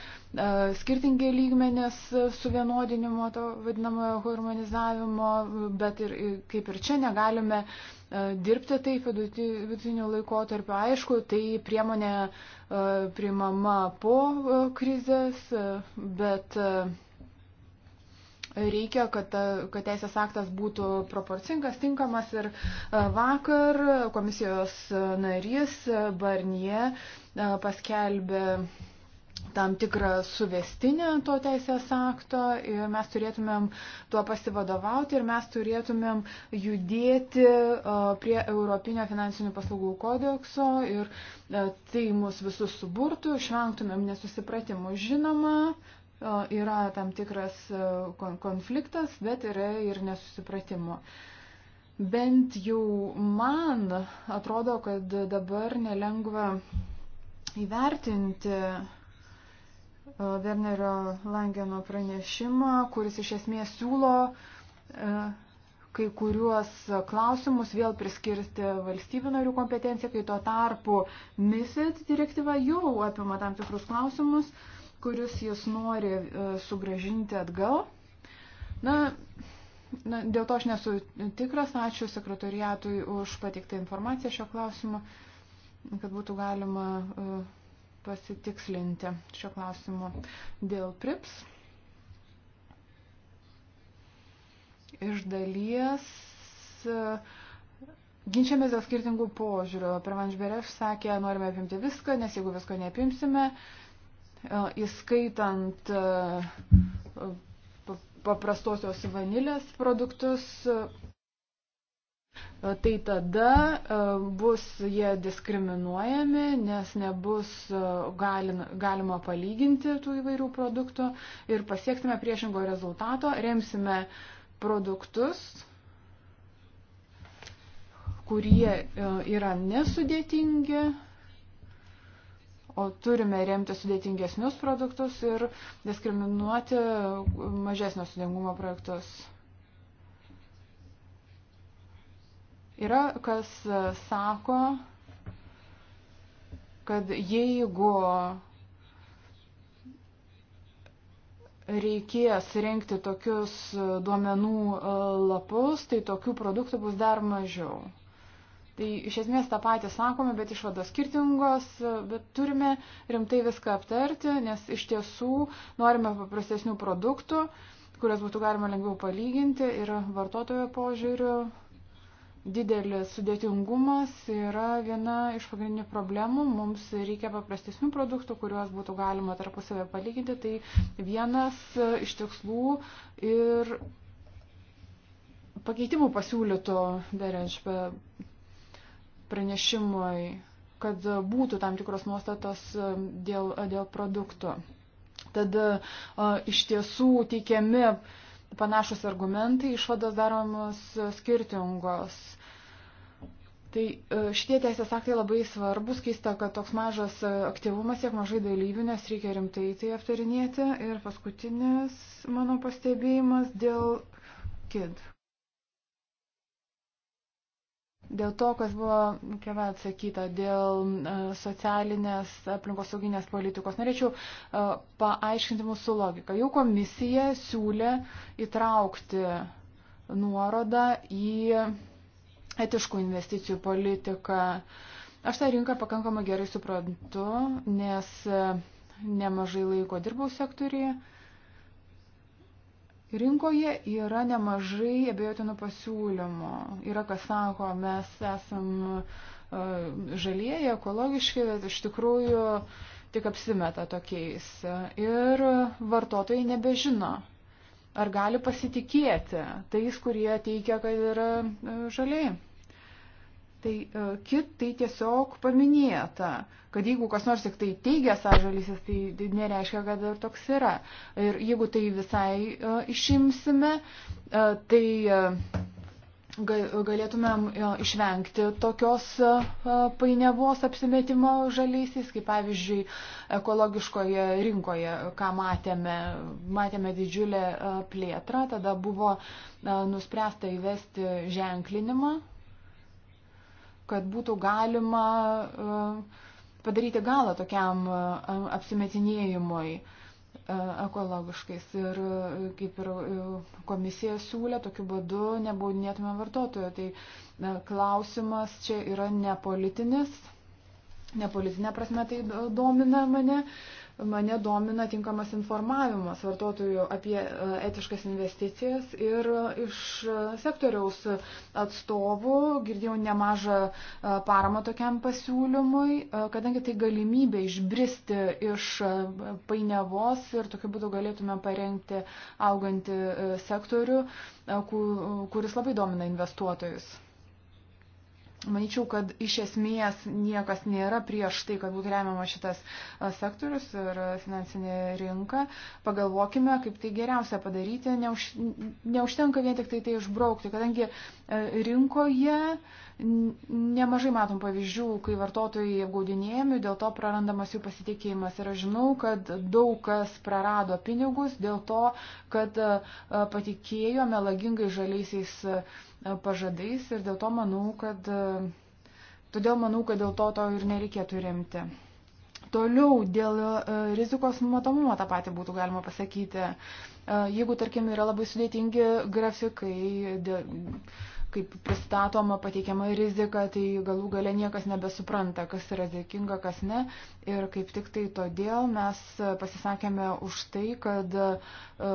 skirtingi lygmenės suvienodinimo, to vadinamojo harmonizavimo, bet ir, kaip ir čia negalime e, dirbti taip vidutiniu laikotarpiu. Aišku, tai priemonė e, primama po e, krizės, bet reikia, kad, kad teisės aktas būtų proporcingas, tinkamas ir e, vakar komisijos narys Barnie e, paskelbė tam tikrą suvestinę to teisės akto ir mes turėtumėm tuo pasivadovauti ir mes turėtumėm judėti e, prie Europinio finansinių paslaugų kodekso ir tai mus visus suburtų, išvengtumėm nesusipratimų. Žinoma, yra tam tikras konfliktas, bet yra ir nesusipratimo. Bent jau man atrodo, kad dabar nelengva įvertinti Wernerio Langeno pranešimą, kuris iš esmės siūlo kai kuriuos klausimus vėl priskirti valstybių narių kompetenciją, kai tuo tarpu MISIT direktyva jau apima tam tikrus klausimus, uh, kuris jis nori e, sugražinti atgal. Na, na, dėl to aš nesu tikras. Ačiū sekretoriatui už pateiktą informaciją šio klausimu, kad būtų galima e, pasitikslinti šio klausimu dėl PRIPS. Iš dalies e, ginčiamės dėl skirtingų požiūrių. Pirmanš Bereš sakė, norime apimti viską, nes jeigu visko neapimsime, uh, E, įskaitant e, paprastosios vanilės produktus, e, tai tada bus jie diskriminuojami, nes nebus galima palyginti tų įvairių produktų ir pasieksime priešingo rezultato, remsime produktus, kurie yra nesudėtingi o turime remti sudėtingesnius produktus ir diskriminuoti mažesnio sudėtingumo projektus. Yra kas sako, kad jeigu reikės rinkti tokius duomenų lapus, tai tokių produktų bus dar mažiau. Tai iš esmės tą patį sakome, bet išvados skirtingos, bet turime rimtai viską aptarti, nes iš tiesų norime paprastesnių produktų, kurias būtų galima lengviau palyginti ir vartotojo požiūriu didelis sudėtingumas yra viena iš pagrindinių problemų. Mums reikia paprastesnių produktų, kuriuos būtų galima tarpusavę palyginti. Tai vienas iš tikslų ir pakeitimų pasiūlytų Derenšpe pranešimui, kad būtų tam tikros nuostatos um, dėl, dėl produktų. Tad uh, iš tiesų teikiami panašus argumentai, išvados daromos skirtingos. Tai uh, šitie teisės aktai labai svarbus, keista, kad toks mažas aktyvumas, tiek mažai dalyvių, nes reikia rimtai tai aptarinėti. Ir paskutinis mano pastebėjimas dėl KID. Dėl to, kas buvo kava atsakyta, dėl e, socialinės aplinkosauginės politikos, norėčiau e, paaiškinti mūsų logiką. Jau komisija siūlė įtraukti nuorodą į etiškų investicijų politiką. Aš tą rinką pakankamai gerai suprantu, nes e, nemažai laiko dirbau sektorijoje Rinkoje yra nemažai abejotinų pasiūlymų. Yra, kas sako, mes esam e, žalieji, ekologiški, bet iš tikrųjų tik apsimeta tokiais. Ir vartotojai nebežino, ar gali pasitikėti tais, kurie teikia, kad yra e, žaliai. Tai e, kit tai tiesiog paminėta, kad jeigu kas nors tik tai teigia sąžalysis, tai nereiškia, kad ir toks yra. Ir jeigu tai visai uh, išimsime, uh, tai uh, galėtumėm išvengti tokios painiavos apsimetimo žaliaisiais, kaip pavyzdžiui, ekologiškoje rinkoje, ką matėme, matėme didžiulę plėtrą, tada buvo nuspręsta įvesti ženklinimą kad būtų galima e, padaryti galą tokiam e, apsimetinėjimui e, ekologiškais. Ir kaip ir komisija siūlė, tokiu būdu nebaudinėtume vartotojo. Tai klausimas čia yra nepolitinis, nepolitinė prasme tai domina mane. Uh, mane domina tinkamas informavimas vartotojų apie e, etiškas investicijas ir e, iš e, sektoriaus atstovų girdėjau nemažą paramą tokiam pasiūlymui, kadangi tai galimybė išbristi iš painiavos ir tokiu būdu galėtume parengti augantį sektorių, kuris labai domina investuotojus. Manyčiau, kad iš esmės niekas nėra prieš tai, kad būtų remiama šitas sektorius ir finansinė rinka. Pagalvokime, kaip tai geriausia padaryti. Neuž, neužtenka vien tik tai tai išbraukti, kadangi rinkoje. Nemažai matom pavyzdžių, kai vartotojai apgaudinėjami, dėl to prarandamas jų pasitikėjimas. Ir aš žinau, kad daug kas prarado pinigus dėl to, kad patikėjo melagingai žaliaisiais pažadais ir dėl to manau, kad, todėl manau, kad dėl to to ir nereikėtų rimti. Toliau dėl rizikos matomumo tą patį būtų galima pasakyti. Jeigu, tarkim, yra labai sudėtingi grafikai, dėl, kaip pristatoma, pateikiama rizika, tai galų gale niekas nebesupranta, kas yra dėkinga, kas ne. Ir kaip tik tai todėl mes pasisakėme už tai, kad e, e,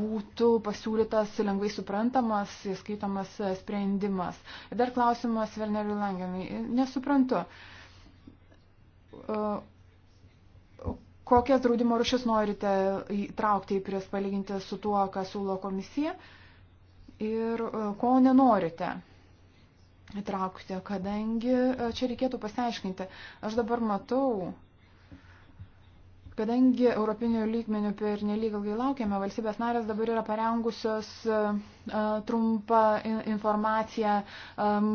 būtų pasiūlytas lengvai suprantamas, skaitomas sprendimas. Ir dar klausimas Verneriui Langenui. Nesuprantu e, kokias draudimo rušis norite įtraukti į prieš palyginti su tuo, ką siūlo komisija. Uh, ir e, ko nenorite įtraukti, kadangi e, čia reikėtų pasiaiškinti. Aš dabar matau, kadangi Europinio lygmenių per nelyg ilgai laukiame, valstybės narės dabar yra parengusios e, trumpą informaciją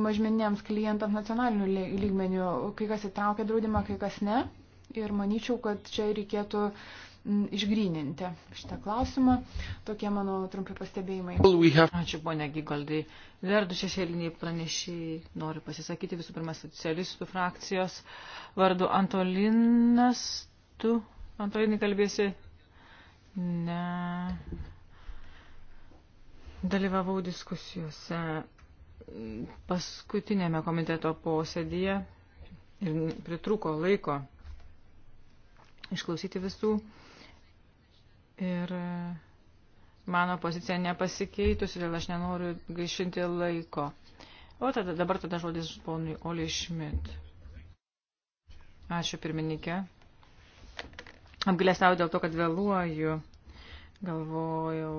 mažmeniniams klientams nacionalinių lygmenių, kai kas įtraukia draudimą, kai kas ne. Ir manyčiau, kad čia reikėtų uh, išgryninti šitą klausimą. Tokie mano trumpi pastebėjimai. Ačiū, ponia Gigaldai. Dar du šešėliniai pranešiai noriu pasisakyti. Visų pirma, socialistų frakcijos vardu Antolinas. Tu, Antolinai, kalbėsi? Ne. Dalyvavau diskusijose paskutinėme komiteto posėdėje ir pritruko laiko išklausyti visų. Ir e, mano pozicija nepasikeitusi, dėl aš nenoriu gaišinti laiko. O tada, dabar tada žodis ponui Oli Šmit. Ačiū pirmininkė. Apgalėstau dėl to, kad vėluoju. Galvojau,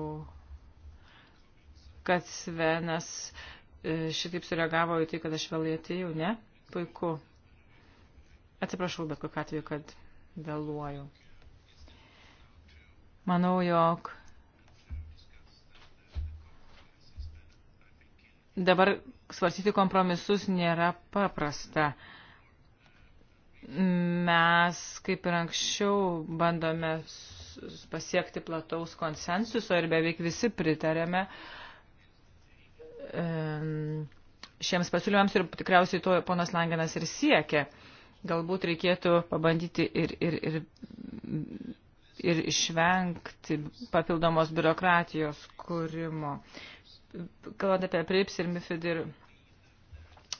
kad Svenas e, šitaip sureagavo į tai, kad aš vėlai atėjau, ne? Puiku. Atsiprašau, bet kokiu atveju, kad vėluoju. Manau, jog dabar svarstyti kompromisus nėra paprasta. Mes, kaip ir anksčiau, bandome pasiekti plataus konsensuso ir beveik visi pritarėme šiems pasiūlymams ir tikriausiai to ponas Langenas ir siekia. Galbūt reikėtų pabandyti ir, ir, ir ir išvengti papildomos biurokratijos kūrimo. Kalbant apie prips ir mifid ir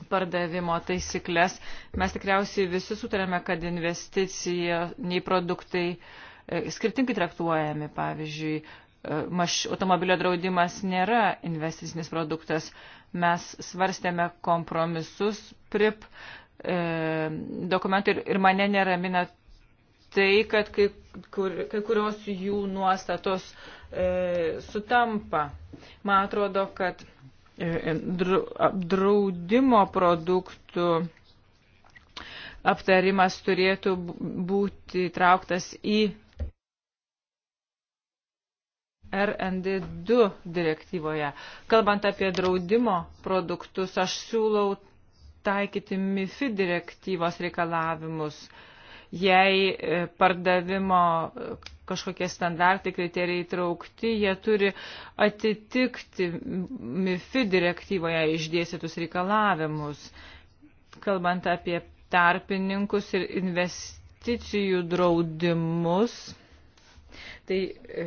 pardavimo taisyklės, mes tikriausiai visi sutarėme, kad investicija nei produktai e, skirtingai traktuojami. Pavyzdžiui, e, maš, automobilio draudimas nėra investicinis produktas. Mes svarstėme kompromisus prip e, dokumentų ir, ir mane neramina tai, kad kai, kur, kai kurios jų nuostatos e, sutampa. Man atrodo, kad e, draudimo produktų aptarimas turėtų būti trauktas į RND2 direktyvoje. Kalbant apie draudimo produktus, aš siūlau taikyti MIFI direktyvos reikalavimus. E, jei e, pardavimo e, kažkokie standartai, kriterijai traukti, jie turi atitikti MIFI direktyvoje išdėstytus reikalavimus. Kalbant apie tarpininkus ir investicijų draudimus, tai e,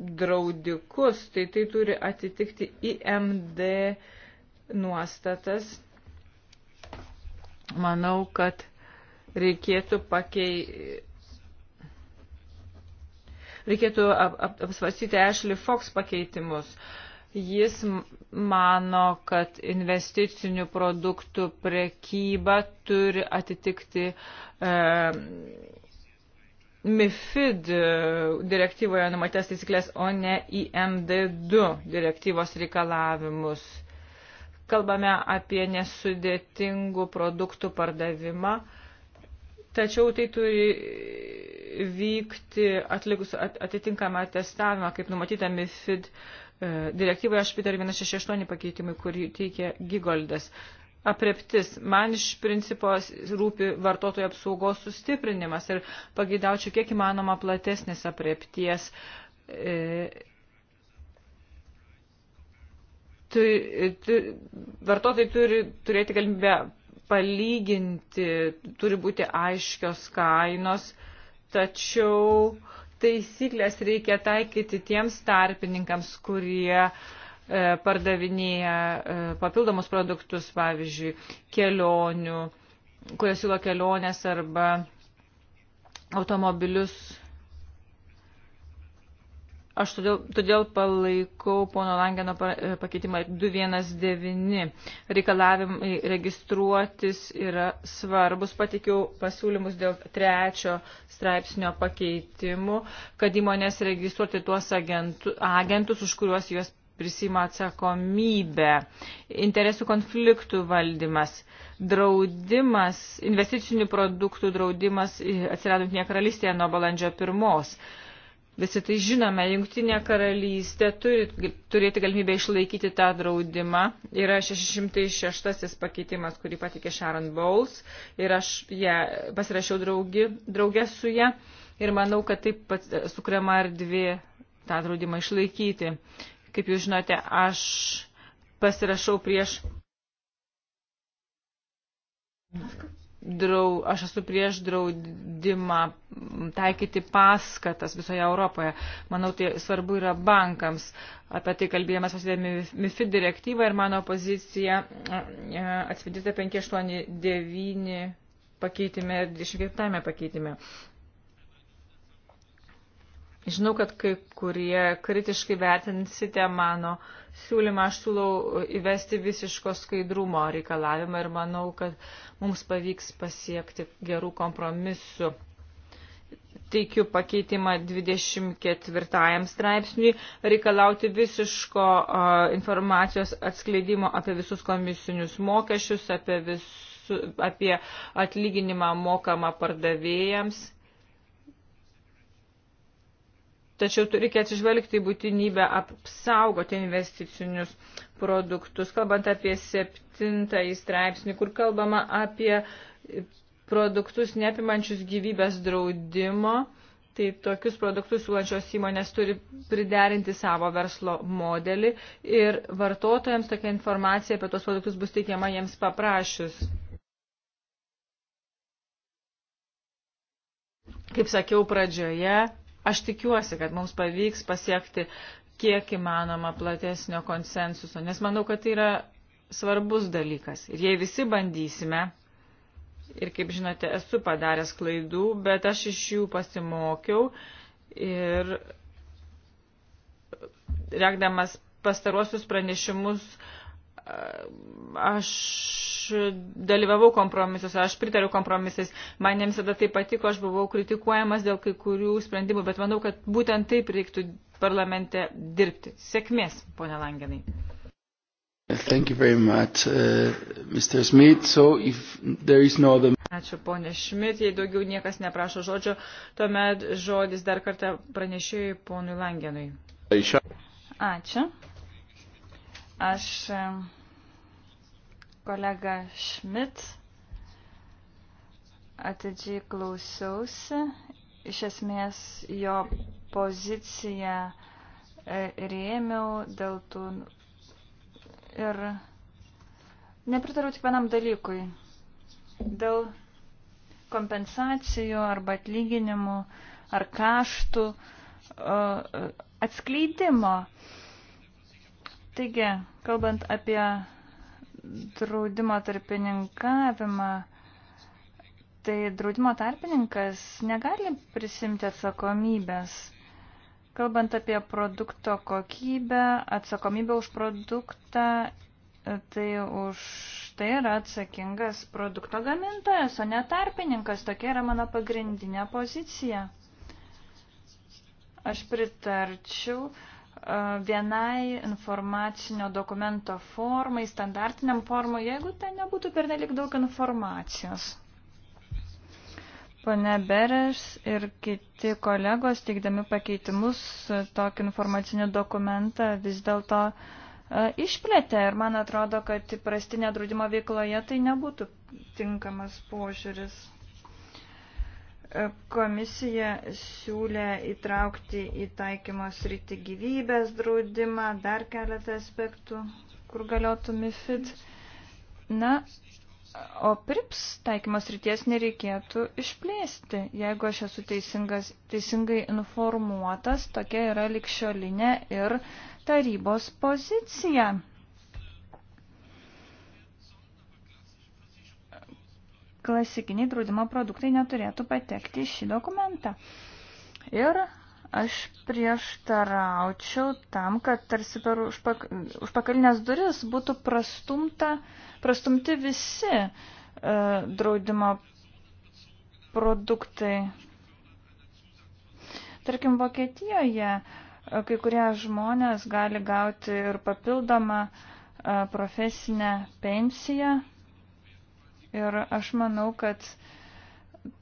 draudikus, tai tai turi atitikti IMD nuostatas. Manau, kad reikėtų pakei... Reikėtų ap, ap, apsvarstyti Ashley Fox pakeitimus. Jis mano, kad investicinių produktų prekyba turi atitikti e, MIFID direktyvoje numatytas taisyklės, o ne IMD2 direktyvos reikalavimus. Kalbame apie nesudėtingų produktų pardavimą. E, Tačiau tai turi vykti atlikus atitinkamą testavimą, kaip numatyta MIFID e, direktyvoje, aš pritariu 168 pakeitimui, kurį teikia Gigoldas. Apreptis. Man iš principo rūpi vartotojų apsaugos sustiprinimas ir pagaidaučiau kiek įmanoma platesnės aprepties. E, tu, tu, vartotojai turi turėti galimybę palyginti, turi būti aiškios kainos, tačiau taisyklės reikia taikyti tiems tarpininkams, kurie e, pardavinėja e, papildomus produktus, pavyzdžiui, kelionių, kurie siūlo keliones arba automobilius Aš todėl, todėl palaikau pono Langeno e, pakeitimą 219. Reikalavimai e, registruotis yra svarbus. Patikiau pasiūlymus dėl trečio straipsnio pakeitimų, kad įmonės registruoti tuos agentu, agentus, už kuriuos juos prisima atsakomybę, interesų konfliktų valdymas, draudimas, investicinių produktų draudimas e, atsirado Jungtinėje karalystėje nuo balandžio pirmos. Visi tai žinome, jungtinė karalystė turi turėti galimybę išlaikyti tą draudimą. Yra 606 pakeitimas, kurį patikė Sharon Bowles ir aš ją pasirašiau draugi, draugę su ją ir manau, kad taip sukuriama erdvė tą draudimą išlaikyti. Kaip jūs žinote, aš pasirašau prieš drau, aš esu prieš draudimą taikyti paskatas visoje Europoje. Manau, tai svarbu yra bankams. Apie tai kalbėjome pasidėmi MIFID direktyvą ir mano pozicija atspindėta 589 pakeitime ir 24 pakeitime. Žinau, kad kai kurie kritiškai vertinsite mano uh, siūlymą aš siūlau e, įvesti visiško skaidrumo reikalavimą ir manau, kad mums pavyks pasiekti gerų kompromisų. Teikiu pakeitimą 24 straipsniui reikalauti visiško uh, informacijos atskleidimo apie visus komisinius mokesčius, apie, visu, apie atlyginimą mokamą pardavėjams Tačiau reikia atsižvelgti į būtinybę apsaugoti investicinius produktus. Kalbant apie septintąjį straipsnį, kur kalbama apie produktus neapimančius gyvybės draudimo, tai tokius produktus siūlančios įmonės turi priderinti savo verslo modelį ir vartotojams tokia informacija apie tos produktus bus teikiama jiems paprašius. Kaip sakiau pradžioje, Aš tikiuosi, kad mums pavyks pasiekti kiek įmanoma platesnio konsensuso, nes manau, kad tai yra svarbus dalykas. Ir jei visi bandysime, ir kaip žinote, esu padaręs klaidų, bet aš iš jų pasimokiau ir reikdamas pastaruosius pranešimus aš dalyvavau kompromisuose, aš pritariu kompromisais, man ne visada tai patiko, aš buvau kritikuojamas dėl kai kurių sprendimų, bet manau, kad būtent taip reiktų parlamente dirbti. Sėkmės, ponia Langenai. Thank you very much, uh, Mr. Smith. So if there is no other... Ačiū, ponė Šmit. Jei daugiau niekas neprašo žodžio, tuomet žodis dar kartą pranešėjai ponui Langenui. Ačiū. Aš... Uh, kolega Šmit. Atidžiai klausiausi. Iš esmės jo poziciją e, rėmiau dėl tų ir nepritariu tik vienam dalykui. Dėl kompensacijų arba atlyginimų ar kaštų e, atskleidimo. Taigi, kalbant apie draudimo tarpininkavimą, tai draudimo tarpininkas negali prisimti atsakomybės. Kalbant apie produkto kokybę, atsakomybę už produktą, tai už tai yra atsakingas produkto gamintojas, o ne tarpininkas. Tokia yra mano pagrindinė pozicija. Aš pritarčiau vienai informacinio dokumento formai, standartiniam formui, jeigu ten nebūtų pernelik daug informacijos. Pane Beres ir kiti kolegos, teikdami pakeitimus, tokį informacinį dokumentą vis dėlto išplėtė ir man atrodo, kad įprastinė draudimo veikloje tai nebūtų tinkamas požiūris. Komisija siūlė įtraukti į taikymo sritį gyvybės draudimą, dar keletą aspektų, kur galėtų MIFID. Na, o PRIPS taikymos ryties nereikėtų išplėsti. Jeigu aš esu teisingai informuotas, tokia yra likščiolinė ir tarybos pozicija. klasikiniai draudimo produktai neturėtų patekti į šį dokumentą. Ir aš prieštaraučiau tam, kad tarsi per užpak, užpakalinės duris būtų prastumta, prastumti visi e, draudimo produktai. Tarkim, Vokietijoje e, kai kurie žmonės gali gauti ir papildomą e, profesinę pensiją Ir aš manau, kad,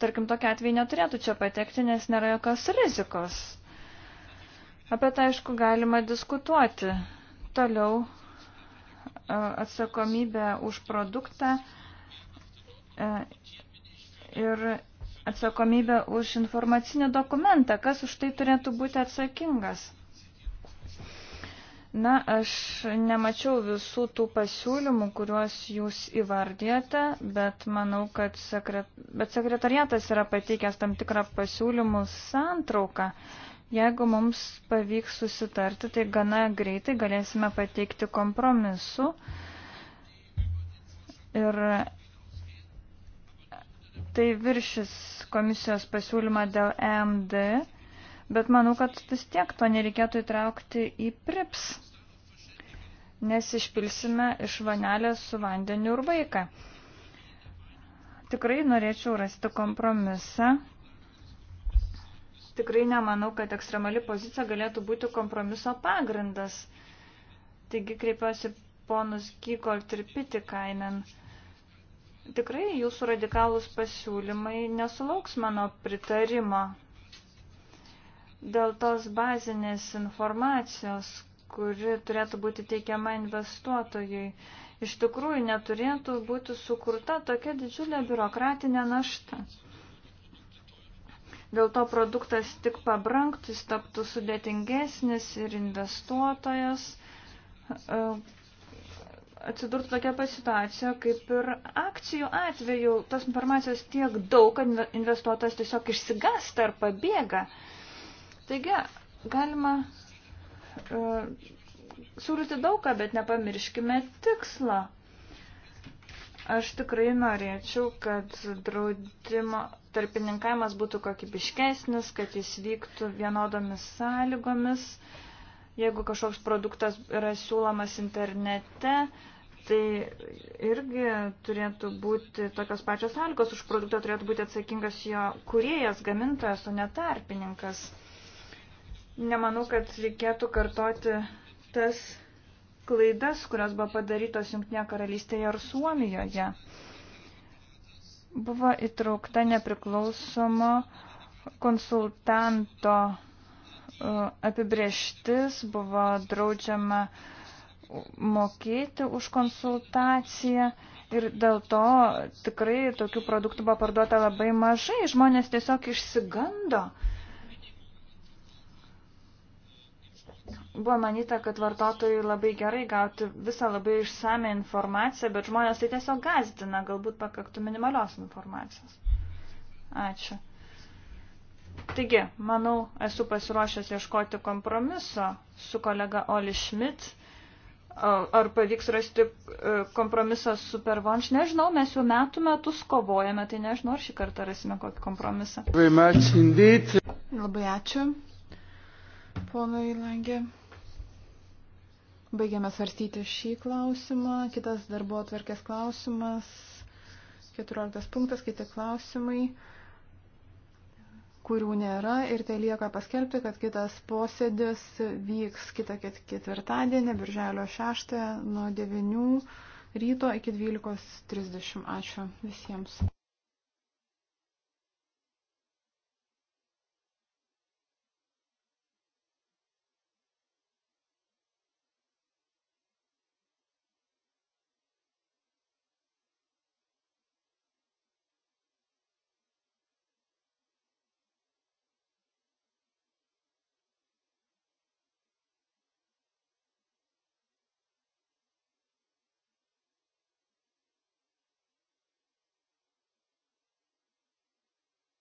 tarkim, tokia atveja neturėtų čia patekti, nes nėra jokios rizikos. Apie tai, aišku, galima diskutuoti. Toliau e, atsakomybė už produktą e, ir atsakomybė už informacinį dokumentą. Kas už tai turėtų būti atsakingas? Na, aš nemačiau visų tų pasiūlymų, kuriuos jūs įvardėte, bet manau, kad sekret... bet sekretariatas yra pateikęs tam tikrą pasiūlymų santrauką. Jeigu mums pavyks susitarti, tai gana greitai galėsime pateikti kompromisu. Ir tai viršis komisijos pasiūlymą dėl EMD bet manau, kad vis tiek to nereikėtų įtraukti į PRIPS nes išpilsime iš vanelės su vandeniu ir vaiką. Tikrai norėčiau rasti kompromisą. Tikrai nemanau, kad ekstremali pozicija galėtų būti kompromiso pagrindas. Taigi kreipiuosi ponus Gykolt ir Pitikainen. Tikrai jūsų radikalūs pasiūlymai nesulauks mano pritarimo dėl tos bazinės informacijos, kuri turėtų būti teikiama investuotojui, iš tikrųjų neturėtų būti sukurta tokia didžiulė biurokratinė našta. Dėl to produktas tik pabranktų, jis taptų sudėtingesnis ir investuotojas e, atsidurtų tokia pat situacija, kaip ir akcijų atveju. Tos informacijos tiek daug, kad investuotojas tiesiog išsigasta ar pabėga. Taigi, galima E, siūlyti daugą, bet nepamirškime tikslą. Aš tikrai norėčiau, kad draudimo tarpininkavimas būtų kokybiškesnis, kad jis vyktų vienodomis sąlygomis. Jeigu kažkoks produktas yra siūlomas internete, tai irgi turėtų būti tokios pačios sąlygos. Už produktą turėtų būti atsakingas jo kuriejas, gamintojas, o ne tarpininkas. Nemanau, kad reikėtų kartoti tas klaidas, kurios buvo padarytos Junktinėje karalystėje ar Suomijoje. Buvo įtraukta nepriklausomo konsultanto e, apibrieštis, buvo draudžiama mokėti už konsultaciją ir dėl to tikrai tokių produktų buvo parduota labai mažai. Žmonės tiesiog išsigando. Uh, Buvo manyta, kad vartotojai labai gerai gauti visą labai išsame informaciją, bet žmonės tai tiesiog gazdina, galbūt pakaktų minimalios informacijos. Ačiū. Taigi, manau, esu pasiruošęs ieškoti kompromiso su kolega Oli Schmidt. Ar pavyks rasti e, kompromisą su Pervonš, nežinau, mes jau metų metus kovojame, tai nežinau, ar šį kartą rasime kokį kompromisą. Labai ačiū ponui Langė. Baigiame svarstyti šį klausimą. Kitas darbo atverkės klausimas. 14 punktas, kiti klausimai, kurių nėra ir tai lieka paskelbti, kad kitas posėdis vyks kitą ketvirtadienį, birželio 6 nuo 9 ryto iki 12.30. Ačiū visiems.